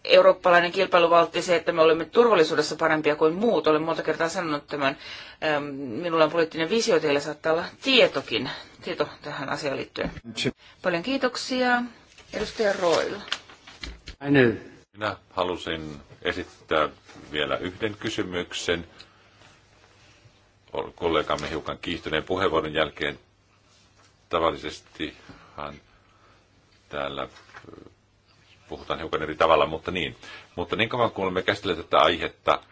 eurooppalainen kilpailuvaltti se, että me olemme turvallisuudessa parempia kuin muut. Olen monta kertaa sanonut tämän. Minulla on poliittinen visio, teillä saattaa olla tietokin, tieto tähän asiaan liittyen. Paljon kiitoksia. Edustaja Roil. Minä halusin esittää vielä yhden kysymyksen kollegamme hiukan kiihtyneen puheenvuoron jälkeen. Tavallisestihan täällä äh, puhutaan hiukan eri tavalla, mutta niin. Mutta niin kauan kun olemme käsitelleet tätä aihetta,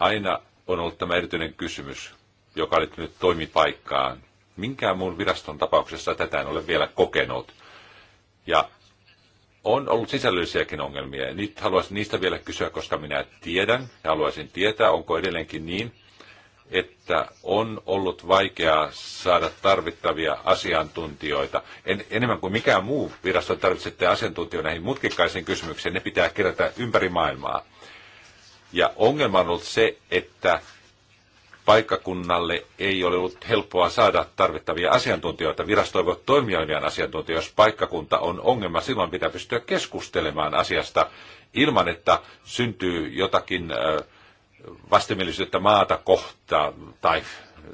aina on ollut tämä erityinen kysymys, joka oli nyt toimipaikkaan. Minkään muun viraston tapauksessa tätä en ole vielä kokenut. Ja on ollut sisällöllisiäkin ongelmia. Nyt haluaisin niistä vielä kysyä, koska minä tiedän ja haluaisin tietää, onko edelleenkin niin, että on ollut vaikeaa saada tarvittavia asiantuntijoita. En, enemmän kuin mikään muu virasto tarvitsette asiantuntijoita näihin mutkikkaisiin kysymyksiin, ne pitää kerätä ympäri maailmaa. Ja ongelma on ollut se, että paikkakunnalle ei ole ollut helppoa saada tarvittavia asiantuntijoita. Virasto voi toimia ilmiön asiantuntija. Jos paikkakunta on ongelma, silloin pitää pystyä keskustelemaan asiasta ilman, että syntyy jotakin vastenmielisyyttä maata kohtaan tai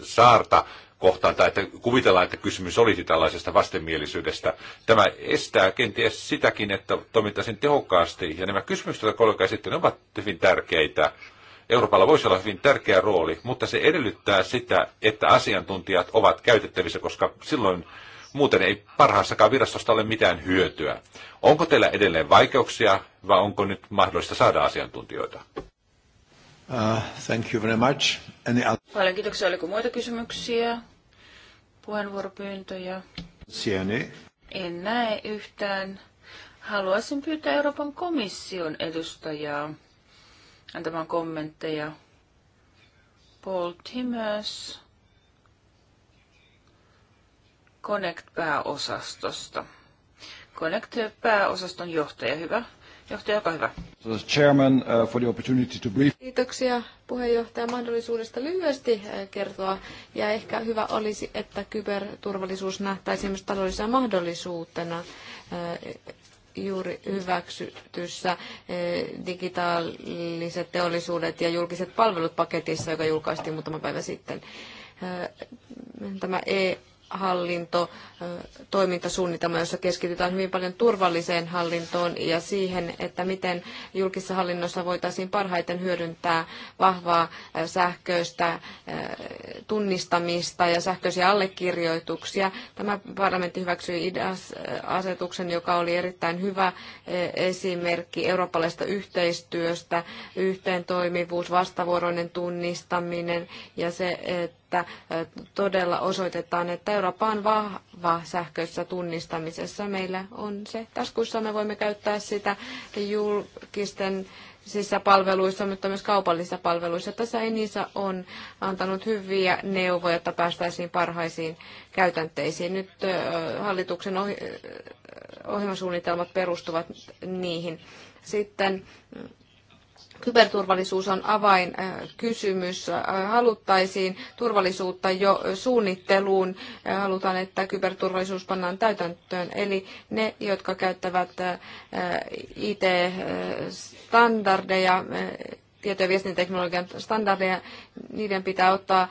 saarta kohtaan, tai että kuvitellaan, että kysymys olisi tällaisesta vastenmielisyydestä. Tämä estää kenties sitäkin, että toimittaisin tehokkaasti, ja nämä kysymykset, jotka sitten, ovat hyvin tärkeitä. Euroopalla voisi olla hyvin tärkeä rooli, mutta se edellyttää sitä, että asiantuntijat ovat käytettävissä, koska silloin muuten ei parhaassakaan virastosta ole mitään hyötyä. Onko teillä edelleen vaikeuksia vai onko nyt mahdollista saada asiantuntijoita? Uh, thank you very much. Any other... Paljon kiitoksia. Oliko muita kysymyksiä? Puheenvuoropyyntöjä? Sieni. En näe yhtään. Haluaisin pyytää Euroopan komission edustajaa antamaan kommentteja. Paul Timmers Connect-pääosastosta. Connect-pääosaston johtaja, hyvä. Johtaja, olkaa hyvä. Chairman, uh, for the opportunity to brief. Kiitoksia puheenjohtaja mahdollisuudesta lyhyesti uh, kertoa. Ja ehkä hyvä olisi, että kyberturvallisuus nähtäisiin myös taloudellisena mahdollisuutena uh, juuri hyväksytyssä eh, digitaaliset teollisuudet ja julkiset palvelut paketissa, joka julkaistiin muutama päivä sitten. Eh, tämä e hallinto, toimintasuunnitelma, jossa keskitytään hyvin paljon turvalliseen hallintoon ja siihen, että miten julkisessa hallinnossa voitaisiin parhaiten hyödyntää vahvaa sähköistä tunnistamista ja sähköisiä allekirjoituksia. Tämä parlamentti hyväksyi IDAS-asetuksen, joka oli erittäin hyvä esimerkki eurooppalaisesta yhteistyöstä, yhteentoimivuus, vastavuoroinen tunnistaminen ja se, että että todella osoitetaan, että Eurooppa on vahva sähköisessä tunnistamisessa. Meillä on se taskussa, me voimme käyttää sitä julkisten sisäpalveluissa, mutta myös kaupallisissa palveluissa. Tässä Enisa on antanut hyviä neuvoja, että päästäisiin parhaisiin käytänteisiin. Nyt hallituksen ohjelmasuunnitelmat perustuvat niihin. Sitten Kyberturvallisuus on avainkysymys. Haluttaisiin turvallisuutta jo suunnitteluun. Halutaan, että kyberturvallisuus pannaan täytäntöön. Eli ne, jotka käyttävät IT-standardeja, tieto- ja viestintäteknologian standardeja, niiden pitää ottaa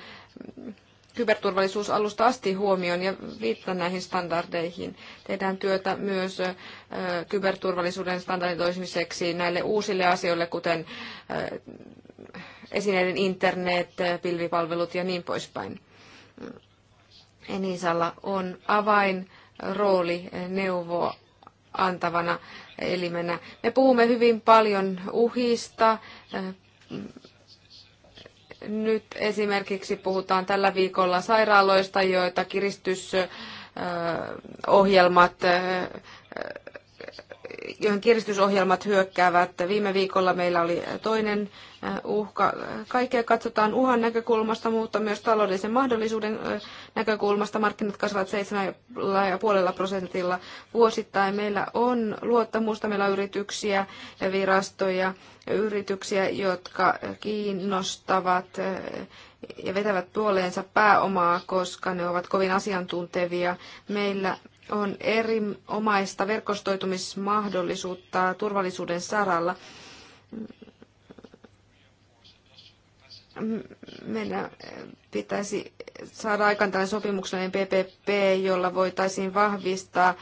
kyberturvallisuusalusta asti huomioon ja viittaa näihin standardeihin. Tehdään työtä myös kyberturvallisuuden standardoimiseksi näille uusille asioille, kuten esineiden internet, pilvipalvelut ja niin poispäin. Enisalla on avain rooli neuvoa antavana elimenä. Me puhumme hyvin paljon uhista, nyt esimerkiksi puhutaan tällä viikolla sairaaloista, joita kiristysohjelmat joihin kiristysohjelmat hyökkäävät. Viime viikolla meillä oli toinen äh, uhka. Kaikkea katsotaan uhan näkökulmasta, mutta myös taloudellisen mahdollisuuden äh, näkökulmasta. Markkinat kasvavat 7,5 prosentilla vuosittain. Meillä on luottamusta, meillä on yrityksiä, virastoja, yrityksiä, jotka kiinnostavat äh, ja vetävät puoleensa pääomaa, koska ne ovat kovin asiantuntevia. Meillä on erinomaista verkostoitumismahdollisuutta turvallisuuden saralla. Meidän pitäisi saada aikaan tällainen sopimuksellinen PPP, jolla voitaisiin vahvistaa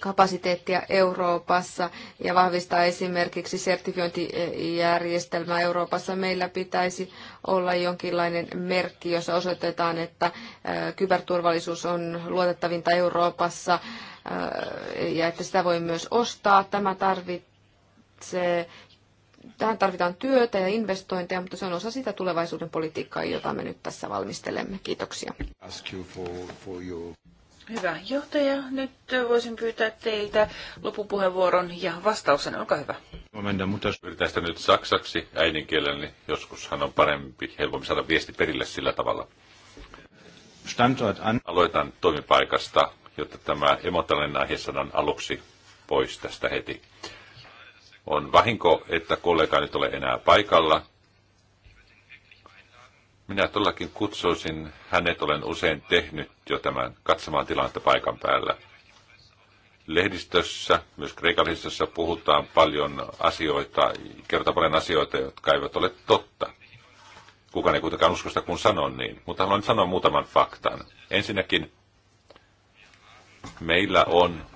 kapasiteettia Euroopassa ja vahvistaa esimerkiksi sertifiointijärjestelmää Euroopassa. Meillä pitäisi olla jonkinlainen merkki, jossa osoitetaan, että kyberturvallisuus on luotettavinta Euroopassa ja että sitä voi myös ostaa. Tämä tarvitsee Tähän tarvitaan työtä ja investointeja, mutta se on osa sitä tulevaisuuden politiikkaa, jota me nyt tässä valmistelemme. Kiitoksia. Hyvä johtaja. Nyt voisin pyytää teiltä lopupuheenvuoron ja vastauksen. Olkaa hyvä. Mä mennään mutta yritän sitä nyt saksaksi äidinkielellä, niin joskushan on parempi, helpompi saada viesti perille sillä tavalla. Standort an. Aloitan toimipaikasta, jotta tämä emotallinen aihesanan aluksi pois tästä heti. On vahinko, että kollega nyt ole enää paikalla, minä todellakin kutsuisin, hänet olen usein tehnyt jo tämän katsomaan tilannetta paikan päällä. Lehdistössä, myös kreikallisessa puhutaan paljon asioita, kerrotaan paljon asioita, jotka eivät ole totta. Kukaan ei kuitenkaan usko sitä, kun sanon niin. Mutta haluan sanoa muutaman faktan. Ensinnäkin meillä on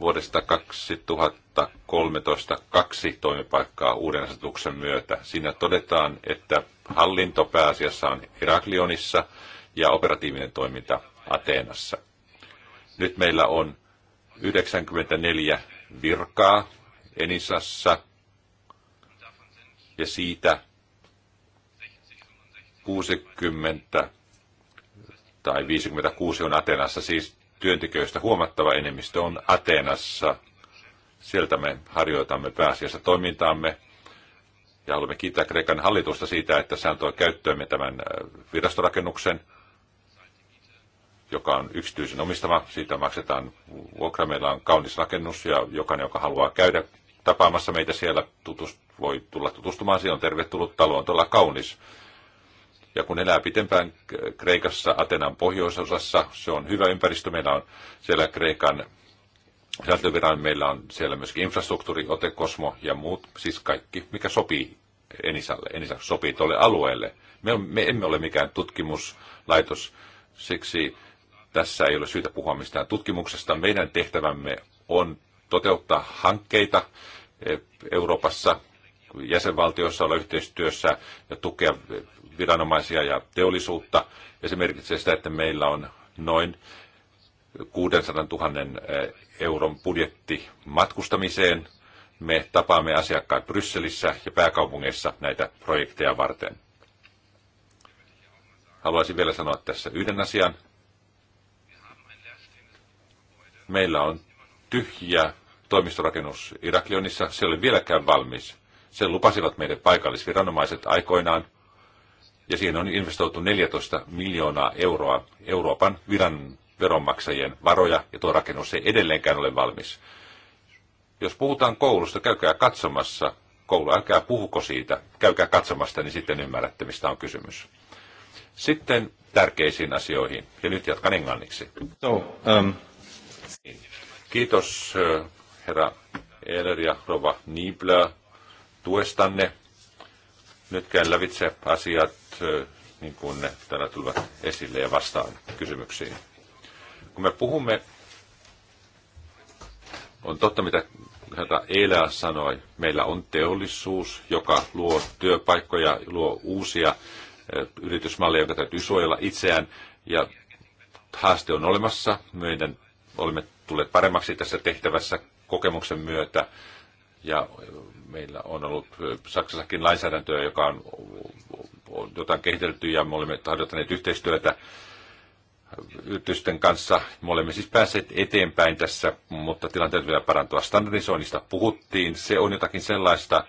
vuodesta 2000 2013 kaksi toimipaikkaa uuden asetuksen myötä. Siinä todetaan, että hallinto pääasiassa on Heraklionissa ja operatiivinen toiminta Ateenassa. Nyt meillä on 94 virkaa Enisassa ja siitä 60 tai 56 on Atenassa, siis työntekijöistä huomattava enemmistö on Atenassa – Sieltä me harjoitamme pääasiassa toimintaamme ja haluamme kiittää Kreikan hallitusta siitä, että se antoi käyttöömme tämän äh, virastorakennuksen, joka on yksityisen omistama. Siitä maksetaan vuokra. Meillä on kaunis rakennus ja jokainen, joka haluaa käydä tapaamassa meitä siellä, tutust, voi tulla tutustumaan. siinä on tervetullut talo, on todella kaunis. Ja kun elää pitempään Kreikassa, Atenan pohjoisosassa, se on hyvä ympäristö. Meillä on siellä Kreikan sääntelyviran meillä on siellä myöskin infrastruktuuri, Ote, Kosmo ja muut, siis kaikki, mikä sopii Enisalle, Enisa sopii tuolle alueelle. Me, me emme ole mikään tutkimuslaitos, siksi tässä ei ole syytä puhua mistään tutkimuksesta. Meidän tehtävämme on toteuttaa hankkeita eh, Euroopassa, jäsenvaltioissa olla yhteistyössä ja tukea viranomaisia ja teollisuutta. Ja se merkitsee sitä, että meillä on noin 600 000 euron budjetti matkustamiseen. Me tapaamme asiakkaat Brysselissä ja pääkaupungeissa näitä projekteja varten. Haluaisin vielä sanoa tässä yhden asian. Meillä on tyhjä toimistorakennus Iraklionissa. Se oli vieläkään valmis. Sen lupasivat meidän paikallisviranomaiset aikoinaan. Ja siihen on investoitu 14 miljoonaa euroa Euroopan viran veronmaksajien varoja, ja tuo rakennus ei edelleenkään ole valmis. Jos puhutaan koulusta, käykää katsomassa koulu, älkää puhuko siitä, käykää katsomasta, niin sitten ymmärrätte, mistä on kysymys. Sitten tärkeisiin asioihin, ja nyt jatkan englanniksi. So, um... Kiitos herra Eller ja rova Niblö tuestanne. Nyt käyn lävitse asiat niin kuin ne täällä tulevat esille ja vastaan kysymyksiin. Kun me puhumme, on totta mitä herra Eilä sanoi, meillä on teollisuus, joka luo työpaikkoja, luo uusia yritysmalleja, joka täytyy suojella itseään. Ja haaste on olemassa. Meidän olemme tulleet paremmaksi tässä tehtävässä kokemuksen myötä. Ja meillä on ollut Saksassakin lainsäädäntöä, joka on, jotain kehitelty ja me olemme tahdottaneet yhteistyötä yritysten kanssa. Me olemme siis päässeet eteenpäin tässä, mutta tilanteet vielä parantua. Standardisoinnista puhuttiin. Se on jotakin sellaista,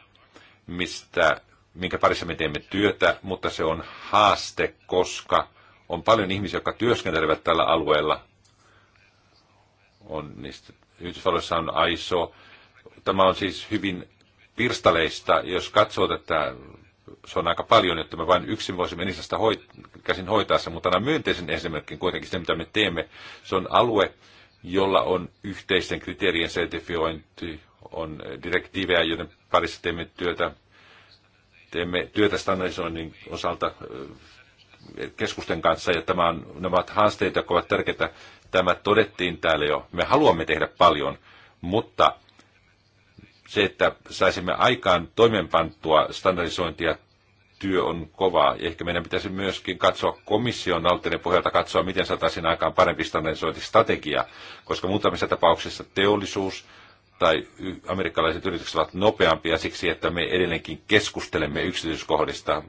mistä, minkä parissa me teemme työtä, mutta se on haaste, koska on paljon ihmisiä, jotka työskentelevät tällä alueella. On niistä, Yhdysvalloissa on ISO. Tämä on siis hyvin pirstaleista. Jos katsoo tätä se on aika paljon, että me vain yksin voisimme niistä hoit- käsin hoitaa se, mutta nämä myönteisen esimerkin kuitenkin se, mitä me teemme, se on alue, jolla on yhteisten kriteerien sertifiointi, on direktiivejä, joiden parissa teemme työtä, teemme työtä standardisoinnin osalta keskusten kanssa, ja tämä on, nämä ovat haasteita, jotka ovat tärkeitä. Tämä todettiin täällä jo. Me haluamme tehdä paljon, mutta se, että saisimme aikaan toimenpantua standardisointia, työ on kovaa. Ja ehkä meidän pitäisi myöskin katsoa komission altinen pohjalta katsoa, miten saataisiin aikaan parempi standardisointistrategia, koska muutamissa tapauksissa teollisuus tai amerikkalaiset yritykset ovat nopeampia siksi, että me edelleenkin keskustelemme yksityiskohdista.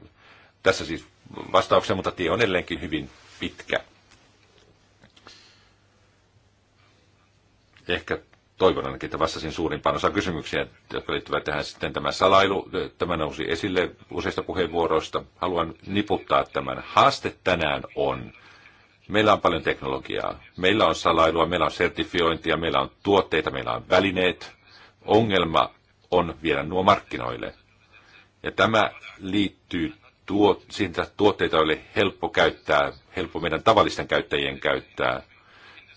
Tässä siis vastauksen, mutta tie on edelleenkin hyvin pitkä. Ehkä toivon ainakin, että vastasin suurimpaan osaan kysymyksiä, jotka liittyvät tähän sitten tämä salailu. Tämä nousi esille useista puheenvuoroista. Haluan niputtaa tämän. Haaste tänään on, meillä on paljon teknologiaa, meillä on salailua, meillä on sertifiointia, meillä on tuotteita, meillä on välineet. Ongelma on vielä nuo markkinoille. Ja tämä liittyy tuo, siitä tuotteita, joille helppo käyttää, helppo meidän tavallisten käyttäjien käyttää –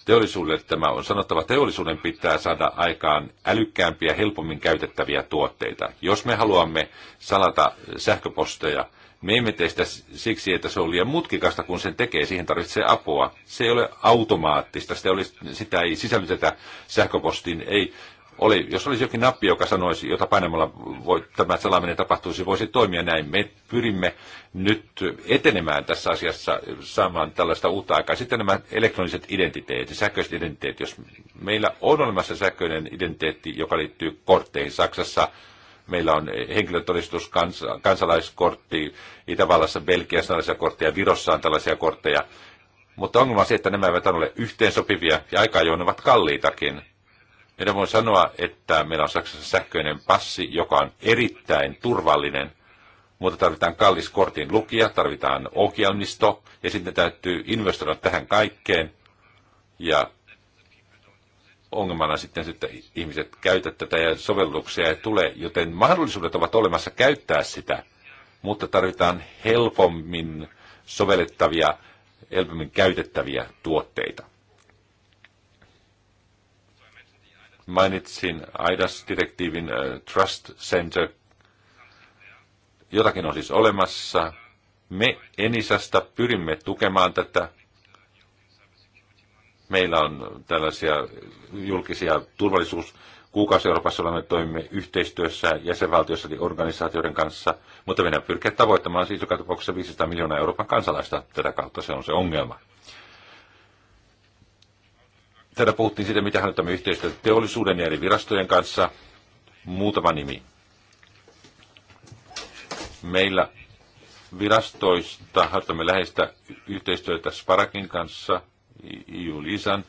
Teollisuudelle tämä on sanottava, teollisuuden pitää saada aikaan älykkäämpiä, helpommin käytettäviä tuotteita. Jos me haluamme salata sähköposteja, me emme tee sitä siksi, että se on liian mutkikasta, kun sen tekee, siihen tarvitsee apua. Se ei ole automaattista, sitä, sitä ei sisällytetä sähköpostiin, ei oli, jos olisi jokin nappi, joka sanoisi, jota painamalla voi, tämä salaminen tapahtuisi, voisi toimia näin. Me pyrimme nyt etenemään tässä asiassa saamaan tällaista uutta aikaa. Sitten nämä elektroniset identiteetit, sähköiset identiteetit. Jos meillä on olemassa sähköinen identiteetti, joka liittyy kortteihin Saksassa, meillä on henkilötodistus, kans, kansalaiskortti, Itävallassa, Belgiassa tällaisia kortteja, Virossa on tällaisia kortteja. Mutta ongelma on se, että nämä eivät ole yhteensopivia ja aika ajoin ovat kalliitakin meidän voi sanoa, että meillä on Saksassa sähköinen passi, joka on erittäin turvallinen, mutta tarvitaan kallis kortin lukija, tarvitaan ohjelmisto ja sitten täytyy investoida tähän kaikkeen. Ja ongelmana sitten, että ihmiset käytä tätä ja sovelluksia ei tule, joten mahdollisuudet ovat olemassa käyttää sitä, mutta tarvitaan helpommin sovellettavia, helpommin käytettäviä tuotteita. Mainitsin AIDAS-direktiivin äh, Trust Center. Jotakin on siis olemassa. Me Enisasta pyrimme tukemaan tätä. Meillä on tällaisia julkisia turvallisuus kuukausi Euroopassa olemme toimimme yhteistyössä jäsenvaltioissa organisaatioiden kanssa, mutta meidän pyrkiä tavoittamaan siis joka tapauksessa 500 miljoonaa Euroopan kansalaista. Tätä kautta se on se ongelma. Täällä puhuttiin siitä, mitä harjoitamme yhteistyötä teollisuuden ja eri virastojen kanssa. Muutama nimi. Meillä virastoista harjoitamme läheistä yhteistyötä Sparakin kanssa, Julisan.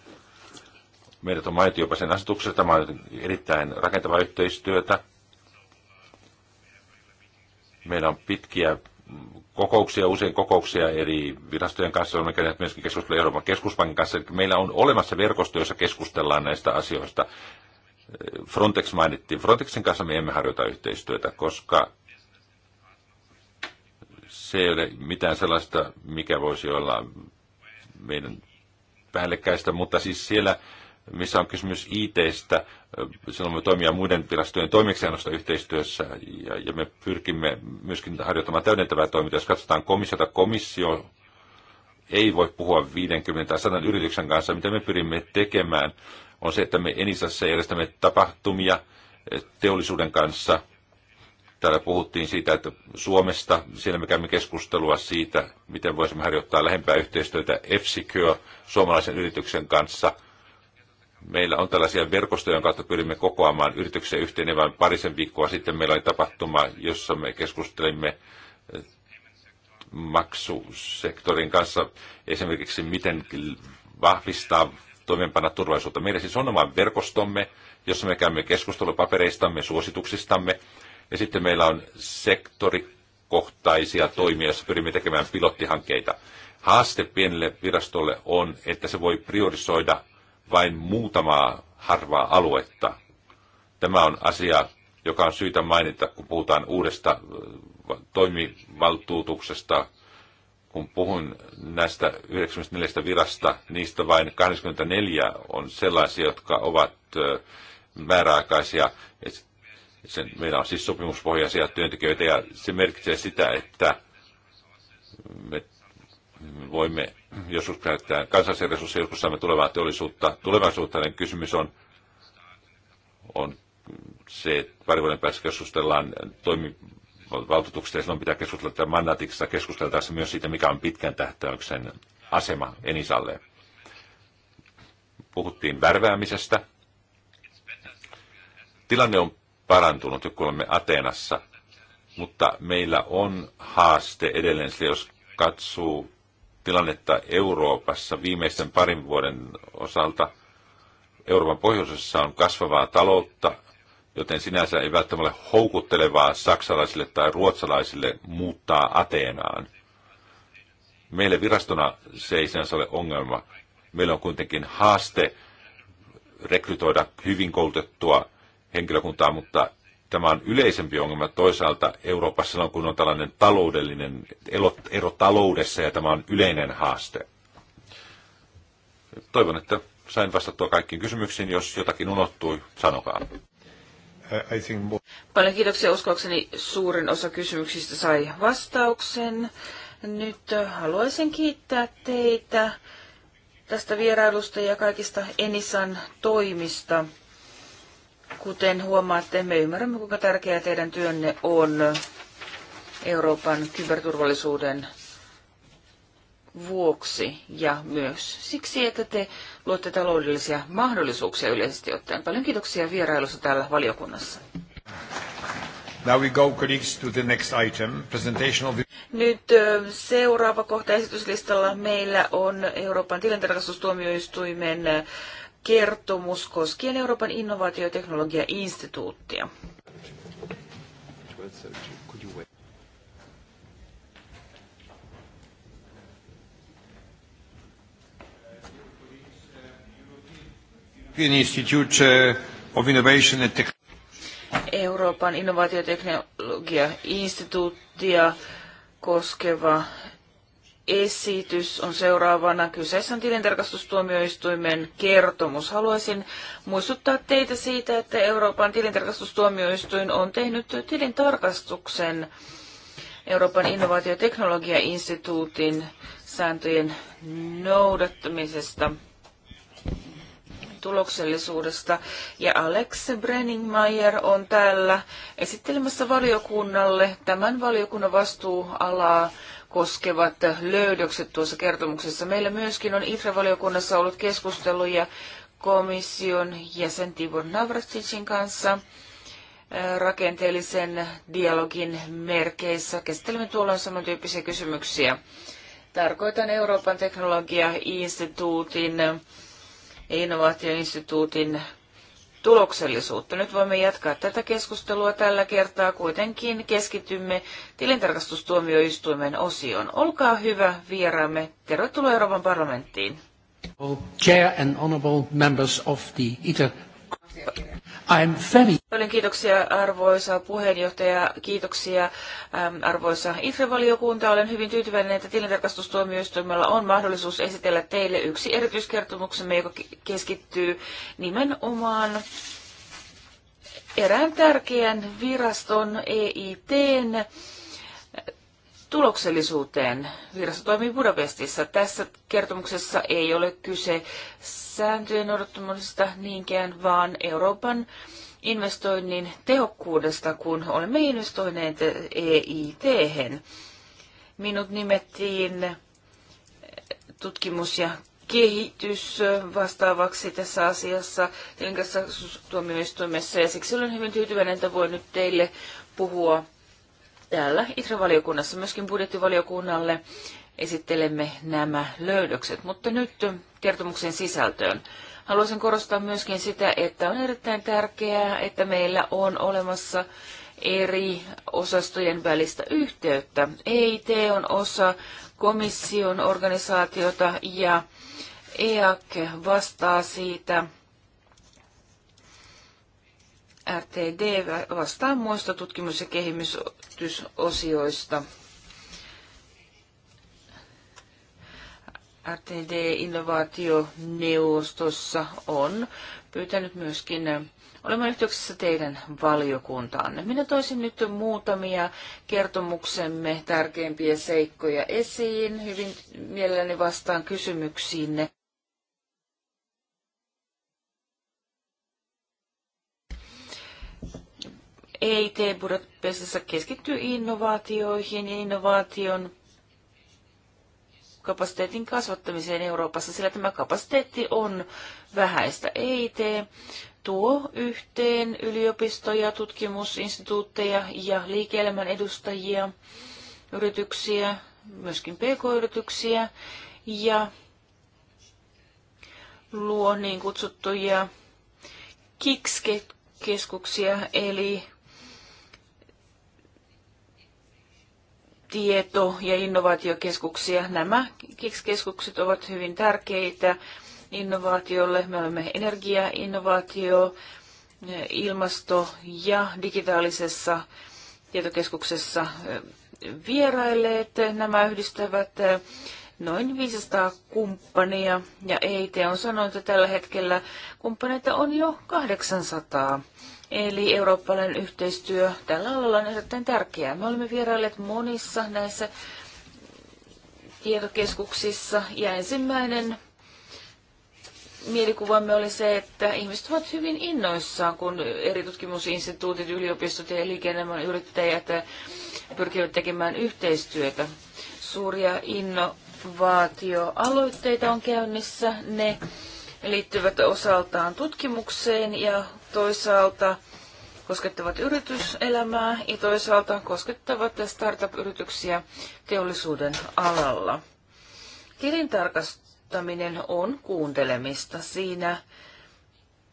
Meidät on mainittu jopa sen asetuksesta. Tämä on erittäin rakentavaa yhteistyötä. Meillä on pitkiä kokouksia, usein kokouksia eri virastojen kanssa, olemme käyneet myöskin keskustelua Euroopan keskuspankin kanssa. Eli meillä on olemassa verkosto, jossa keskustellaan näistä asioista. Frontex mainittiin. Frontexin kanssa me emme harjoita yhteistyötä, koska se ei ole mitään sellaista, mikä voisi olla meidän päällekkäistä, mutta siis siellä missä on kysymys IT-stä, Silloin me toimia muiden virastojen toimeksiannosta yhteistyössä ja, ja me pyrkimme myöskin harjoittamaan täydentävää toimintaa. Jos katsotaan komissiota, komissio ei voi puhua 50 tai 100 yrityksen kanssa. Mitä me pyrimme tekemään on se, että me Enisassa järjestämme tapahtumia teollisuuden kanssa. Täällä puhuttiin siitä, että Suomesta, siellä me käymme keskustelua siitä, miten voisimme harjoittaa lähempää yhteistyötä EFSICÖ suomalaisen yrityksen kanssa – Meillä on tällaisia verkostoja, jonka kautta pyrimme kokoamaan yrityksiä yhteen. vain parisen viikkoa sitten meillä oli tapahtuma, jossa me keskustelimme eh, maksusektorin kanssa esimerkiksi, miten vahvistaa toimeenpana turvallisuutta. Meillä siis on oma verkostomme, jossa me käymme keskustelupapereistamme, suosituksistamme, ja sitten meillä on sektorikohtaisia toimia, joissa pyrimme tekemään pilottihankkeita. Haaste pienelle virastolle on, että se voi priorisoida vain muutamaa harvaa aluetta. Tämä on asia, joka on syytä mainita, kun puhutaan uudesta toimivaltuutuksesta. Kun puhun näistä 94 virasta, niistä vain 24 on sellaisia, jotka ovat määräaikaisia. meillä on siis sopimuspohjaisia työntekijöitä ja se merkitsee sitä, että me voimme joskus käyttää kansallisia resursseja, joskus saamme tulevaa teollisuutta. Tulevaisuuttainen kysymys on, on se, että pari vuoden päästä keskustellaan toimivaltuutuksesta ja silloin pitää keskustella tämän mandaatiksi keskusteltaessa myös siitä, mikä on pitkän tähtäyksen asema Enisalle. Puhuttiin värväämisestä. Tilanne on parantunut, kun olemme Ateenassa, mutta meillä on haaste edelleen, jos katsoo tilannetta Euroopassa viimeisten parin vuoden osalta. Euroopan pohjoisessa on kasvavaa taloutta, joten sinänsä ei välttämättä ole houkuttelevaa saksalaisille tai ruotsalaisille muuttaa Ateenaan. Meille virastona se ei sinänsä ole ongelma. Meillä on kuitenkin haaste rekrytoida hyvin koulutettua henkilökuntaa, mutta tämä on yleisempi ongelma toisaalta Euroopassa silloin, kun on tällainen taloudellinen ero, ero taloudessa ja tämä on yleinen haaste. Toivon, että sain vastattua kaikkiin kysymyksiin. Jos jotakin unohtui, sanokaa. Uh, Paljon kiitoksia. Uskoakseni suurin osa kysymyksistä sai vastauksen. Nyt haluaisin kiittää teitä tästä vierailusta ja kaikista Enisan toimista. Kuten huomaatte, me ymmärrämme, kuinka tärkeää teidän työnne on Euroopan kyberturvallisuuden vuoksi ja myös siksi, että te luotte taloudellisia mahdollisuuksia yleisesti ottaen. Paljon kiitoksia vierailusta täällä valiokunnassa. Now we go, colleagues, to the next item, presentation of... Nyt seuraava kohta esityslistalla meillä on Euroopan tilintarkastustuomioistuimen kertomus koskien Euroopan innovaatioteknologia-instituuttia. Institute of Innovation and Euroopan innovaatioteknologiainstituuttia koskeva esitys on seuraavana. Kyseessä on tilintarkastustuomioistuimen kertomus. Haluaisin muistuttaa teitä siitä, että Euroopan tilintarkastustuomioistuin on tehnyt tilintarkastuksen Euroopan innovaatioteknologiainstituutin sääntöjen noudattamisesta tuloksellisuudesta. Ja Alex Brenningmeier on täällä esittelemässä valiokunnalle tämän valiokunnan vastuualaa koskevat löydökset tuossa kertomuksessa. Meillä myöskin on IFRA-valiokunnassa ollut keskusteluja komission jäsen Tibor Navracicin kanssa rakenteellisen dialogin merkeissä. Käsittelemme tuolloin samantyyppisiä kysymyksiä. Tarkoitan Euroopan teknologia-instituutin innovaatioinstituutin tuloksellisuutta. Nyt voimme jatkaa tätä keskustelua tällä kertaa. Kuitenkin keskitymme tilintarkastustuomioistuimen osioon. Olkaa hyvä vieraamme. Tervetuloa Euroopan parlamenttiin. Chair and honorable members of the ITER I'm Paljon kiitoksia arvoisa puheenjohtaja, kiitoksia arvoisa IFE-valiokunta. Olen hyvin tyytyväinen, että tilintarkastustuomioistuimella on mahdollisuus esitellä teille yksi erityiskertomuksemme, joka keskittyy nimenomaan erään tärkeän viraston EITn tuloksellisuuteen. Virasto toimii Budapestissa. Tässä kertomuksessa ei ole kyse sääntöjen noudattamisesta niinkään, vaan Euroopan investoinnin tehokkuudesta, kun olemme investoineet EIT. -hän. Minut nimettiin tutkimus- ja kehitys vastaavaksi tässä asiassa tuomioistuimessa ja siksi olen hyvin tyytyväinen, että voin nyt teille puhua täällä ITRA-valiokunnassa, myöskin budjettivaliokunnalle esittelemme nämä löydökset. Mutta nyt kertomuksen sisältöön. Haluaisin korostaa myöskin sitä, että on erittäin tärkeää, että meillä on olemassa eri osastojen välistä yhteyttä. EIT on osa komission organisaatiota ja EAC vastaa siitä. RTD vastaa muista tutkimus- ja kehitysosioista. RTD-innovaationeuvostossa on pyytänyt myöskin olemaan yhteyksissä teidän valiokuntaanne. Minä toisin nyt muutamia kertomuksemme tärkeimpiä seikkoja esiin. Hyvin mielelläni vastaan kysymyksiinne. EIT Budapestissa keskittyy innovaatioihin ja innovaation kapasiteetin kasvattamiseen Euroopassa, sillä tämä kapasiteetti on vähäistä. EIT tuo yhteen yliopistoja, tutkimusinstituutteja ja liike-elämän edustajia, yrityksiä, myöskin pk-yrityksiä ja luo niin kutsuttuja KIKS-keskuksia, eli tieto- ja innovaatiokeskuksia. Nämä keskukset ovat hyvin tärkeitä innovaatiolle. Me olemme energia, innovaatio, ilmasto ja digitaalisessa tietokeskuksessa vierailleet. Nämä yhdistävät noin 500 kumppania ja EIT on sanonut, että tällä hetkellä kumppaneita on jo 800. Eli eurooppalainen yhteistyö tällä alalla on erittäin tärkeää. Me olemme vierailleet monissa näissä tietokeskuksissa ja ensimmäinen mielikuvamme oli se, että ihmiset ovat hyvin innoissaan, kun eri tutkimusinstituutit, yliopistot ja liikennemaan yrittäjät pyrkivät tekemään yhteistyötä. Suuria innovaatioaloitteita on käynnissä. Ne liittyvät osaltaan tutkimukseen ja toisaalta koskettavat yrityselämää ja toisaalta koskettavat startup-yrityksiä teollisuuden alalla. Tilintarkastaminen on kuuntelemista siinä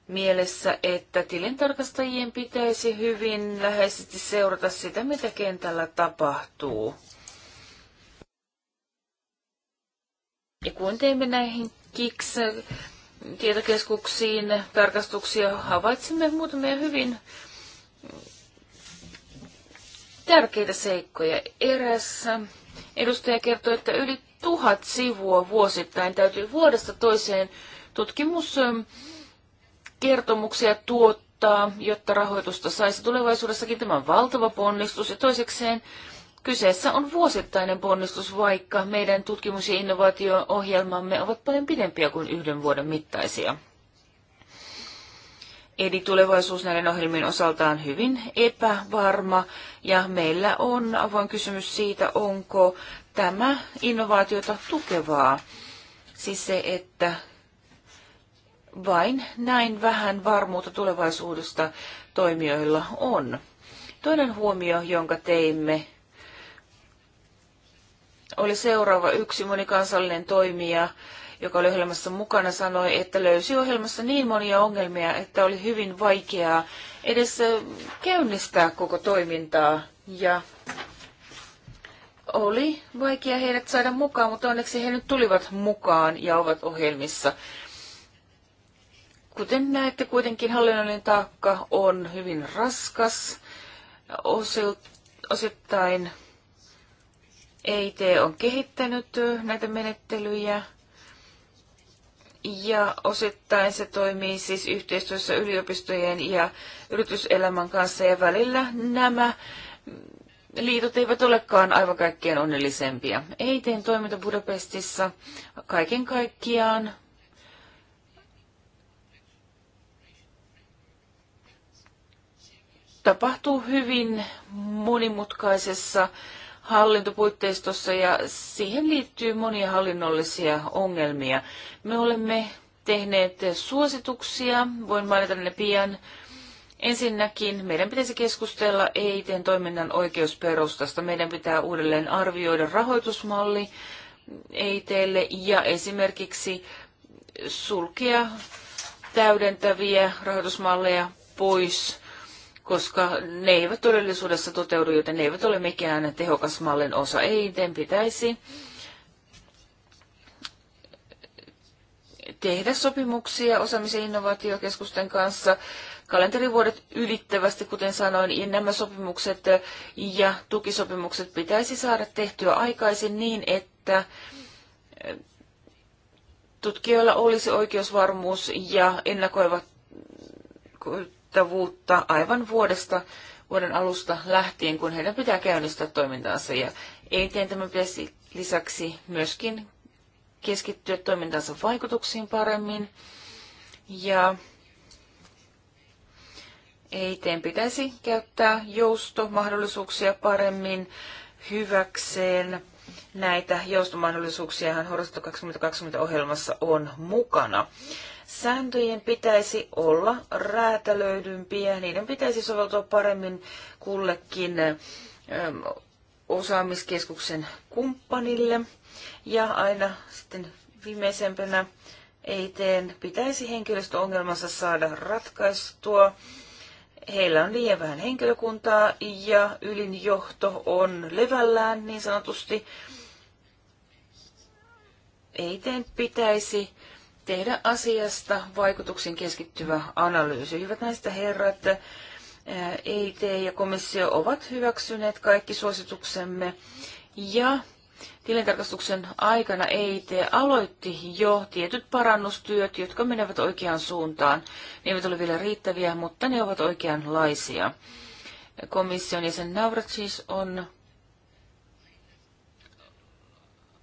mielessä, että tilintarkastajien pitäisi hyvin läheisesti seurata sitä, mitä kentällä tapahtuu. Ja kun teemme näihin tietokeskuksiin tarkastuksia havaitsimme muutamia hyvin tärkeitä seikkoja. eräs edustaja kertoi, että yli tuhat sivua vuosittain täytyy vuodesta toiseen tutkimuskertomuksia tuottaa, jotta rahoitusta saisi tulevaisuudessakin. tämän valtava ponnistus. Ja toisekseen Kyseessä on vuosittainen ponnistus, vaikka meidän tutkimus- ja innovaatio-ohjelmamme ovat paljon pidempiä kuin yhden vuoden mittaisia. Eli tulevaisuus näiden ohjelmien osalta on hyvin epävarma ja meillä on avoin kysymys siitä, onko tämä innovaatiota tukevaa. Siis se, että vain näin vähän varmuutta tulevaisuudesta toimijoilla on. Toinen huomio, jonka teimme oli seuraava yksi monikansallinen toimija, joka oli ohjelmassa mukana, sanoi, että löysi ohjelmassa niin monia ongelmia, että oli hyvin vaikeaa edes käynnistää koko toimintaa. Ja oli vaikea heidät saada mukaan, mutta onneksi he nyt tulivat mukaan ja ovat ohjelmissa. Kuten näette, kuitenkin hallinnollinen taakka on hyvin raskas, osittain EIT on kehittänyt näitä menettelyjä ja osittain se toimii siis yhteistyössä yliopistojen ja yrityselämän kanssa ja välillä nämä liitot eivät olekaan aivan kaikkein onnellisempia. EITn toiminta Budapestissa kaiken kaikkiaan tapahtuu hyvin monimutkaisessa hallintopuitteistossa ja siihen liittyy monia hallinnollisia ongelmia. Me olemme tehneet suosituksia, voin mainita ne pian. Ensinnäkin meidän pitäisi keskustella EITn toiminnan oikeusperustasta. Meidän pitää uudelleen arvioida rahoitusmalli EITlle ja esimerkiksi sulkea täydentäviä rahoitusmalleja pois koska ne eivät todellisuudessa toteudu, joten ne eivät ole mikään tehokas mallin osa. Ei, pitäisi tehdä sopimuksia osaamisen innovaatiokeskusten kanssa kalenterivuodet ylittävästi, kuten sanoin, ja nämä sopimukset ja tukisopimukset pitäisi saada tehtyä aikaisin niin, että tutkijoilla olisi oikeusvarmuus ja ennakoivat kattavuutta aivan vuodesta vuoden alusta lähtien, kun heidän pitää käynnistää toimintaansa. Ja EITn tämän pitäisi lisäksi myöskin keskittyä toimintansa vaikutuksiin paremmin. Ja EITn pitäisi käyttää joustomahdollisuuksia paremmin hyväkseen. Näitä joustomahdollisuuksia Horisontti 2020 ohjelmassa on mukana. Sääntöjen pitäisi olla räätälöidympiä, niiden pitäisi soveltua paremmin kullekin ähm, osaamiskeskuksen kumppanille. Ja aina sitten viimeisempänä eteen pitäisi henkilöstöongelmassa saada ratkaistua. Heillä on liian vähän henkilökuntaa ja ylin johto on levällään niin sanotusti. Eiteen pitäisi tehdä asiasta vaikutuksen keskittyvä analyysi. Hyvät näistä herrat, EIT ja komissio ovat hyväksyneet kaikki suosituksemme ja tilintarkastuksen aikana EIT aloitti jo tietyt parannustyöt, jotka menevät oikeaan suuntaan. Ne eivät ole vielä riittäviä, mutta ne ovat oikeanlaisia. Komission jäsen Navracis on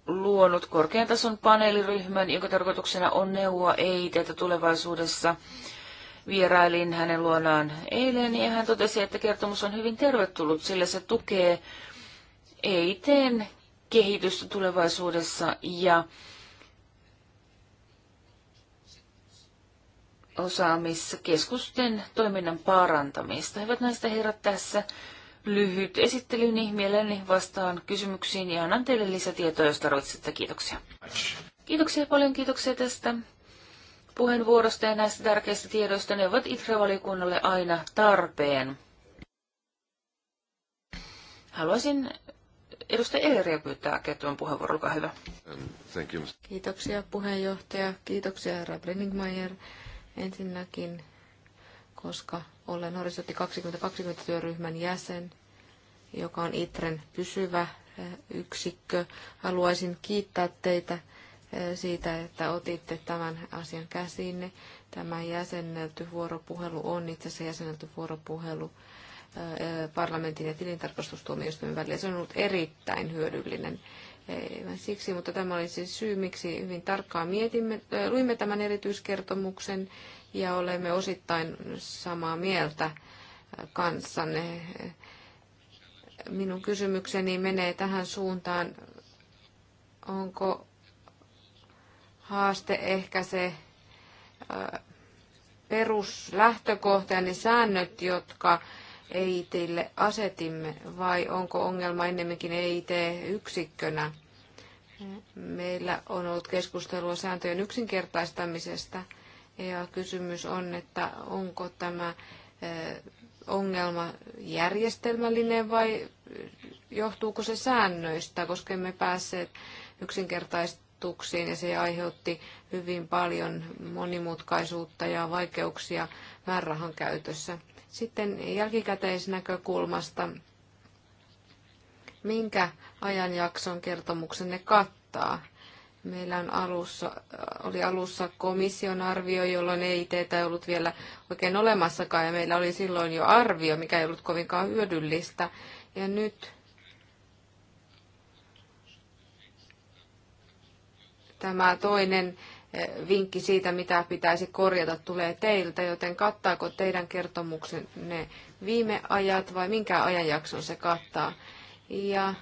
luonut korkean tason paneeliryhmän, jonka tarkoituksena on neuvoa EITtä tulevaisuudessa. Vierailin hänen luonaan eilen ja hän totesi, että kertomus on hyvin tervetullut, sillä se tukee EITn kehitystä tulevaisuudessa ja osaamiskeskusten toiminnan parantamista. Hyvät näistä herrat, tässä lyhyt esittelyni. Niin mielelläni vastaan kysymyksiin ja annan teille lisätietoa, jos tarvitsette. Kiitoksia. Kiitoksia paljon, kiitoksia tästä puheenvuorosta ja näistä tärkeistä tiedoista. Ne ovat itre valikunnalle aina tarpeen. Haluaisin edustaja Eleriä pyytää kertomaan puheenvuoron. olkaa hyvä. Kiitoksia puheenjohtaja, kiitoksia herra Brenningmeier. Ensinnäkin koska olen Horisontti 2020 työryhmän jäsen, joka on ITREN pysyvä eh, yksikkö. Haluaisin kiittää teitä eh, siitä, että otitte tämän asian käsiinne. Tämä jäsennelty vuoropuhelu on itse asiassa jäsennelty vuoropuhelu eh, parlamentin ja tilintarkastustuomioistuimen välillä. Se on ollut erittäin hyödyllinen ei vain siksi, mutta tämä oli siis syy, miksi hyvin tarkkaan mietimme, luimme tämän erityiskertomuksen ja olemme osittain samaa mieltä kanssanne. Minun kysymykseni menee tähän suuntaan. Onko haaste ehkä se peruslähtökohta ja ne säännöt, jotka EITille asetimme, vai onko ongelma ennemminkin EIT-yksikkönä? Meillä on ollut keskustelua sääntöjen yksinkertaistamisesta, ja kysymys on, että onko tämä ongelma järjestelmällinen vai johtuuko se säännöistä, koska emme päässeet yksinkertaistuksiin ja se aiheutti hyvin paljon monimutkaisuutta ja vaikeuksia määrärahan käytössä. Sitten jälkikäteisnäkökulmasta, minkä ajanjakson kertomuksenne kattaa? Meillä on alussa, äh, oli alussa komission arvio, jolloin e ei teitä ollut vielä oikein olemassakaan, ja meillä oli silloin jo arvio, mikä ei ollut kovinkaan hyödyllistä. Ja nyt tämä toinen Eh, vinkki siitä, mitä pitäisi korjata, tulee teiltä, joten kattaako teidän kertomuksenne viime ajat vai minkä ajanjakson se kattaa? Ja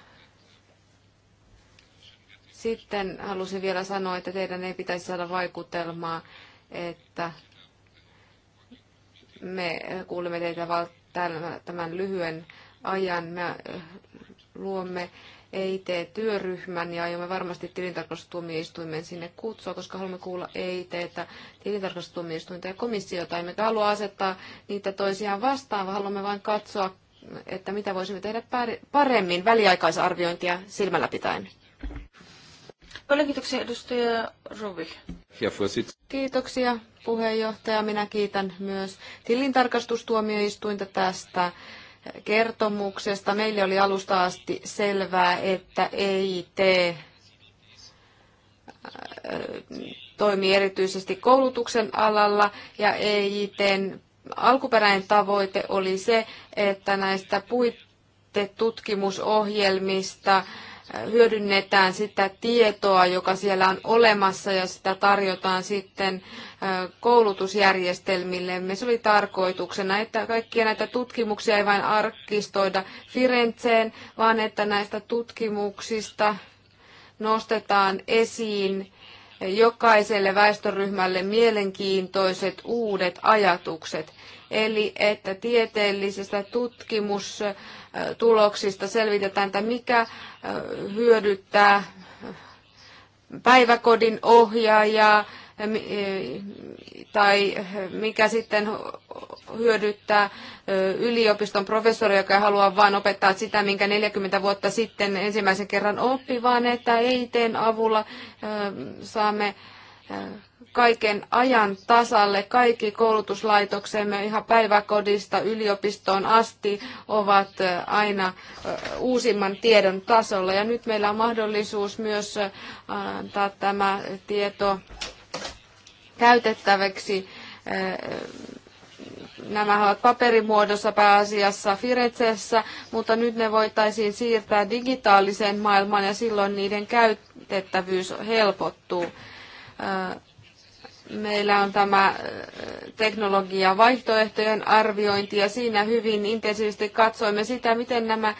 sitten halusin vielä sanoa, että teidän ei pitäisi saada vaikutelmaa, että me kuulemme teitä tämän lyhyen ajan. Me eh, luomme EIT-työryhmän ja aiomme varmasti tilintarkastustuomioistuimen sinne kutsua, koska haluamme kuulla EIT-tä, tilintarkastustuomioistuinta ja komissiota. Emme halua asettaa niitä toisiaan vastaan, vaan haluamme vain katsoa, että mitä voisimme tehdä paremmin väliaikaisarviointia silmällä pitäen. kiitoksia edustaja Ruvi. Kiitoksia puheenjohtaja. Minä kiitän myös tilintarkastustuomioistuinta tästä kertomuksesta. Meille oli alusta asti selvää, että EIT äh, toimii erityisesti koulutuksen alalla ja EITn alkuperäinen tavoite oli se, että näistä puitetutkimusohjelmista tutkimusohjelmista hyödynnetään sitä tietoa, joka siellä on olemassa ja sitä tarjotaan sitten koulutusjärjestelmillemme. Se oli tarkoituksena, että kaikkia näitä tutkimuksia ei vain arkistoida Firenzeen, vaan että näistä tutkimuksista nostetaan esiin jokaiselle väestöryhmälle mielenkiintoiset uudet ajatukset. Eli että tieteellisestä tutkimus tuloksista, selvitetään, että mikä hyödyttää päiväkodin ohjaajaa tai mikä sitten hyödyttää yliopiston professori, joka haluaa vain opettaa sitä, minkä 40 vuotta sitten ensimmäisen kerran oppi, vaan että EITn avulla saamme kaiken ajan tasalle. Kaikki koulutuslaitoksemme ihan päiväkodista yliopistoon asti ovat aina uusimman tiedon tasolla. Ja nyt meillä on mahdollisuus myös antaa tämä tieto käytettäväksi. Nämä ovat paperimuodossa pääasiassa Firetsessä, mutta nyt ne voitaisiin siirtää digitaaliseen maailmaan ja silloin niiden käytettävyys helpottuu. Meillä on tämä äh, teknologia vaihtoehtojen arviointi ja siinä hyvin intensiivisesti katsoimme sitä, miten nämä äh,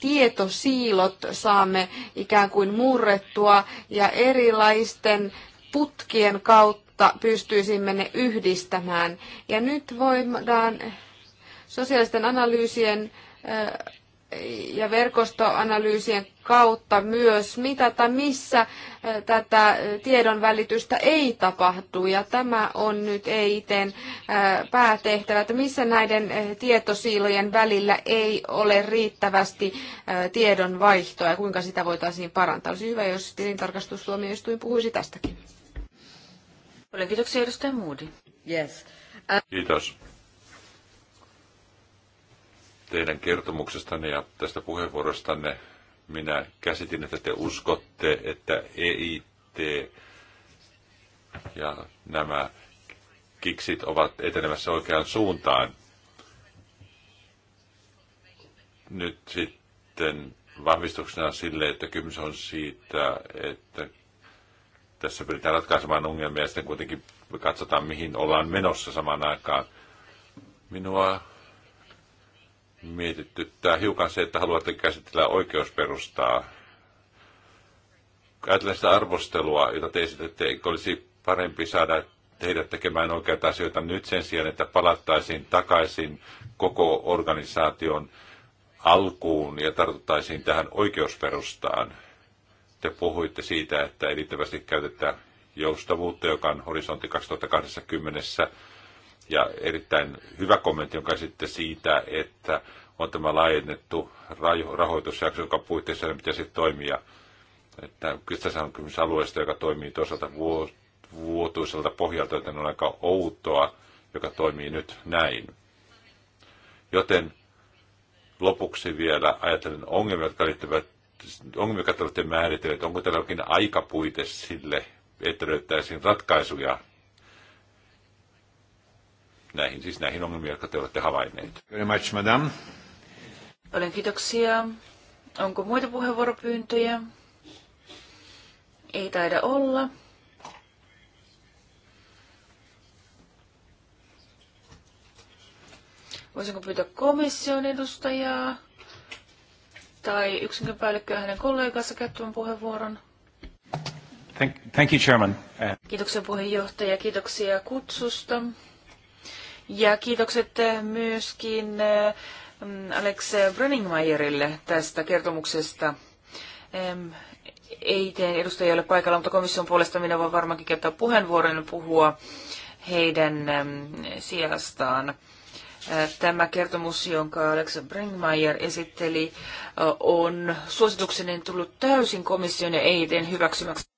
tietosiilot saamme ikään kuin murrettua ja erilaisten putkien kautta pystyisimme ne yhdistämään. Ja nyt voidaan sosiaalisten analyysien äh, ja verkostoanalyysien kautta myös mitata, missä tätä tiedonvälitystä ei tapahdu. Ja tämä on nyt EITn päätehtävä, että missä näiden tietosiilojen välillä ei ole riittävästi tiedonvaihtoa ja kuinka sitä voitaisiin parantaa. Olisi hyvä, jos tilintarkastustuomioistuin puhuisi tästäkin. Olen kiitoksia edustaja Moody. Yes. Kiitos teidän kertomuksestanne ja tästä puheenvuorostanne minä käsitin, että te uskotte, että EIT ja nämä kiksit ovat etenemässä oikeaan suuntaan. Nyt sitten vahvistuksena sille, että kysymys on siitä, että tässä pyritään ratkaisemaan ongelmia ja sitten kuitenkin katsotaan, mihin ollaan menossa samaan aikaan. Minua mietityttää hiukan se, että haluatte käsitellä oikeusperustaa. Ajatellaan sitä arvostelua, jota te esitette, eikö olisi parempi saada teidät tekemään oikeita asioita nyt sen sijaan, että palattaisiin takaisin koko organisaation alkuun ja tartuttaisiin tähän oikeusperustaan. Te puhuitte siitä, että erittävästi käytetään joustavuutta, joka on horisontti 2020 ja erittäin hyvä kommentti, jonka sitten siitä, että on tämä laajennettu rahoitusjakso, joka puitteissa pitäisi toimia. Että tässä on kysymys alueesta, joka toimii toisaalta vuotuiselta pohjalta, joten on aika outoa, joka toimii nyt näin. Joten lopuksi vielä ajattelen ongelmia, jotka liittyvät ongelmia, jotka olette määritelleet. Onko täällä jokin aikapuite sille, että löytäisiin ratkaisuja näihin, siis näihin ongelmiin, jotka te olette havainneet. much, Olen kiitoksia. Onko muita puheenvuoropyyntöjä? Ei taida olla. Voisinko pyytää komission edustajaa tai yksinkin päällikköä hänen kollegansa käyttämään puheenvuoron? Thank, thank you, Chairman. Kiitoksia puheenjohtaja, kiitoksia kutsusta. Ja kiitokset eh, myöskin eh, mm, Alex Brunningmeierille tästä kertomuksesta. Ei teidän edustajia ole paikalla, mutta komission puolesta minä voin varmaankin käyttää puheenvuoron puhua heidän sijastaan. Tämä kertomus, jonka Alex Brinkmeier esitteli, on suosituksenen tullut täysin komission ja EIT hyväksymäksi.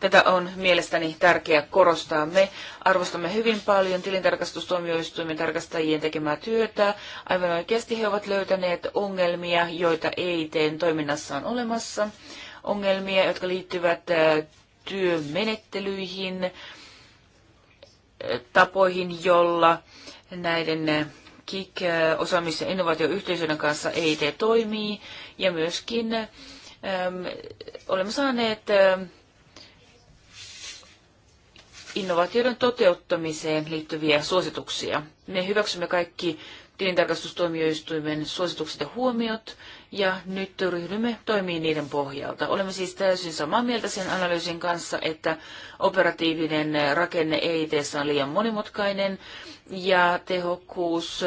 Tätä on mielestäni tärkeää korostaa. Me arvostamme hyvin paljon tilintarkastustuomioistuimen tarkastajien tekemää työtä. Aivan oikeasti he ovat löytäneet ongelmia, joita EITn toiminnassa on olemassa. Ongelmia, jotka liittyvät äh, työmenettelyihin, äh, tapoihin, jolla näiden äh, KIK, osaamis- ja innovaatioyhteisöiden kanssa EIT toimii, ja myöskin äm, olemme saaneet äm, innovaatioiden toteuttamiseen liittyviä suosituksia. Me hyväksymme kaikki tilintarkastustuomioistuimen suositukset ja huomiot, ja nyt ryhdymme toimiin niiden pohjalta. Olemme siis täysin samaa mieltä sen analyysin kanssa, että operatiivinen rakenne EIT on liian monimutkainen, ja tehokkuus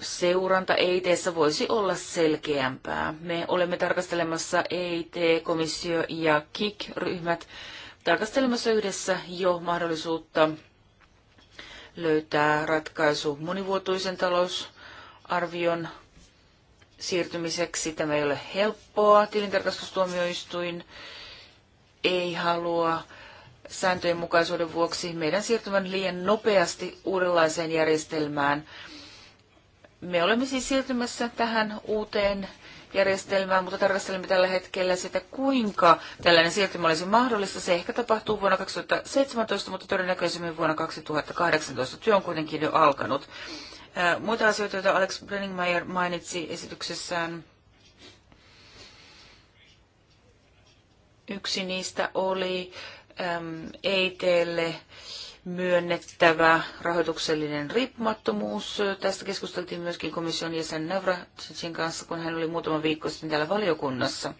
seuranta EIT voisi olla selkeämpää. Me olemme tarkastelemassa EIT, komissio ja KIK-ryhmät tarkastelemassa yhdessä jo mahdollisuutta löytää ratkaisu monivuotuisen talousarvion siirtymiseksi. Tämä ei ole helppoa. Tilintarkastustuomioistuin ei halua sääntöjen mukaisuuden vuoksi meidän siirtymän liian nopeasti uudenlaiseen järjestelmään. Me olemme siis siirtymässä tähän uuteen järjestelmää, mutta tarkastelemme tällä hetkellä sitä, kuinka tällainen siirtymä olisi mahdollista. Se ehkä tapahtuu vuonna 2017, mutta todennäköisemmin vuonna 2018. Työ on kuitenkin jo alkanut. Muita asioita, joita Alex Brenningmeier mainitsi esityksessään. Yksi niistä oli ähm, EITlle myönnettävä rahoituksellinen riippumattomuus. Tästä keskusteltiin myöskin komission jäsen Navratilin kanssa, kun hän oli muutama viikko sitten täällä valiokunnassa.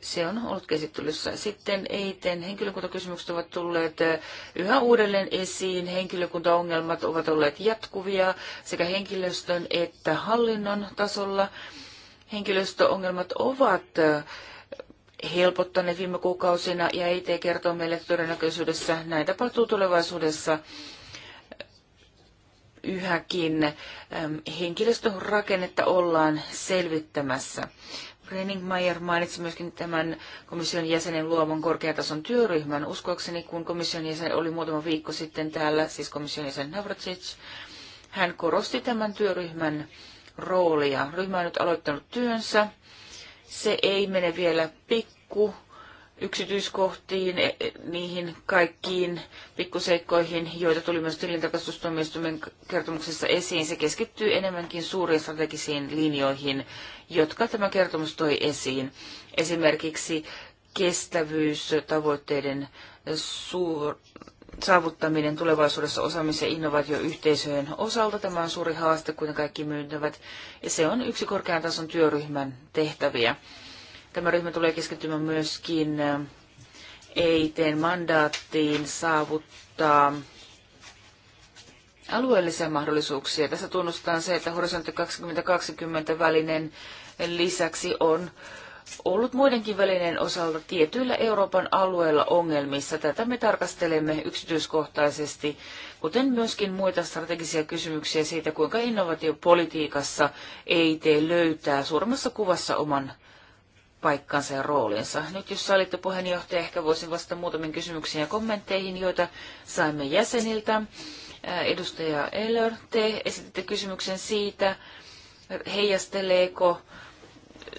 Se on ollut käsittelyssä. Sitten EITen henkilökuntakysymykset ovat tulleet yhä uudelleen esiin. Henkilökuntaongelmat ovat olleet jatkuvia sekä henkilöstön että hallinnon tasolla. Henkilöstöongelmat ovat helpottaneet viime kuukausina, ja IT e kertoo meille, että todennäköisyydessä näin tapahtuu tulevaisuudessa yhäkin. Henkilöstön rakennetta ollaan selvittämässä. Mayer mainitsi myöskin tämän komission jäsenen luovan korkeatason työryhmän. Uskoakseni, kun komission jäsen oli muutama viikko sitten täällä, siis komission jäsen Navracic, hän korosti tämän työryhmän roolia. Ryhmä on nyt aloittanut työnsä. Se ei mene vielä pikku yksityiskohtiin, e, e, niihin kaikkiin pikkuseikkoihin, joita tuli myös tilintarkastustuomioistuimen kertomuksessa esiin. Se keskittyy enemmänkin suuriin strategisiin linjoihin, jotka tämä kertomus toi esiin. Esimerkiksi kestävyystavoitteiden suur- saavuttaminen tulevaisuudessa osaamisen ja innovaatioyhteisöjen osalta. Tämä on suuri haaste, kuten kaikki myyntävät, ja se on yksi korkean tason työryhmän tehtäviä. Tämä ryhmä tulee keskittymään myöskin eh, EITn mandaattiin saavuttaa alueellisia mahdollisuuksia. Tässä tunnustetaan se, että horisontti 2020 välinen lisäksi on ollut muidenkin välineen osalta tietyillä Euroopan alueilla ongelmissa. Tätä me tarkastelemme yksityiskohtaisesti, kuten myöskin muita strategisia kysymyksiä siitä, kuinka innovaatiopolitiikassa EIT löytää suuremmassa kuvassa oman paikkansa ja roolinsa. Nyt jos sallitte puheenjohtaja, ehkä voisin vastata muutamiin kysymyksiin ja kommentteihin, joita saimme jäseniltä. Äh, edustaja Eller, te esititte kysymyksen siitä, heijasteleeko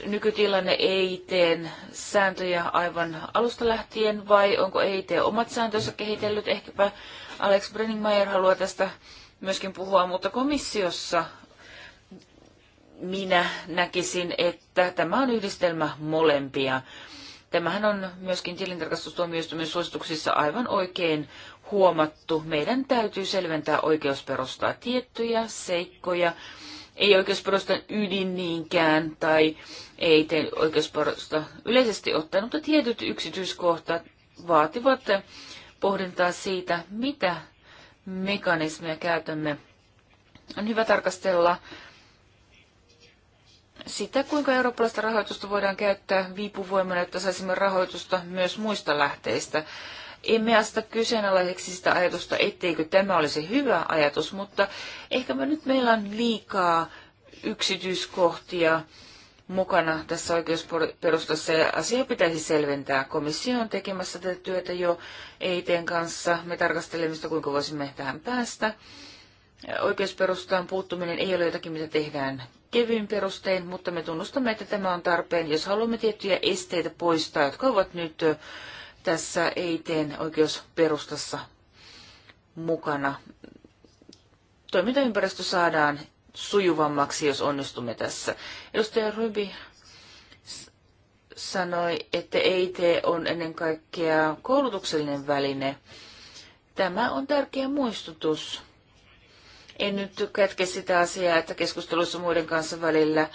nykytilanne EITn sääntöjä aivan alusta lähtien vai onko EIT omat sääntönsä kehitellyt? Ehkäpä Alex Brenningmeier haluaa tästä myöskin puhua, mutta komissiossa minä näkisin, että tämä on yhdistelmä molempia. Tämähän on myöskin tilintarkastustuomioistuimen suosituksissa aivan oikein huomattu. Meidän täytyy selventää oikeusperustaa tiettyjä seikkoja ei oikeusperustan ydin niinkään tai ei tee oikeusperusta yleisesti ottaen, mutta tietyt yksityiskohtat vaativat pohdintaa siitä, mitä mekanismeja käytämme. On hyvä tarkastella sitä, kuinka eurooppalaista rahoitusta voidaan käyttää viipuvoimana, että saisimme rahoitusta myös muista lähteistä emme asta kyseenalaiseksi sitä ajatusta, etteikö tämä olisi hyvä ajatus, mutta ehkä me nyt meillä on liikaa yksityiskohtia mukana tässä oikeusperustassa ja asia pitäisi selventää. Komissio on tekemässä tätä työtä jo eiten kanssa. Me tarkastelemme sitä, kuinka voisimme tähän päästä. Oikeusperustaan puuttuminen ei ole jotakin, mitä tehdään kevyin perustein, mutta me tunnustamme, että tämä on tarpeen, jos haluamme tiettyjä esteitä poistaa, jotka ovat nyt tässä EITn oikeusperustassa mukana. Toimintaympäristö saadaan sujuvammaksi, jos onnistumme tässä. Edustaja Ruby sanoi, että EIT on ennen kaikkea koulutuksellinen väline. Tämä on tärkeä muistutus. En nyt kätke sitä asiaa, että keskusteluissa muiden kanssa välillä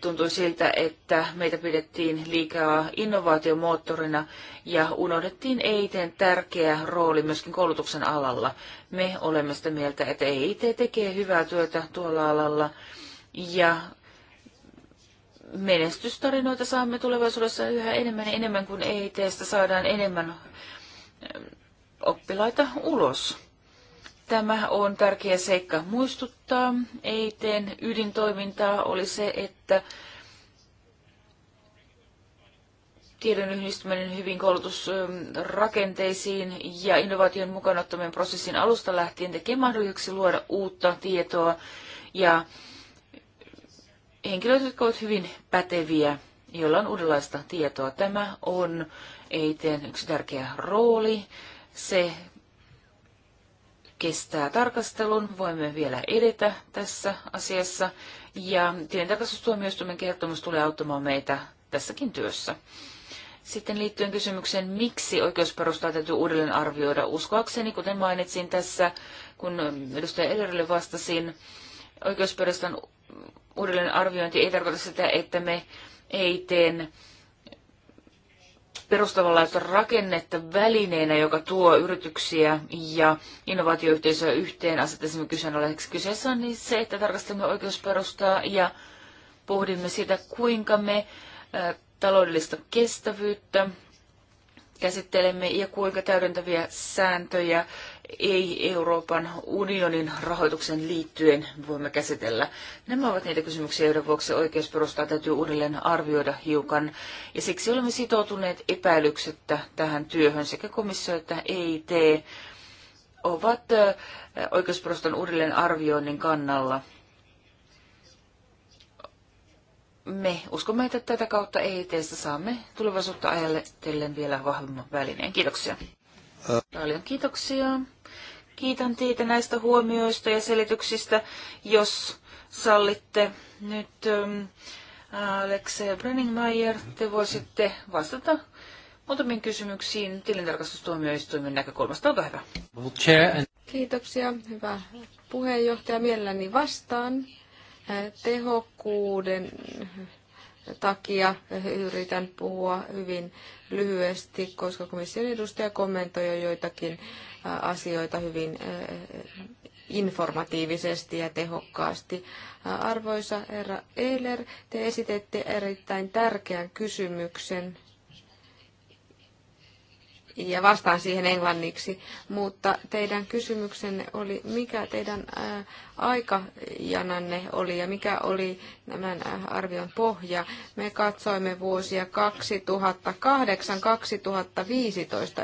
tuntui siltä, että meitä pidettiin liikaa innovaatiomoottorina ja unohdettiin EITn tärkeä rooli myöskin koulutuksen alalla. Me olemme sitä mieltä, että EIT tekee hyvää työtä tuolla alalla ja menestystarinoita saamme tulevaisuudessa yhä enemmän ja enemmän, kun EITstä saadaan enemmän oppilaita ulos. Tämä on tärkeä seikka muistuttaa. EITen ydintoimintaa oli se, että tiedon yhdistyminen hyvin koulutusrakenteisiin ja innovaation mukaanottamien prosessin alusta lähtien tekee mahdolliseksi luoda uutta tietoa ja henkilöt, jotka ovat hyvin päteviä, joilla on uudenlaista tietoa. Tämä on EITen yksi tärkeä rooli. Se kestää tarkastelun. Voimme vielä edetä tässä asiassa. Ja tilintarkastustuomioistuimen kertomus tulee auttamaan meitä tässäkin työssä. Sitten liittyen kysymykseen, miksi oikeusperustaa täytyy uudelleen arvioida. Uskoakseni, kuten mainitsin tässä, kun edustaja Ederille vastasin, oikeusperustan uudelleen arviointi ei tarkoita sitä, että me ei teen perustavanlaista rakennetta välineenä, joka tuo yrityksiä ja innovaatioyhteisöä yhteen asettaisimme kyseenalaiseksi. Kyseessä on niin se, että tarkastelemme oikeusperustaa ja pohdimme sitä, kuinka me taloudellista kestävyyttä käsittelemme ja kuinka täydentäviä sääntöjä ei Euroopan unionin rahoituksen liittyen voimme käsitellä. Nämä ovat niitä kysymyksiä, joiden vuoksi oikeusperustaa täytyy uudelleen arvioida hiukan, ja siksi olemme sitoutuneet epäilyksettä tähän työhön sekä komissio että EIT ovat oikeusperustan uudelleen arvioinnin kannalla. Me uskomme, että tätä kautta EITstä saamme tulevaisuutta ajatellen vielä vahvemman välineen. Kiitoksia. Paljon kiitoksia. Kiitän teitä näistä huomioista ja selityksistä, jos sallitte nyt ähm, Alexe Brenningmeier, te voisitte vastata muutamiin kysymyksiin tilintarkastustuomioistuimen näkökulmasta. Olkaa hyvä. Kiitoksia, hyvä puheenjohtaja. Mielelläni vastaan äh, tehokkuuden takia yritän puhua hyvin lyhyesti, koska komission edustaja kommentoi jo joitakin asioita hyvin informatiivisesti ja tehokkaasti. Arvoisa herra Eiler, te esitette erittäin tärkeän kysymyksen ja vastaan siihen englanniksi, mutta teidän kysymyksenne oli, mikä teidän äh, aikajananne oli ja mikä oli tämän äh, arvion pohja. Me katsoimme vuosia 2008-2015,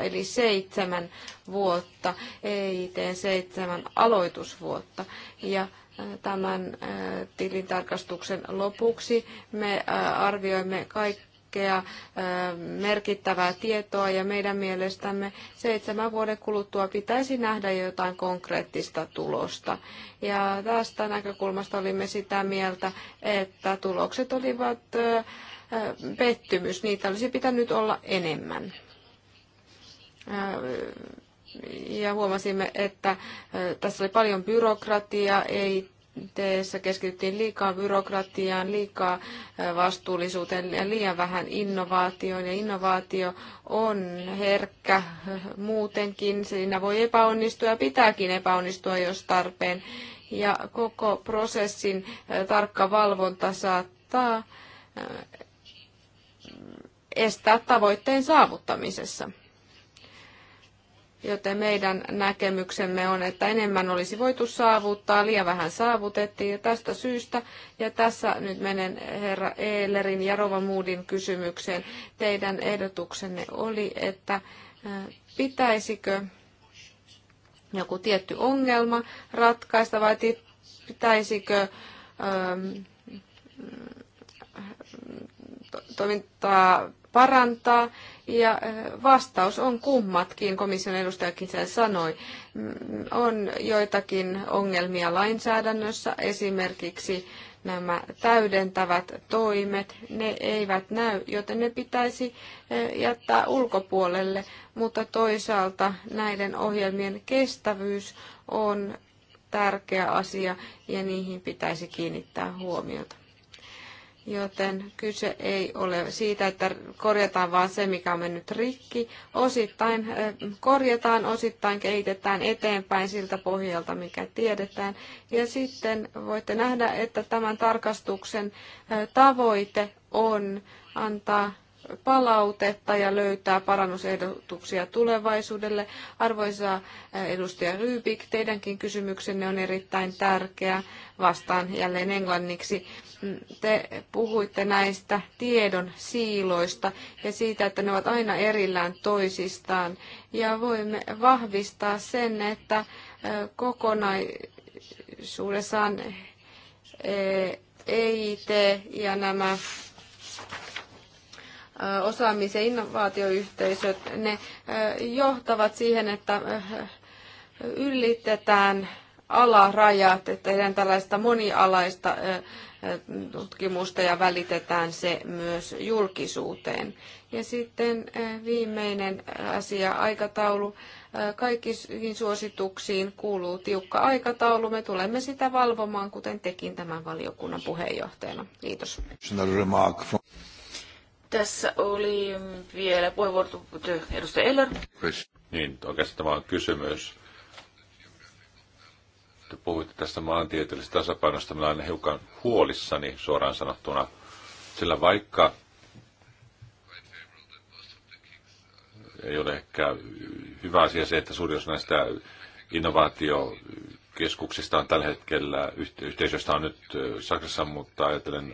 eli seitsemän vuotta, EIT seitsemän aloitusvuotta. Ja äh, tämän tilintarkastuksen lopuksi me arvioimme kaikki kaikkea merkittävää tietoa ja meidän mielestämme seitsemän vuoden kuluttua pitäisi nähdä jotain konkreettista tulosta. Ja tästä näkökulmasta olimme sitä mieltä, että tulokset olivat pettymys. Niitä olisi pitänyt olla enemmän ja huomasimme, että tässä oli paljon byrokratiaa, ei teessä keskityttiin liikaa byrokratiaan, liikaa vastuullisuuteen ja liian vähän innovaatioon. Ja innovaatio on herkkä muutenkin. Siinä voi epäonnistua ja pitääkin epäonnistua, jos tarpeen. Ja koko prosessin tarkka valvonta saattaa estää tavoitteen saavuttamisessa. Joten meidän näkemyksemme on, että enemmän olisi voitu saavuttaa, liian vähän saavutettiin ja tästä syystä. Ja tässä nyt menen herra Eelerin ja Rova Moodin kysymykseen. Teidän ehdotuksenne oli, että pitäisikö joku tietty ongelma ratkaista vai pitäisikö ähm, toimintaa parantaa. Ja vastaus on kummatkin, komission edustajakin sen sanoi. Mm, on joitakin ongelmia lainsäädännössä, esimerkiksi nämä täydentävät toimet, ne eivät näy, joten ne pitäisi jättää ulkopuolelle, mutta toisaalta näiden ohjelmien kestävyys on tärkeä asia ja niihin pitäisi kiinnittää huomiota. Joten kyse ei ole siitä, että korjataan vaan se, mikä on mennyt rikki. Osittain eh, korjataan, osittain kehitetään eteenpäin siltä pohjalta, mikä tiedetään. Ja sitten voitte nähdä, että tämän tarkastuksen eh, tavoite on antaa palautetta ja löytää parannusehdotuksia tulevaisuudelle. Arvoisa edustaja Rybik, teidänkin kysymyksenne on erittäin tärkeä. Vastaan jälleen englanniksi. Te puhuitte näistä tiedon siiloista ja siitä, että ne ovat aina erillään toisistaan. Ja voimme vahvistaa sen, että kokonaisuudessaan EIT ja nämä osaamis- ja innovaatioyhteisöt, ne johtavat siihen, että ylitetään alarajat, että tehdään tällaista monialaista tutkimusta ja välitetään se myös julkisuuteen. Ja sitten viimeinen asia, aikataulu. Kaikkiin suosituksiin kuuluu tiukka aikataulu. Me tulemme sitä valvomaan, kuten tekin tämän valiokunnan puheenjohtajana. Kiitos. Tässä oli vielä puheenvuoro edustaja Eller. Niin, oikeastaan vaan on kysymys. Te puhuitte tästä maantieteellisestä tasapainosta. Minä olen hiukan huolissani suoraan sanottuna, sillä vaikka ei ole ehkä hyvä asia se, että suurin osa näistä innovaatiokeskuksista on tällä hetkellä, yhteisöistä on nyt Saksassa, mutta ajatellen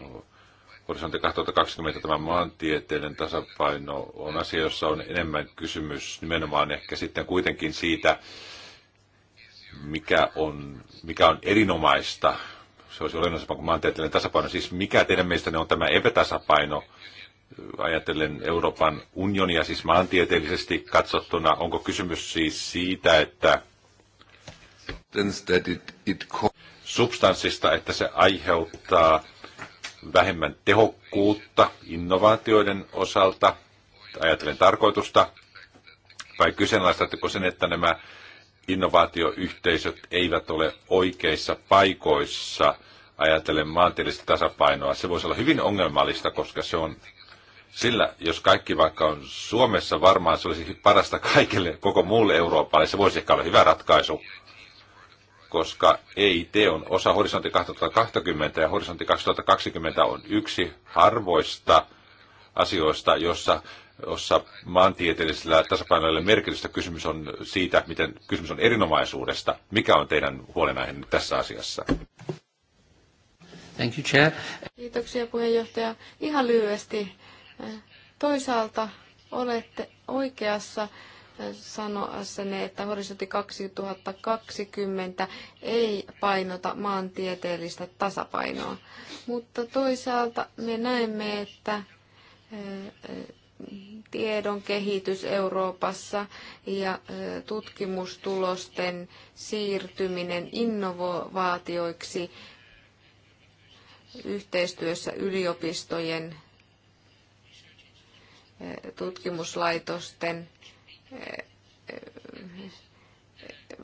horisontti 2020 tämä maantieteellinen tasapaino on asia, jossa on enemmän kysymys nimenomaan ehkä sitten kuitenkin siitä, mikä on, mikä on erinomaista. Se olisi olennaisempaa kuin maantieteellinen tasapaino. Siis mikä teidän mielestänne on tämä epätasapaino, äh, ajatellen Euroopan unionia, siis maantieteellisesti katsottuna, onko kysymys siis siitä, että substanssista, että se aiheuttaa vähemmän tehokkuutta innovaatioiden osalta, ajatellen tarkoitusta, vai kyseenalaistatteko sen, että nämä innovaatioyhteisöt eivät ole oikeissa paikoissa, ajatellen maantieteellistä tasapainoa. Se voisi olla hyvin ongelmallista, koska se on sillä, jos kaikki vaikka on Suomessa, varmaan se olisi parasta kaikille, koko muulle Euroopalle. Se voisi ehkä olla hyvä ratkaisu koska EIT on osa horisontti 2020 ja horisontti 2020 on yksi harvoista asioista, jossa, jossa maantieteellisellä tasapainoilla merkitystä kysymys on siitä, miten kysymys on erinomaisuudesta. Mikä on teidän huolenaiheenne tässä asiassa? Thank you, Chair. Kiitoksia puheenjohtaja. Ihan lyhyesti. Toisaalta olette oikeassa sanoessa ne, että horisontti 2020 ei painota maantieteellistä tasapainoa. Mutta toisaalta me näemme, että eh, eh, tiedon kehitys Euroopassa ja eh, tutkimustulosten siirtyminen innovaatioiksi yhteistyössä yliopistojen, tutkimuslaitosten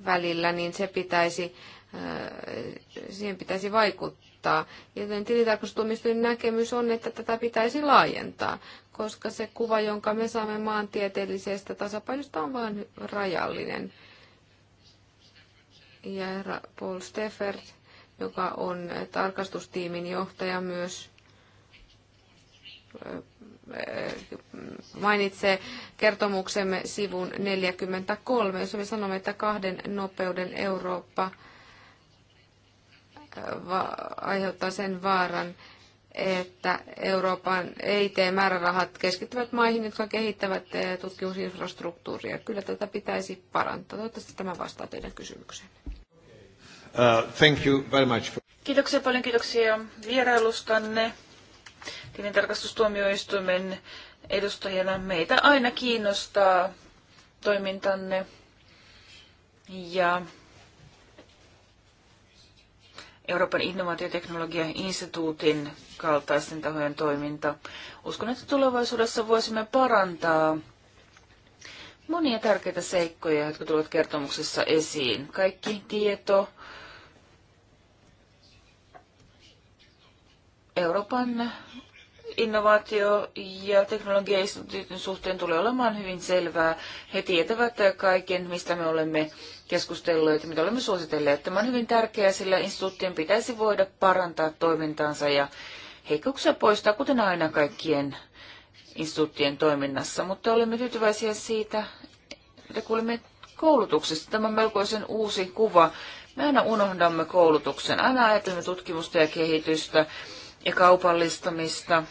välillä, niin se pitäisi, äh, siihen pitäisi vaikuttaa. Joten tilitarkastustuomioistuin näkemys on, että tätä pitäisi laajentaa, koska se kuva, jonka me saamme maantieteellisestä tasapainosta, on vain rajallinen. Ja Paul Steffert, joka on tarkastustiimin johtaja myös, mainitsee kertomuksemme sivun 43, jossa me sanomme, että kahden nopeuden Eurooppa aiheuttaa sen vaaran, että Euroopan EIT-määrärahat keskittyvät maihin, jotka kehittävät tutkimusinfrastruktuuria. Kyllä tätä pitäisi parantaa. Toivottavasti tämä vastaa teidän kysymykseen. Uh, thank you very much. Kiitoksia paljon, kiitoksia vierailustanne tilintarkastustuomioistuimen edustajana. Meitä aina kiinnostaa toimintanne ja Euroopan innovaatioteknologia-instituutin kaltaisten tahojen toiminta. Uskon, että tulevaisuudessa voisimme parantaa monia tärkeitä seikkoja, jotka tulevat kertomuksessa esiin. Kaikki tieto Euroopan innovaatio- ja teknologiainstituutin suhteen tulee olemaan hyvin selvää. He tietävät kaiken, mistä me olemme keskustelleet ja mitä olemme suositelleet. Tämä on hyvin tärkeää, sillä instituuttien pitäisi voida parantaa toimintaansa ja heikkouksia poistaa, kuten aina kaikkien instituuttien toiminnassa. Mutta olemme tyytyväisiä siitä, että kuulimme koulutuksesta. Tämä on melkoisen uusi kuva. Me aina unohdamme koulutuksen, aina ajattelemme tutkimusta ja kehitystä ja kaupallistamista.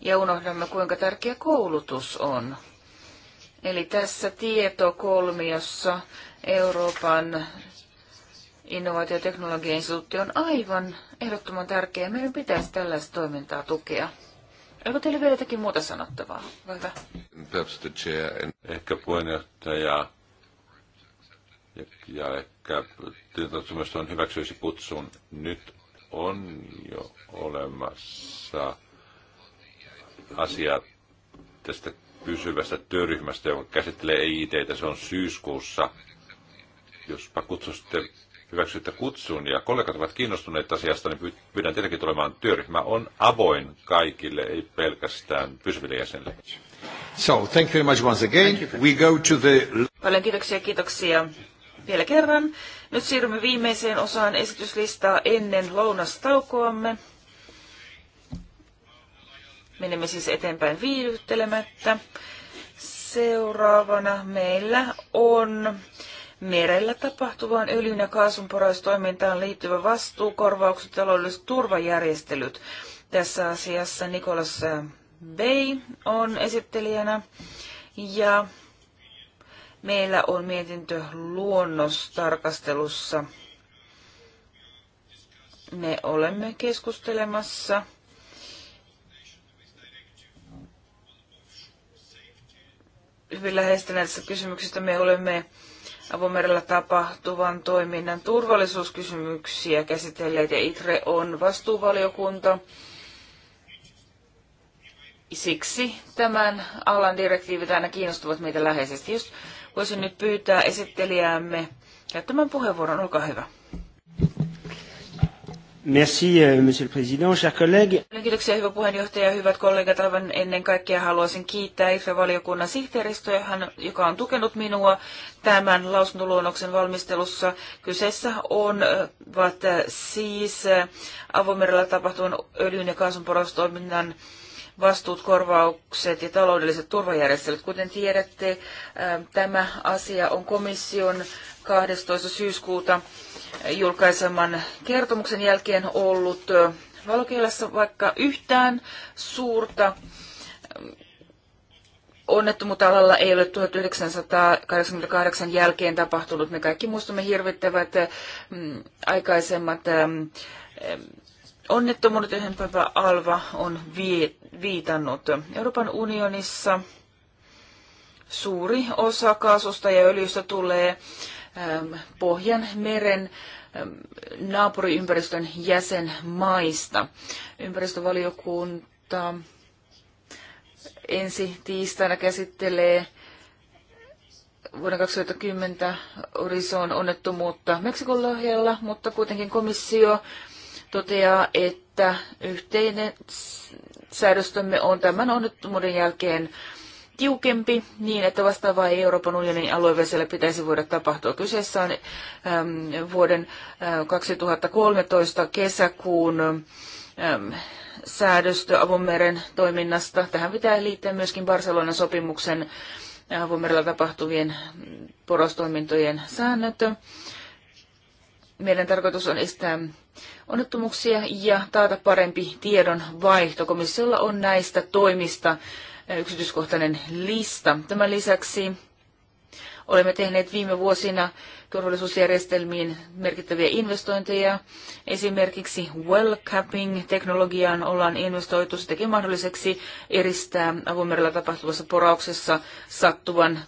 Ja unohdamme, kuinka tärkeä koulutus on. Eli tässä tietokolmiossa Euroopan innovaatioteknologiainstituutti on aivan ehdottoman tärkeä. Meidän pitäisi tällaista toimintaa tukea. Onko teillä vielä jotakin muuta sanottavaa? Hyvä. Ehkä puheenjohtaja ja, ja ehkä on hyväksyisi kutsun nyt on jo olemassa asia tästä pysyvästä työryhmästä, joka käsittelee EITitä. Se on syyskuussa. Jospa kutsutte, hyväksytte kutsun ja kollegat ovat kiinnostuneet asiasta, niin pyydän tietenkin tulemaan. Työryhmä on avoin kaikille, ei pelkästään pysyville jäsenille. So, thank you very much once again. We go to the... Paljon kiitoksia, kiitoksia vielä kerran. Nyt siirrymme viimeiseen osaan esityslistaa ennen lounastaukoamme. Menemme siis eteenpäin viihdyttelemättä. Seuraavana meillä on merellä tapahtuvaan öljyn ja kaasun liittyvä vastuu, korvaukset, taloudelliset turvajärjestelyt. Tässä asiassa Nikolas Bay on esittelijänä ja Meillä on mietintö luonnostarkastelussa. Me olemme keskustelemassa hyvin läheistä näistä kysymyksistä. Me olemme avomerellä tapahtuvan toiminnan turvallisuuskysymyksiä käsitelleet ja ITRE on vastuuvaliokunta. Siksi tämän alan direktiivit aina kiinnostuvat meitä läheisesti. Just Voisin nyt pyytää esittelijäämme käyttämään puheenvuoron. Olkaa hyvä. Merci, euh, monsieur le président, chers collègues. Kiitoksia, hyvä puheenjohtaja ja hyvät kollegat. Aivan ennen kaikkea haluaisin kiittää IFE-valiokunnan sihteeristöä, joka on tukenut minua tämän lausuntoluonnoksen valmistelussa. Kyseessä on ovat siis avomerellä tapahtuvan öljyn ja kaasun porostoiminnan vastuut, korvaukset ja taloudelliset turvajärjestelyt. Kuten tiedätte, tämä asia on komission 12. syyskuuta julkaiseman kertomuksen jälkeen ollut valokeilassa vaikka yhtään suurta onnettomuutta alalla ei ole 1988 jälkeen tapahtunut. Me kaikki muistamme hirvittävät aikaisemmat onnettomuudet, joihin Alva on viitannut. Euroopan unionissa suuri osa kaasusta ja öljystä tulee ähm, Pohjan meren ähm, naapuriympäristön jäsenmaista. Ympäristövaliokunta ensi tiistaina käsittelee vuonna 2010 Orison onnettomuutta Meksikon lahjalla, mutta kuitenkin komissio toteaa, että yhteinen säädöstömme on tämän onnettomuuden jälkeen tiukempi niin, että vastaavaa ei Euroopan unionin aluevesillä pitäisi voida tapahtua. Kyseessä on äm, vuoden 2013 äh, kesäkuun äm, säädöstö avomeren toiminnasta. Tähän pitää liittää myöskin Barcelonan sopimuksen äh, avomerellä tapahtuvien porostoimintojen säännöt. Meidän tarkoitus on estää onnettomuuksia ja taata parempi tiedon vaihto. Komissiolla on näistä toimista yksityiskohtainen lista. Tämän lisäksi olemme tehneet viime vuosina turvallisuusjärjestelmiin merkittäviä investointeja. Esimerkiksi well capping teknologiaan ollaan investoitu. Se tekee mahdolliseksi eristää avomerellä tapahtuvassa porauksessa sattuvan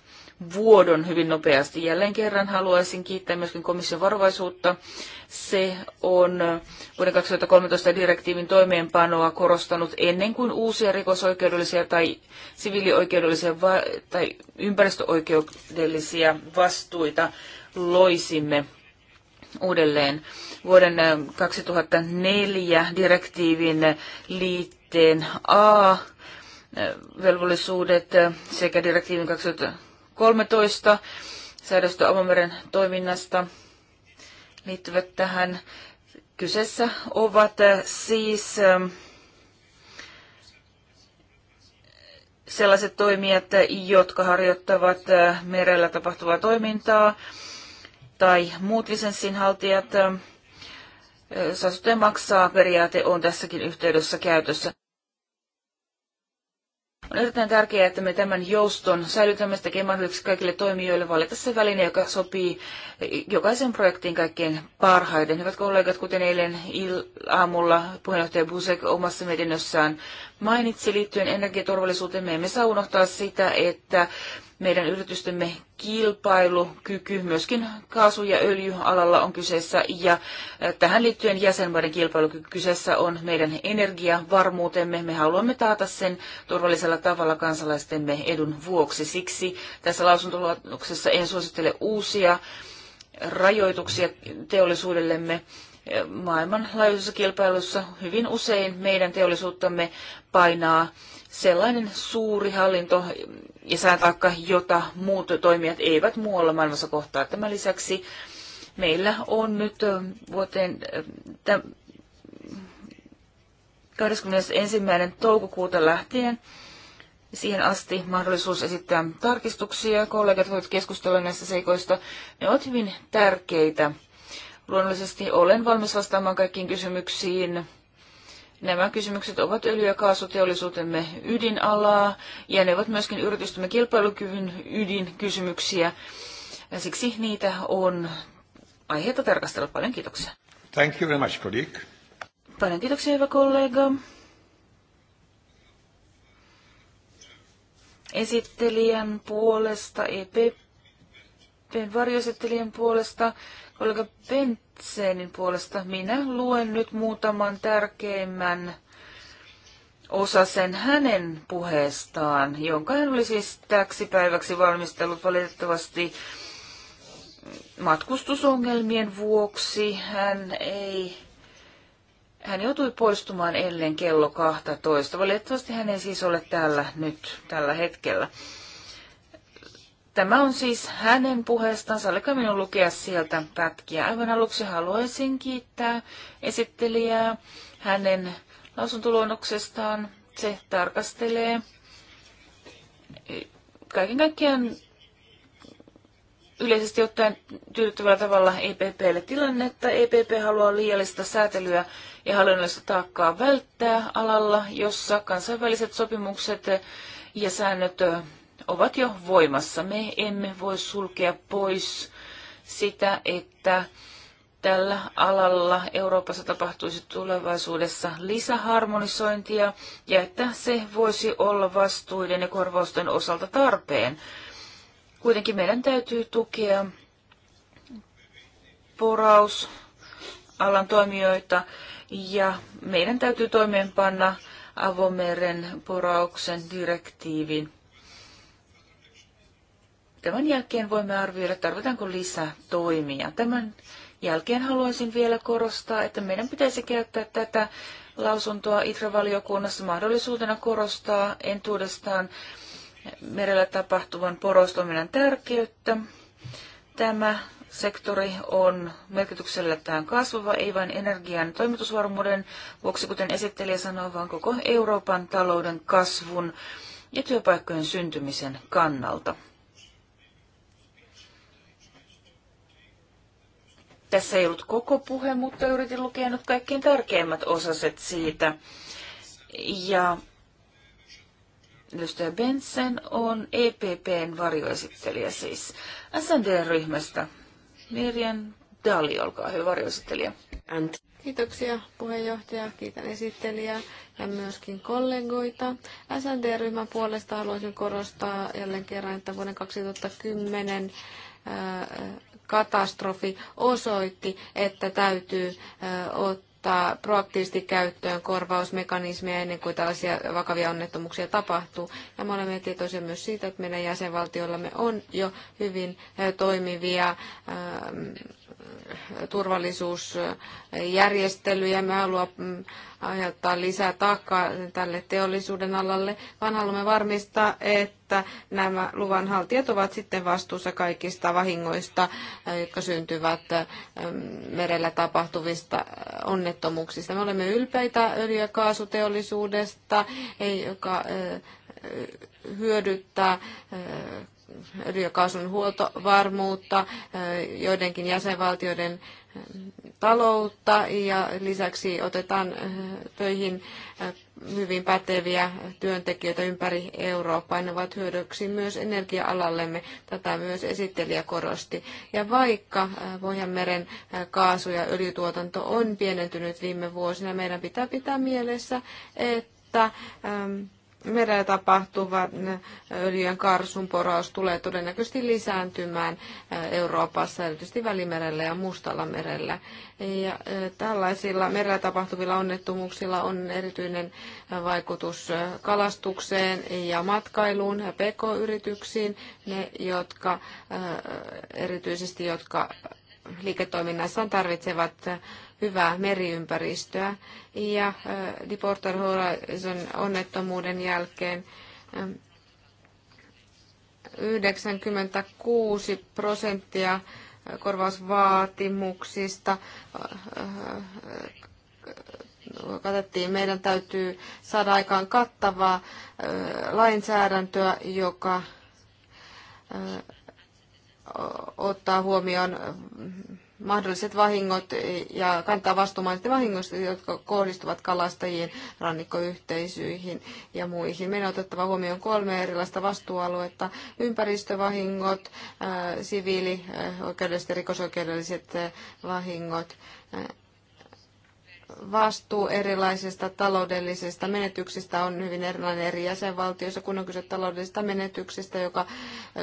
vuodon hyvin nopeasti. Jälleen kerran haluaisin kiittää myöskin komission varovaisuutta. Se on vuoden 2013 direktiivin toimeenpanoa korostanut ennen kuin uusia rikosoikeudellisia tai siviilioikeudellisia tai ympäristöoikeudellisia vastuita loisimme uudelleen vuoden 2004 äh, direktiivin liitteen A äh, velvollisuudet äh, sekä direktiivin 2000 13 säädöstä avomeren toiminnasta liittyvät tähän. Kyseessä ovat äh, siis ähm, sellaiset toimijat, jotka harjoittavat äh, merellä tapahtuvaa toimintaa tai muut lisenssinhaltijat. Ähm, äh, Saastutteen maksaa periaate on tässäkin yhteydessä käytössä. On erittäin tärkeää, että me tämän jouston säilytämme sitä mahdolliseksi kaikille toimijoille valita se väline, joka sopii jokaisen projektiin kaikkein parhaiten. Hyvät kollegat, kuten eilen aamulla puheenjohtaja Busek omassa mietinnössään mainitsi liittyen energiaturvallisuuteen, me emme saa unohtaa sitä, että meidän yritystemme kilpailukyky myöskin kaasu- ja öljyalalla on kyseessä ja äh, tähän liittyen jäsenmaiden kilpailukyky kyseessä on meidän energiavarmuutemme. Me haluamme taata sen turvallisella tavalla kansalaistemme edun vuoksi. Siksi tässä lausuntoluonnoksessa en suosittele uusia rajoituksia teollisuudellemme äh, maailmanlaajuisessa kilpailussa hyvin usein meidän teollisuuttamme painaa sellainen suuri hallinto ja sääntaakka, jota muut toimijat eivät muualla maailmassa kohtaa. Tämän lisäksi meillä on nyt vuoteen 21. toukokuuta lähtien siihen asti mahdollisuus esittää tarkistuksia. Kollegat voivat keskustella näistä seikoista. Ne ovat hyvin tärkeitä. Luonnollisesti olen valmis vastaamaan kaikkiin kysymyksiin Nämä kysymykset ovat öljy- ja kaasuteollisuutemme ydinalaa ja ne ovat myöskin yritystämme kilpailukyvyn ydinkysymyksiä. Ja siksi niitä on aiheita tarkastella. Paljon kiitoksia. Thank you very much, colleague. Paljon kiitoksia, hyvä kollega. Esittelijän puolesta EPP Ben varjoesittelijän puolesta, kollega Bentsenin puolesta. Minä luen nyt muutaman tärkeimmän sen hänen puheestaan, jonka hän oli siis täksi päiväksi valmistellut valitettavasti matkustusongelmien vuoksi. Hän ei hän joutui poistumaan ellen kello 12. Valitettavasti hän ei siis ole täällä nyt tällä hetkellä. Tämä on siis hänen puheestaan. Sallikaa minun lukea sieltä pätkiä. Aivan aluksi haluaisin kiittää esittelijää hänen lausuntoluonnoksestaan. Se tarkastelee kaiken kaikkiaan yleisesti ottaen tyydyttävällä tavalla EPPlle tilannetta. EPP haluaa liiallista säätelyä ja hallinnollista taakkaa välttää alalla, jossa kansainväliset sopimukset ja säännöt ovat jo voimassa. Me emme voi sulkea pois sitä, että tällä alalla Euroopassa tapahtuisi tulevaisuudessa lisäharmonisointia ja että se voisi olla vastuiden ja korvausten osalta tarpeen. Kuitenkin meidän täytyy tukea porausalan toimijoita ja meidän täytyy toimeenpanna avomeren porauksen direktiivin Tämän jälkeen voimme arvioida, tarvitaanko lisää toimia. Tämän jälkeen haluaisin vielä korostaa, että meidän pitäisi käyttää tätä lausuntoa ITRA-valiokunnassa mahdollisuutena korostaa entuudestaan merellä tapahtuvan porostoiminnan tärkeyttä. Tämä sektori on merkitykseltään kasvava, ei vain energian toimitusvarmuuden vuoksi, kuten esittelijä sanoi, vaan koko Euroopan talouden kasvun ja työpaikkojen syntymisen kannalta. Tässä ei ollut koko puhe, mutta yritin lukea nyt kaikkein tärkeimmät osaset siitä. Ja Lystöä Benson on EPPn varjoesittelijä siis SND-ryhmästä. Mirjan Dali, olkaa hyvä varjoesittelijä. Kiitoksia puheenjohtaja, kiitän esittelijää ja myöskin kollegoita. SND-ryhmän puolesta haluaisin korostaa jälleen kerran, että vuoden 2010 katastrofi osoitti, että täytyy ottaa proaktiivisesti käyttöön korvausmekanismia, ennen kuin tällaisia vakavia onnettomuuksia tapahtuu. Ja me olemme tietoisia myös siitä, että meidän jäsenvaltiollamme on jo hyvin toimivia turvallisuusjärjestelyjä. Me haluamme aiheuttaa lisää taakkaa tälle teollisuuden alalle, vaan haluamme varmistaa, että että nämä luvanhaltijat ovat sitten vastuussa kaikista vahingoista, eh, jotka syntyvät eh, merellä tapahtuvista onnettomuuksista. Me olemme ylpeitä öljy- ja kaasuteollisuudesta, eh, joka hyödyttää kaasun huoltovarmuutta. Joidenkin jäsenvaltioiden taloutta ja lisäksi otetaan äh, töihin äh, hyvin päteviä työntekijöitä ympäri Eurooppaa. Ne ovat hyödyksi myös energia-alallemme. Tätä myös esittelijä korosti. Ja vaikka äh, Pohjanmeren kaasu- ja öljytuotanto on pienentynyt viime vuosina, meidän pitää pitää mielessä, että että ähm, merellä tapahtuva öljyjen karsun poraus tulee todennäköisesti lisääntymään eh, Euroopassa, erityisesti Välimerellä ja Mustalla merellä. Ja eh, tällaisilla merellä tapahtuvilla onnettomuuksilla on erityinen eh, vaikutus kalastukseen ja matkailuun ja pk-yrityksiin, ne jotka erityisesti jotka liiketoiminnassaan tarvitsevat hyvää meriympäristöä. Ja Deporter Horizon onnettomuuden jälkeen 96 prosenttia korvausvaatimuksista katettiin. Meidän täytyy saada aikaan kattavaa lainsäädäntöä, joka ottaa huomioon mahdolliset vahingot ja kantaa vastuumaisesti vahingoista, jotka kohdistuvat kalastajiin, rannikkoyhteisöihin ja muihin. Meidän on otettava huomioon kolme erilaista vastuualuetta. Ympäristövahingot, äh, siviili, äh, ja rikosoikeudelliset äh, vahingot vastuu erilaisista taloudellisista menetyksistä on hyvin erilainen eri jäsenvaltioissa, kun on kyse taloudellisista menetyksistä, joka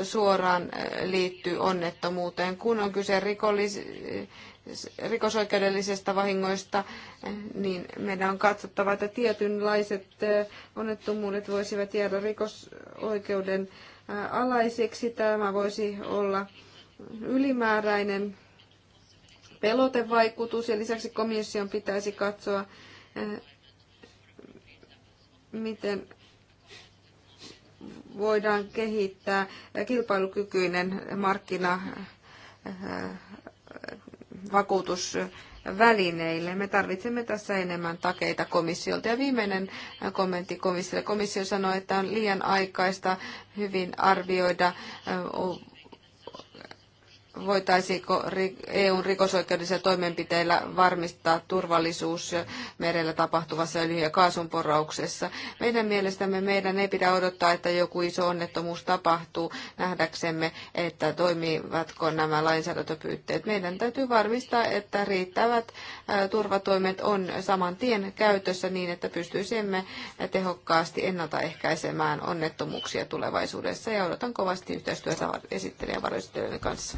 suoraan eh, liittyy onnettomuuteen. Kun on kyse rikollis- rikosoikeudellisista vahingoista, eh, niin meidän on katsottava, että tietynlaiset eh, onnettomuudet voisivat jäädä rikosoikeuden alaiseksi. Tämä voisi olla ylimääräinen pelotevaikutus ja lisäksi komission pitäisi katsoa, eh, miten voidaan kehittää kilpailukykyinen markkina eh, vakuutusvälineille. Me tarvitsemme tässä enemmän takeita komissiolta. Ja viimeinen kommentti komissiolle. Komissio sanoi, että on liian aikaista hyvin arvioida, eh, voitaisiinko EUn rikosoikeudellisilla toimenpiteillä varmistaa turvallisuus merellä tapahtuvassa öljy- ja kaasunporauksessa. Meidän mielestämme meidän ei pidä odottaa, että joku iso onnettomuus tapahtuu nähdäksemme, että toimivatko nämä lainsäädäntöpyytteet. Meidän täytyy varmistaa, että riittävät turvatoimet on saman tien käytössä niin, että pystyisimme tehokkaasti ennaltaehkäisemään onnettomuuksia tulevaisuudessa ja odotan kovasti yhteistyötä esittelijän varjoesittelijöiden kanssa.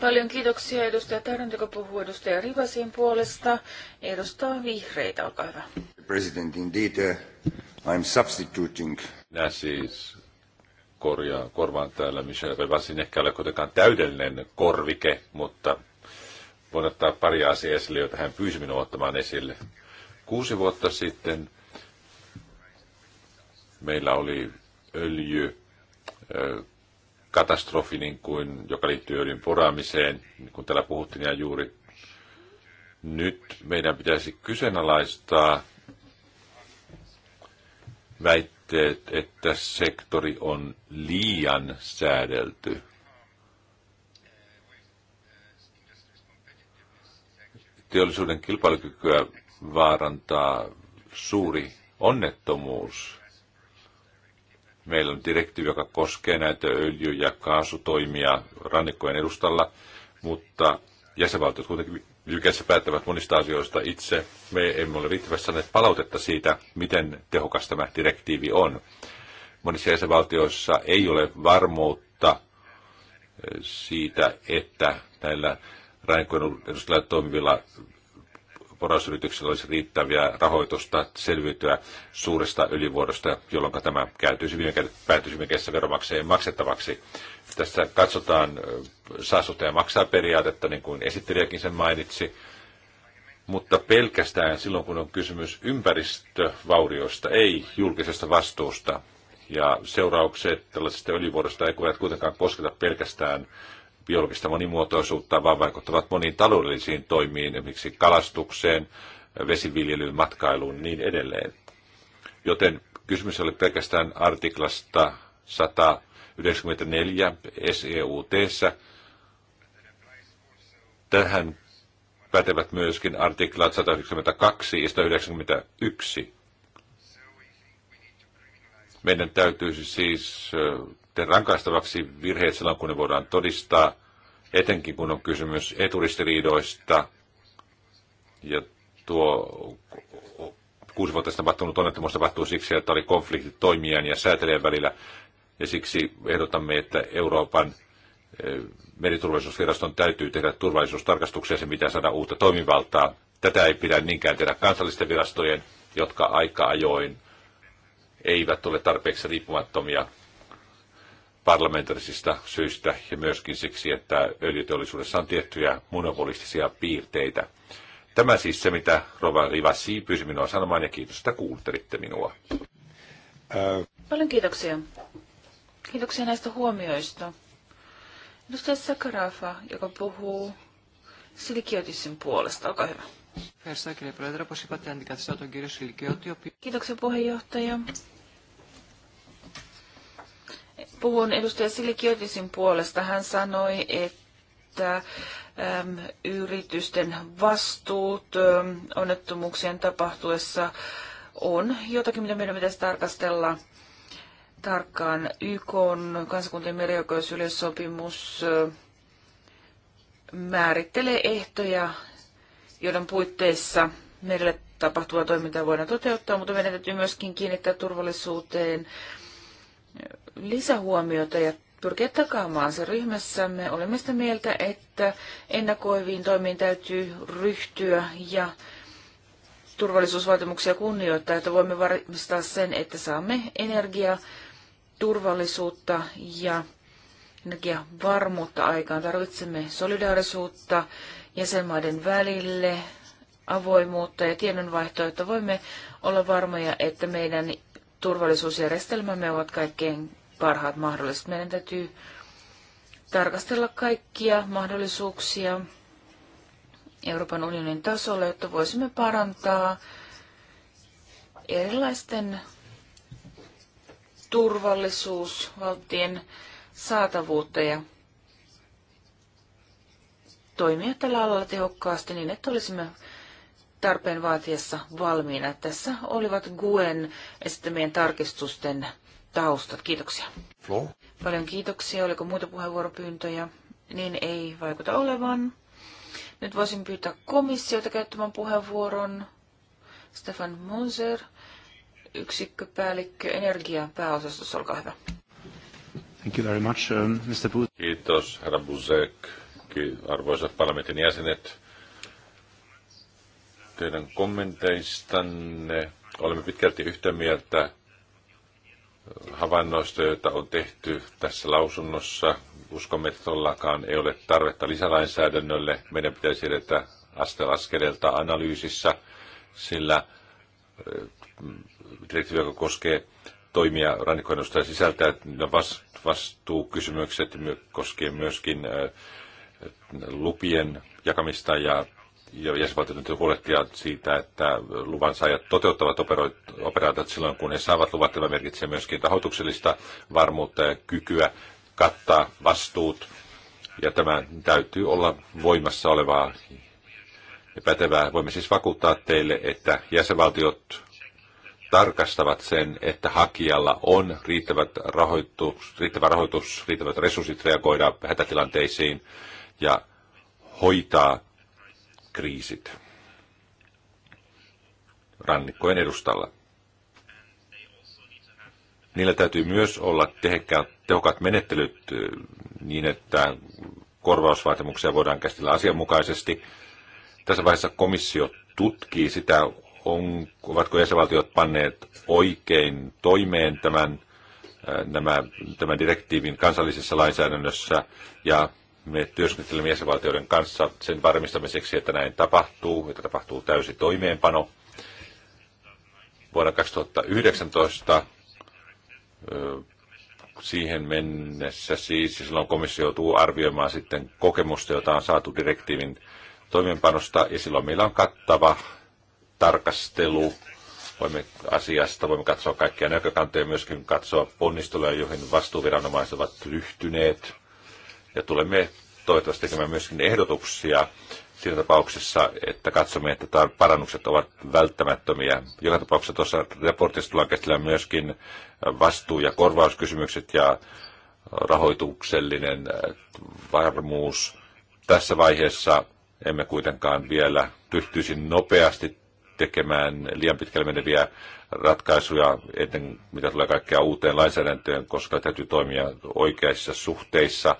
Paljon kiitoksia edustaja Tarant, joka puhuu edustaja Rivasin puolesta. Edustaa vihreitä, olkaa hyvä. President, indeed, uh, I'm substituting. Minä siis korjaan, korvaan täällä Michel Rivasin. Ehkä ole kuitenkaan täydellinen korvike, mutta voin ottaa pari asiaa esille, joita hän pyysi minua ottamaan esille. Kuusi vuotta sitten meillä oli öljy, katastrofi, niin kuin, joka liittyy öljyn poraamiseen, niin kuin täällä puhuttiin ja juuri nyt meidän pitäisi kyseenalaistaa väitteet, että sektori on liian säädelty. teollisuuden kilpailukykyä vaarantaa suuri onnettomuus. Meillä on direktiivi, joka koskee näitä öljy- ja kaasutoimia rannikkojen edustalla, mutta jäsenvaltiot kuitenkin YKssä päättävät monista asioista itse. Me emme ole riittävästi saaneet palautetta siitä, miten tehokas tämä direktiivi on. Monissa jäsenvaltioissa ei ole varmuutta eh, siitä, että näillä rajankoidun edustajilla toimivilla porausyrityksillä olisi riittäviä rahoitusta selviytyä suuresta ylivuodosta, jolloin tämä käytyisi viime päätyisi viime kädessä maksettavaksi. Tässä katsotaan saastuttaja maksaa periaatetta, niin kuin esittelijäkin sen mainitsi, mutta pelkästään silloin, kun on kysymys ympäristövaurioista, ei julkisesta vastuusta. Ja seuraukset tällaisesta ylivuodosta ei kuitenkaan kosketa pelkästään biologista monimuotoisuutta, vaan vaikuttavat moniin taloudellisiin toimiin, esimerkiksi kalastukseen, vesiviljelyyn, matkailuun ja niin edelleen. Joten kysymys oli pelkästään artiklasta 194 seut Tähän pätevät myöskin artiklat 192 ja 191. Meidän täytyisi siis sitten rankaistavaksi virheet silloin, kun ne voidaan todistaa, etenkin kun on kysymys eturistiriidoista. Ja tuo kuusi vuotta sitten tapahtunut onnettomuus tapahtuu siksi, että oli konflikti toimijan ja säätelijän välillä. Ja siksi ehdotamme, että Euroopan eh, meriturvallisuusviraston täytyy tehdä turvallisuustarkastuksia, se mitä saada uutta toimivaltaa. Tätä ei pidä niinkään tehdä kansallisten virastojen, jotka aika ajoin eivät ole tarpeeksi riippumattomia parlamentarisista syistä ja myöskin siksi, että öljyteollisuudessa on tiettyjä monopolistisia piirteitä. Tämä siis se, mitä Rova Rivasi pyysi minua sanomaan ja kiitos, että kuuntelitte minua. Paljon kiitoksia. Kiitoksia näistä huomioista. Edustaja Sakarafa, joka puhuu Silikiotisin puolesta, olkaa hyvä. Kiitoksia puheenjohtaja. Puhun edustaja Sili Kiotisin puolesta. Hän sanoi, että äm, yritysten vastuut äm, onnettomuuksien tapahtuessa on jotakin, mitä meidän pitäisi tarkastella tarkkaan. YK on kansakuntien merioikeusyleissopimus määrittelee ehtoja, joiden puitteissa merelle tapahtuvaa toimintaa voidaan toteuttaa, mutta meidän täytyy myöskin kiinnittää turvallisuuteen lisähuomiota ja pyrkiä takaamaan se ryhmässämme. Olemme sitä mieltä, että ennakoiviin toimiin täytyy ryhtyä ja turvallisuusvaatimuksia kunnioittaa, että voimme varmistaa sen, että saamme energiaa, turvallisuutta ja energiavarmuutta aikaan. Tarvitsemme solidaarisuutta jäsenmaiden välille, avoimuutta ja tiedonvaihtoa, että voimme olla varmoja, että meidän turvallisuusjärjestelmämme ovat kaikkein parhaat mahdolliset. Meidän täytyy tarkastella kaikkia mahdollisuuksia Euroopan unionin tasolla, jotta voisimme parantaa erilaisten turvallisuusvaltien saatavuutta ja toimia tällä alalla tehokkaasti niin, että olisimme tarpeen vaatiessa valmiina. Tässä olivat Guen esittämien tarkistusten taustat. Kiitoksia. Flo. Paljon kiitoksia. Oliko muita puheenvuoropyyntöjä? Niin ei vaikuta olevan. Nyt voisin pyytää komissiota käyttämään puheenvuoron. Stefan Munzer yksikköpäällikkö energia pääosastossa, olkaa hyvä. Thank you very much, um, Mr. Buzek. Kiitos, herra Buzek. Arvoisat parlamentin jäsenet, teidän kommenteistanne olemme pitkälti yhtä mieltä havainnoista, joita on tehty tässä lausunnossa. Uskomme, että todellakaan ei ole tarvetta lisälainsäädännölle. Meidän pitäisi edetä askel askeleelta analyysissä, sillä eh, direktiivi, joka koskee toimia rannikkoennusta ja sisältää vastuukysymykset, koskee myöskin eh, lupien jakamista ja ja jäsenvaltiot huolehtia siitä, että luvan saajat toteuttavat operaatiot silloin, kun ne saavat luvat. Tämä merkitsee myöskin rahoituksellista varmuutta ja kykyä kattaa vastuut. Ja tämä täytyy olla voimassa olevaa ja pätevää. Voimme siis vakuuttaa teille, että jäsenvaltiot tarkastavat sen, että hakijalla on riittävät rahoitus, riittävä rahoitus, riittävät resurssit reagoida hätätilanteisiin ja hoitaa kriisit rannikkojen edustalla. Niillä täytyy myös olla tehokkaat menettelyt niin, että korvausvaatimuksia voidaan käsitellä asianmukaisesti. Tässä vaiheessa komissio tutkii sitä, on, ovatko jäsenvaltiot panneet oikein toimeen tämän, nämä, tämän direktiivin kansallisessa lainsäädännössä ja me työskentelemme jäsenvaltioiden kanssa sen varmistamiseksi, että näin tapahtuu, että tapahtuu täysi toimeenpano. Vuonna 2019 siihen mennessä siis, silloin komissio joutuu arvioimaan sitten kokemusta, jota on saatu direktiivin toimeenpanosta, ja silloin meillä on kattava tarkastelu voimme asiasta, voimme katsoa kaikkia näkökantoja, myöskin katsoa ponnisteluja, joihin vastuuviranomaiset ovat ryhtyneet ja tulemme toivottavasti tekemään myöskin ehdotuksia siinä tapauksessa, että katsomme, että parannukset ovat välttämättömiä. Joka tapauksessa tuossa raportissa tullaan käsittelemään myöskin vastuu- ja korvauskysymykset ja rahoituksellinen äh, varmuus. Tässä vaiheessa emme kuitenkaan vielä ryhtyisi nopeasti tekemään liian pitkälle meneviä ratkaisuja, eten mitä tulee kaikkea uuteen lainsäädäntöön, koska täytyy toimia oikeissa suhteissa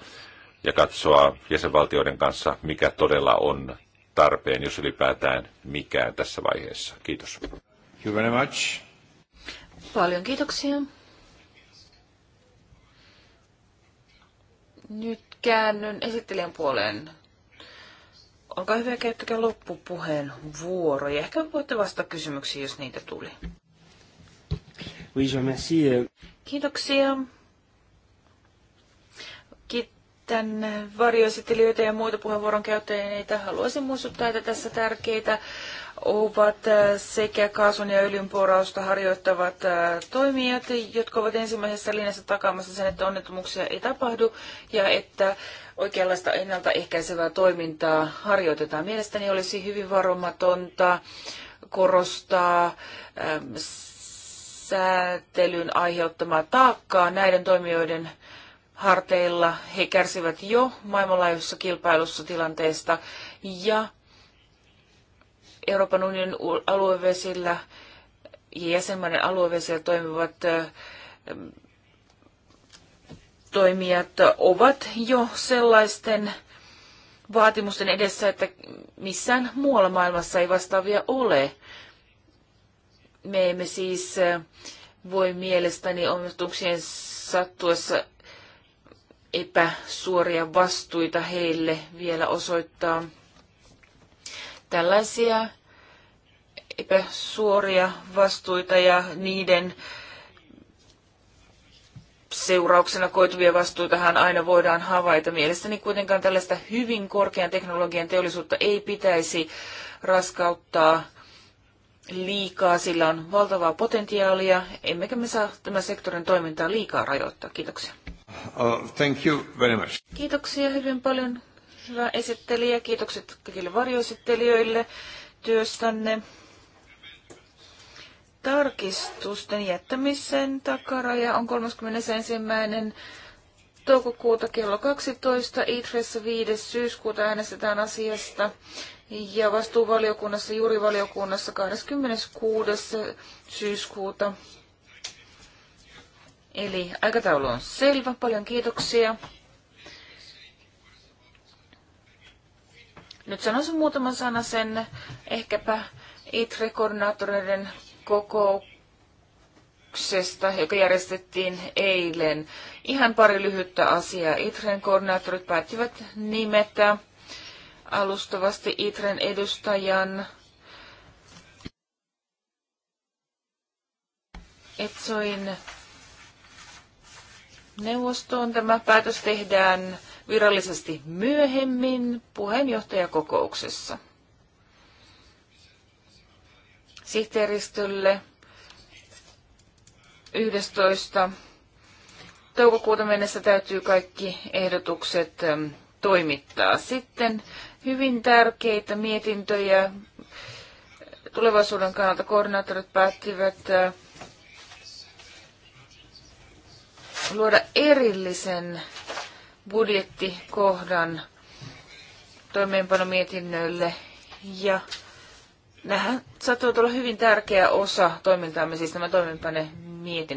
ja katsoa jäsenvaltioiden kanssa, mikä todella on tarpeen, jos ylipäätään mikään tässä vaiheessa. Kiitos. Thank you very much. Paljon kiitoksia. Nyt käännyn esittelijän puoleen. Olkaa hyvä, käyttäkää loppupuheen vuoro. Ja ehkä voitte vastata kysymyksiin, jos niitä tuli. Oui, je Kiitoksia. Tämän varjoesittelijöitä ja muita puheenvuoron käyttäjiä haluaisin muistuttaa, että tässä tärkeitä ovat äh, sekä kaasun ja öljyn porausta harjoittavat äh, toimijat, jotka ovat ensimmäisessä linjassa takaamassa sen, että onnettomuuksia ei tapahdu ja että oikeanlaista ennaltaehkäisevää toimintaa harjoitetaan. Mielestäni olisi hyvin varomatonta korostaa ähm, säätelyn aiheuttamaa taakkaa näiden toimijoiden harteilla. He kärsivät jo maailmanlaajuisessa kilpailussa tilanteesta ja Euroopan unionin aluevesillä ja jäsenmaiden aluevesillä toimivat toimijat ovat jo sellaisten vaatimusten edessä, että missään muualla maailmassa ei vastaavia ole. Me emme siis voi mielestäni omistuksien sattuessa epäsuoria vastuita heille vielä osoittaa. Tällaisia epäsuoria vastuita ja niiden seurauksena koituvia vastuitahan aina voidaan havaita. Mielestäni kuitenkaan tällaista hyvin korkean teknologian teollisuutta ei pitäisi raskauttaa liikaa. Sillä on valtavaa potentiaalia, emmekä me saa tämän sektorin toimintaa liikaa rajoittaa. Kiitoksia. Uh, thank you very much. Kiitoksia hyvin paljon, hyvä esittelijä. Kiitokset kaikille varjoesittelijöille työstänne. Tarkistusten jättämisen takaraja on 31 toukokuuta kello 12. Itressä 5. syyskuuta äänestetään asiasta. Ja vastuuvaliokunnassa, juurivaliokunnassa 26. syyskuuta Eli aikataulu on selvä. Paljon kiitoksia. Nyt sanoisin muutaman sana sen ehkäpä it e koordinaattoreiden kokouksesta, joka järjestettiin eilen. Ihan pari lyhyttä asiaa. ITREn koordinaattorit päättivät nimetä alustavasti ITREn edustajan Etsoin neuvostoon. Tämä päätös tehdään virallisesti myöhemmin puheenjohtajakokouksessa. Sihteeristölle 11. toukokuuta mennessä täytyy kaikki ehdotukset ähm, toimittaa. Sitten hyvin tärkeitä mietintöjä tulevaisuuden kannalta koordinaattorit päättivät äh, luoda erillisen budjettikohdan toimeenpanomietinnöille ja nähän saattavat olla hyvin tärkeä osa toimintaamme, siis nämä toimeenpane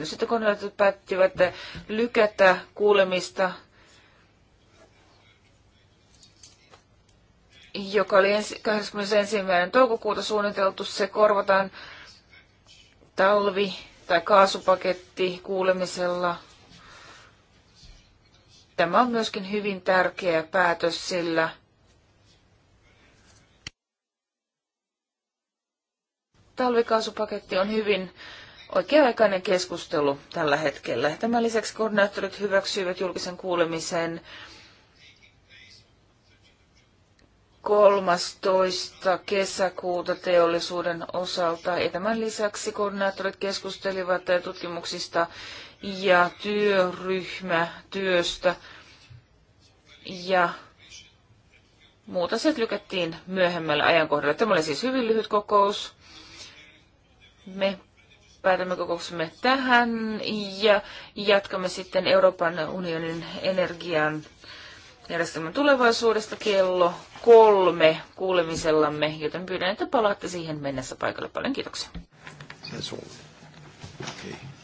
Sitten kun päättivät lykätä kuulemista, joka oli 21. toukokuuta suunniteltu, se korvataan talvi- tai kaasupaketti kuulemisella – Tämä on myöskin hyvin tärkeä päätös, sillä talvikaasupaketti on hyvin oikea-aikainen keskustelu tällä hetkellä. Tämän lisäksi koordinaattorit hyväksyivät julkisen kuulemisen 13. kesäkuuta teollisuuden osalta. Ja tämän lisäksi koordinaattorit keskustelivat tutkimuksista ja työryhmä työstä ja muut asiat lykättiin myöhemmälle ajankohdalle. Tämä oli siis hyvin lyhyt kokous. Me päätämme kokouksemme tähän ja jatkamme sitten Euroopan unionin energian järjestelmän tulevaisuudesta kello kolme kuulemisellamme, joten pyydän, että palaatte siihen mennessä paikalle. Paljon kiitoksia. Okay.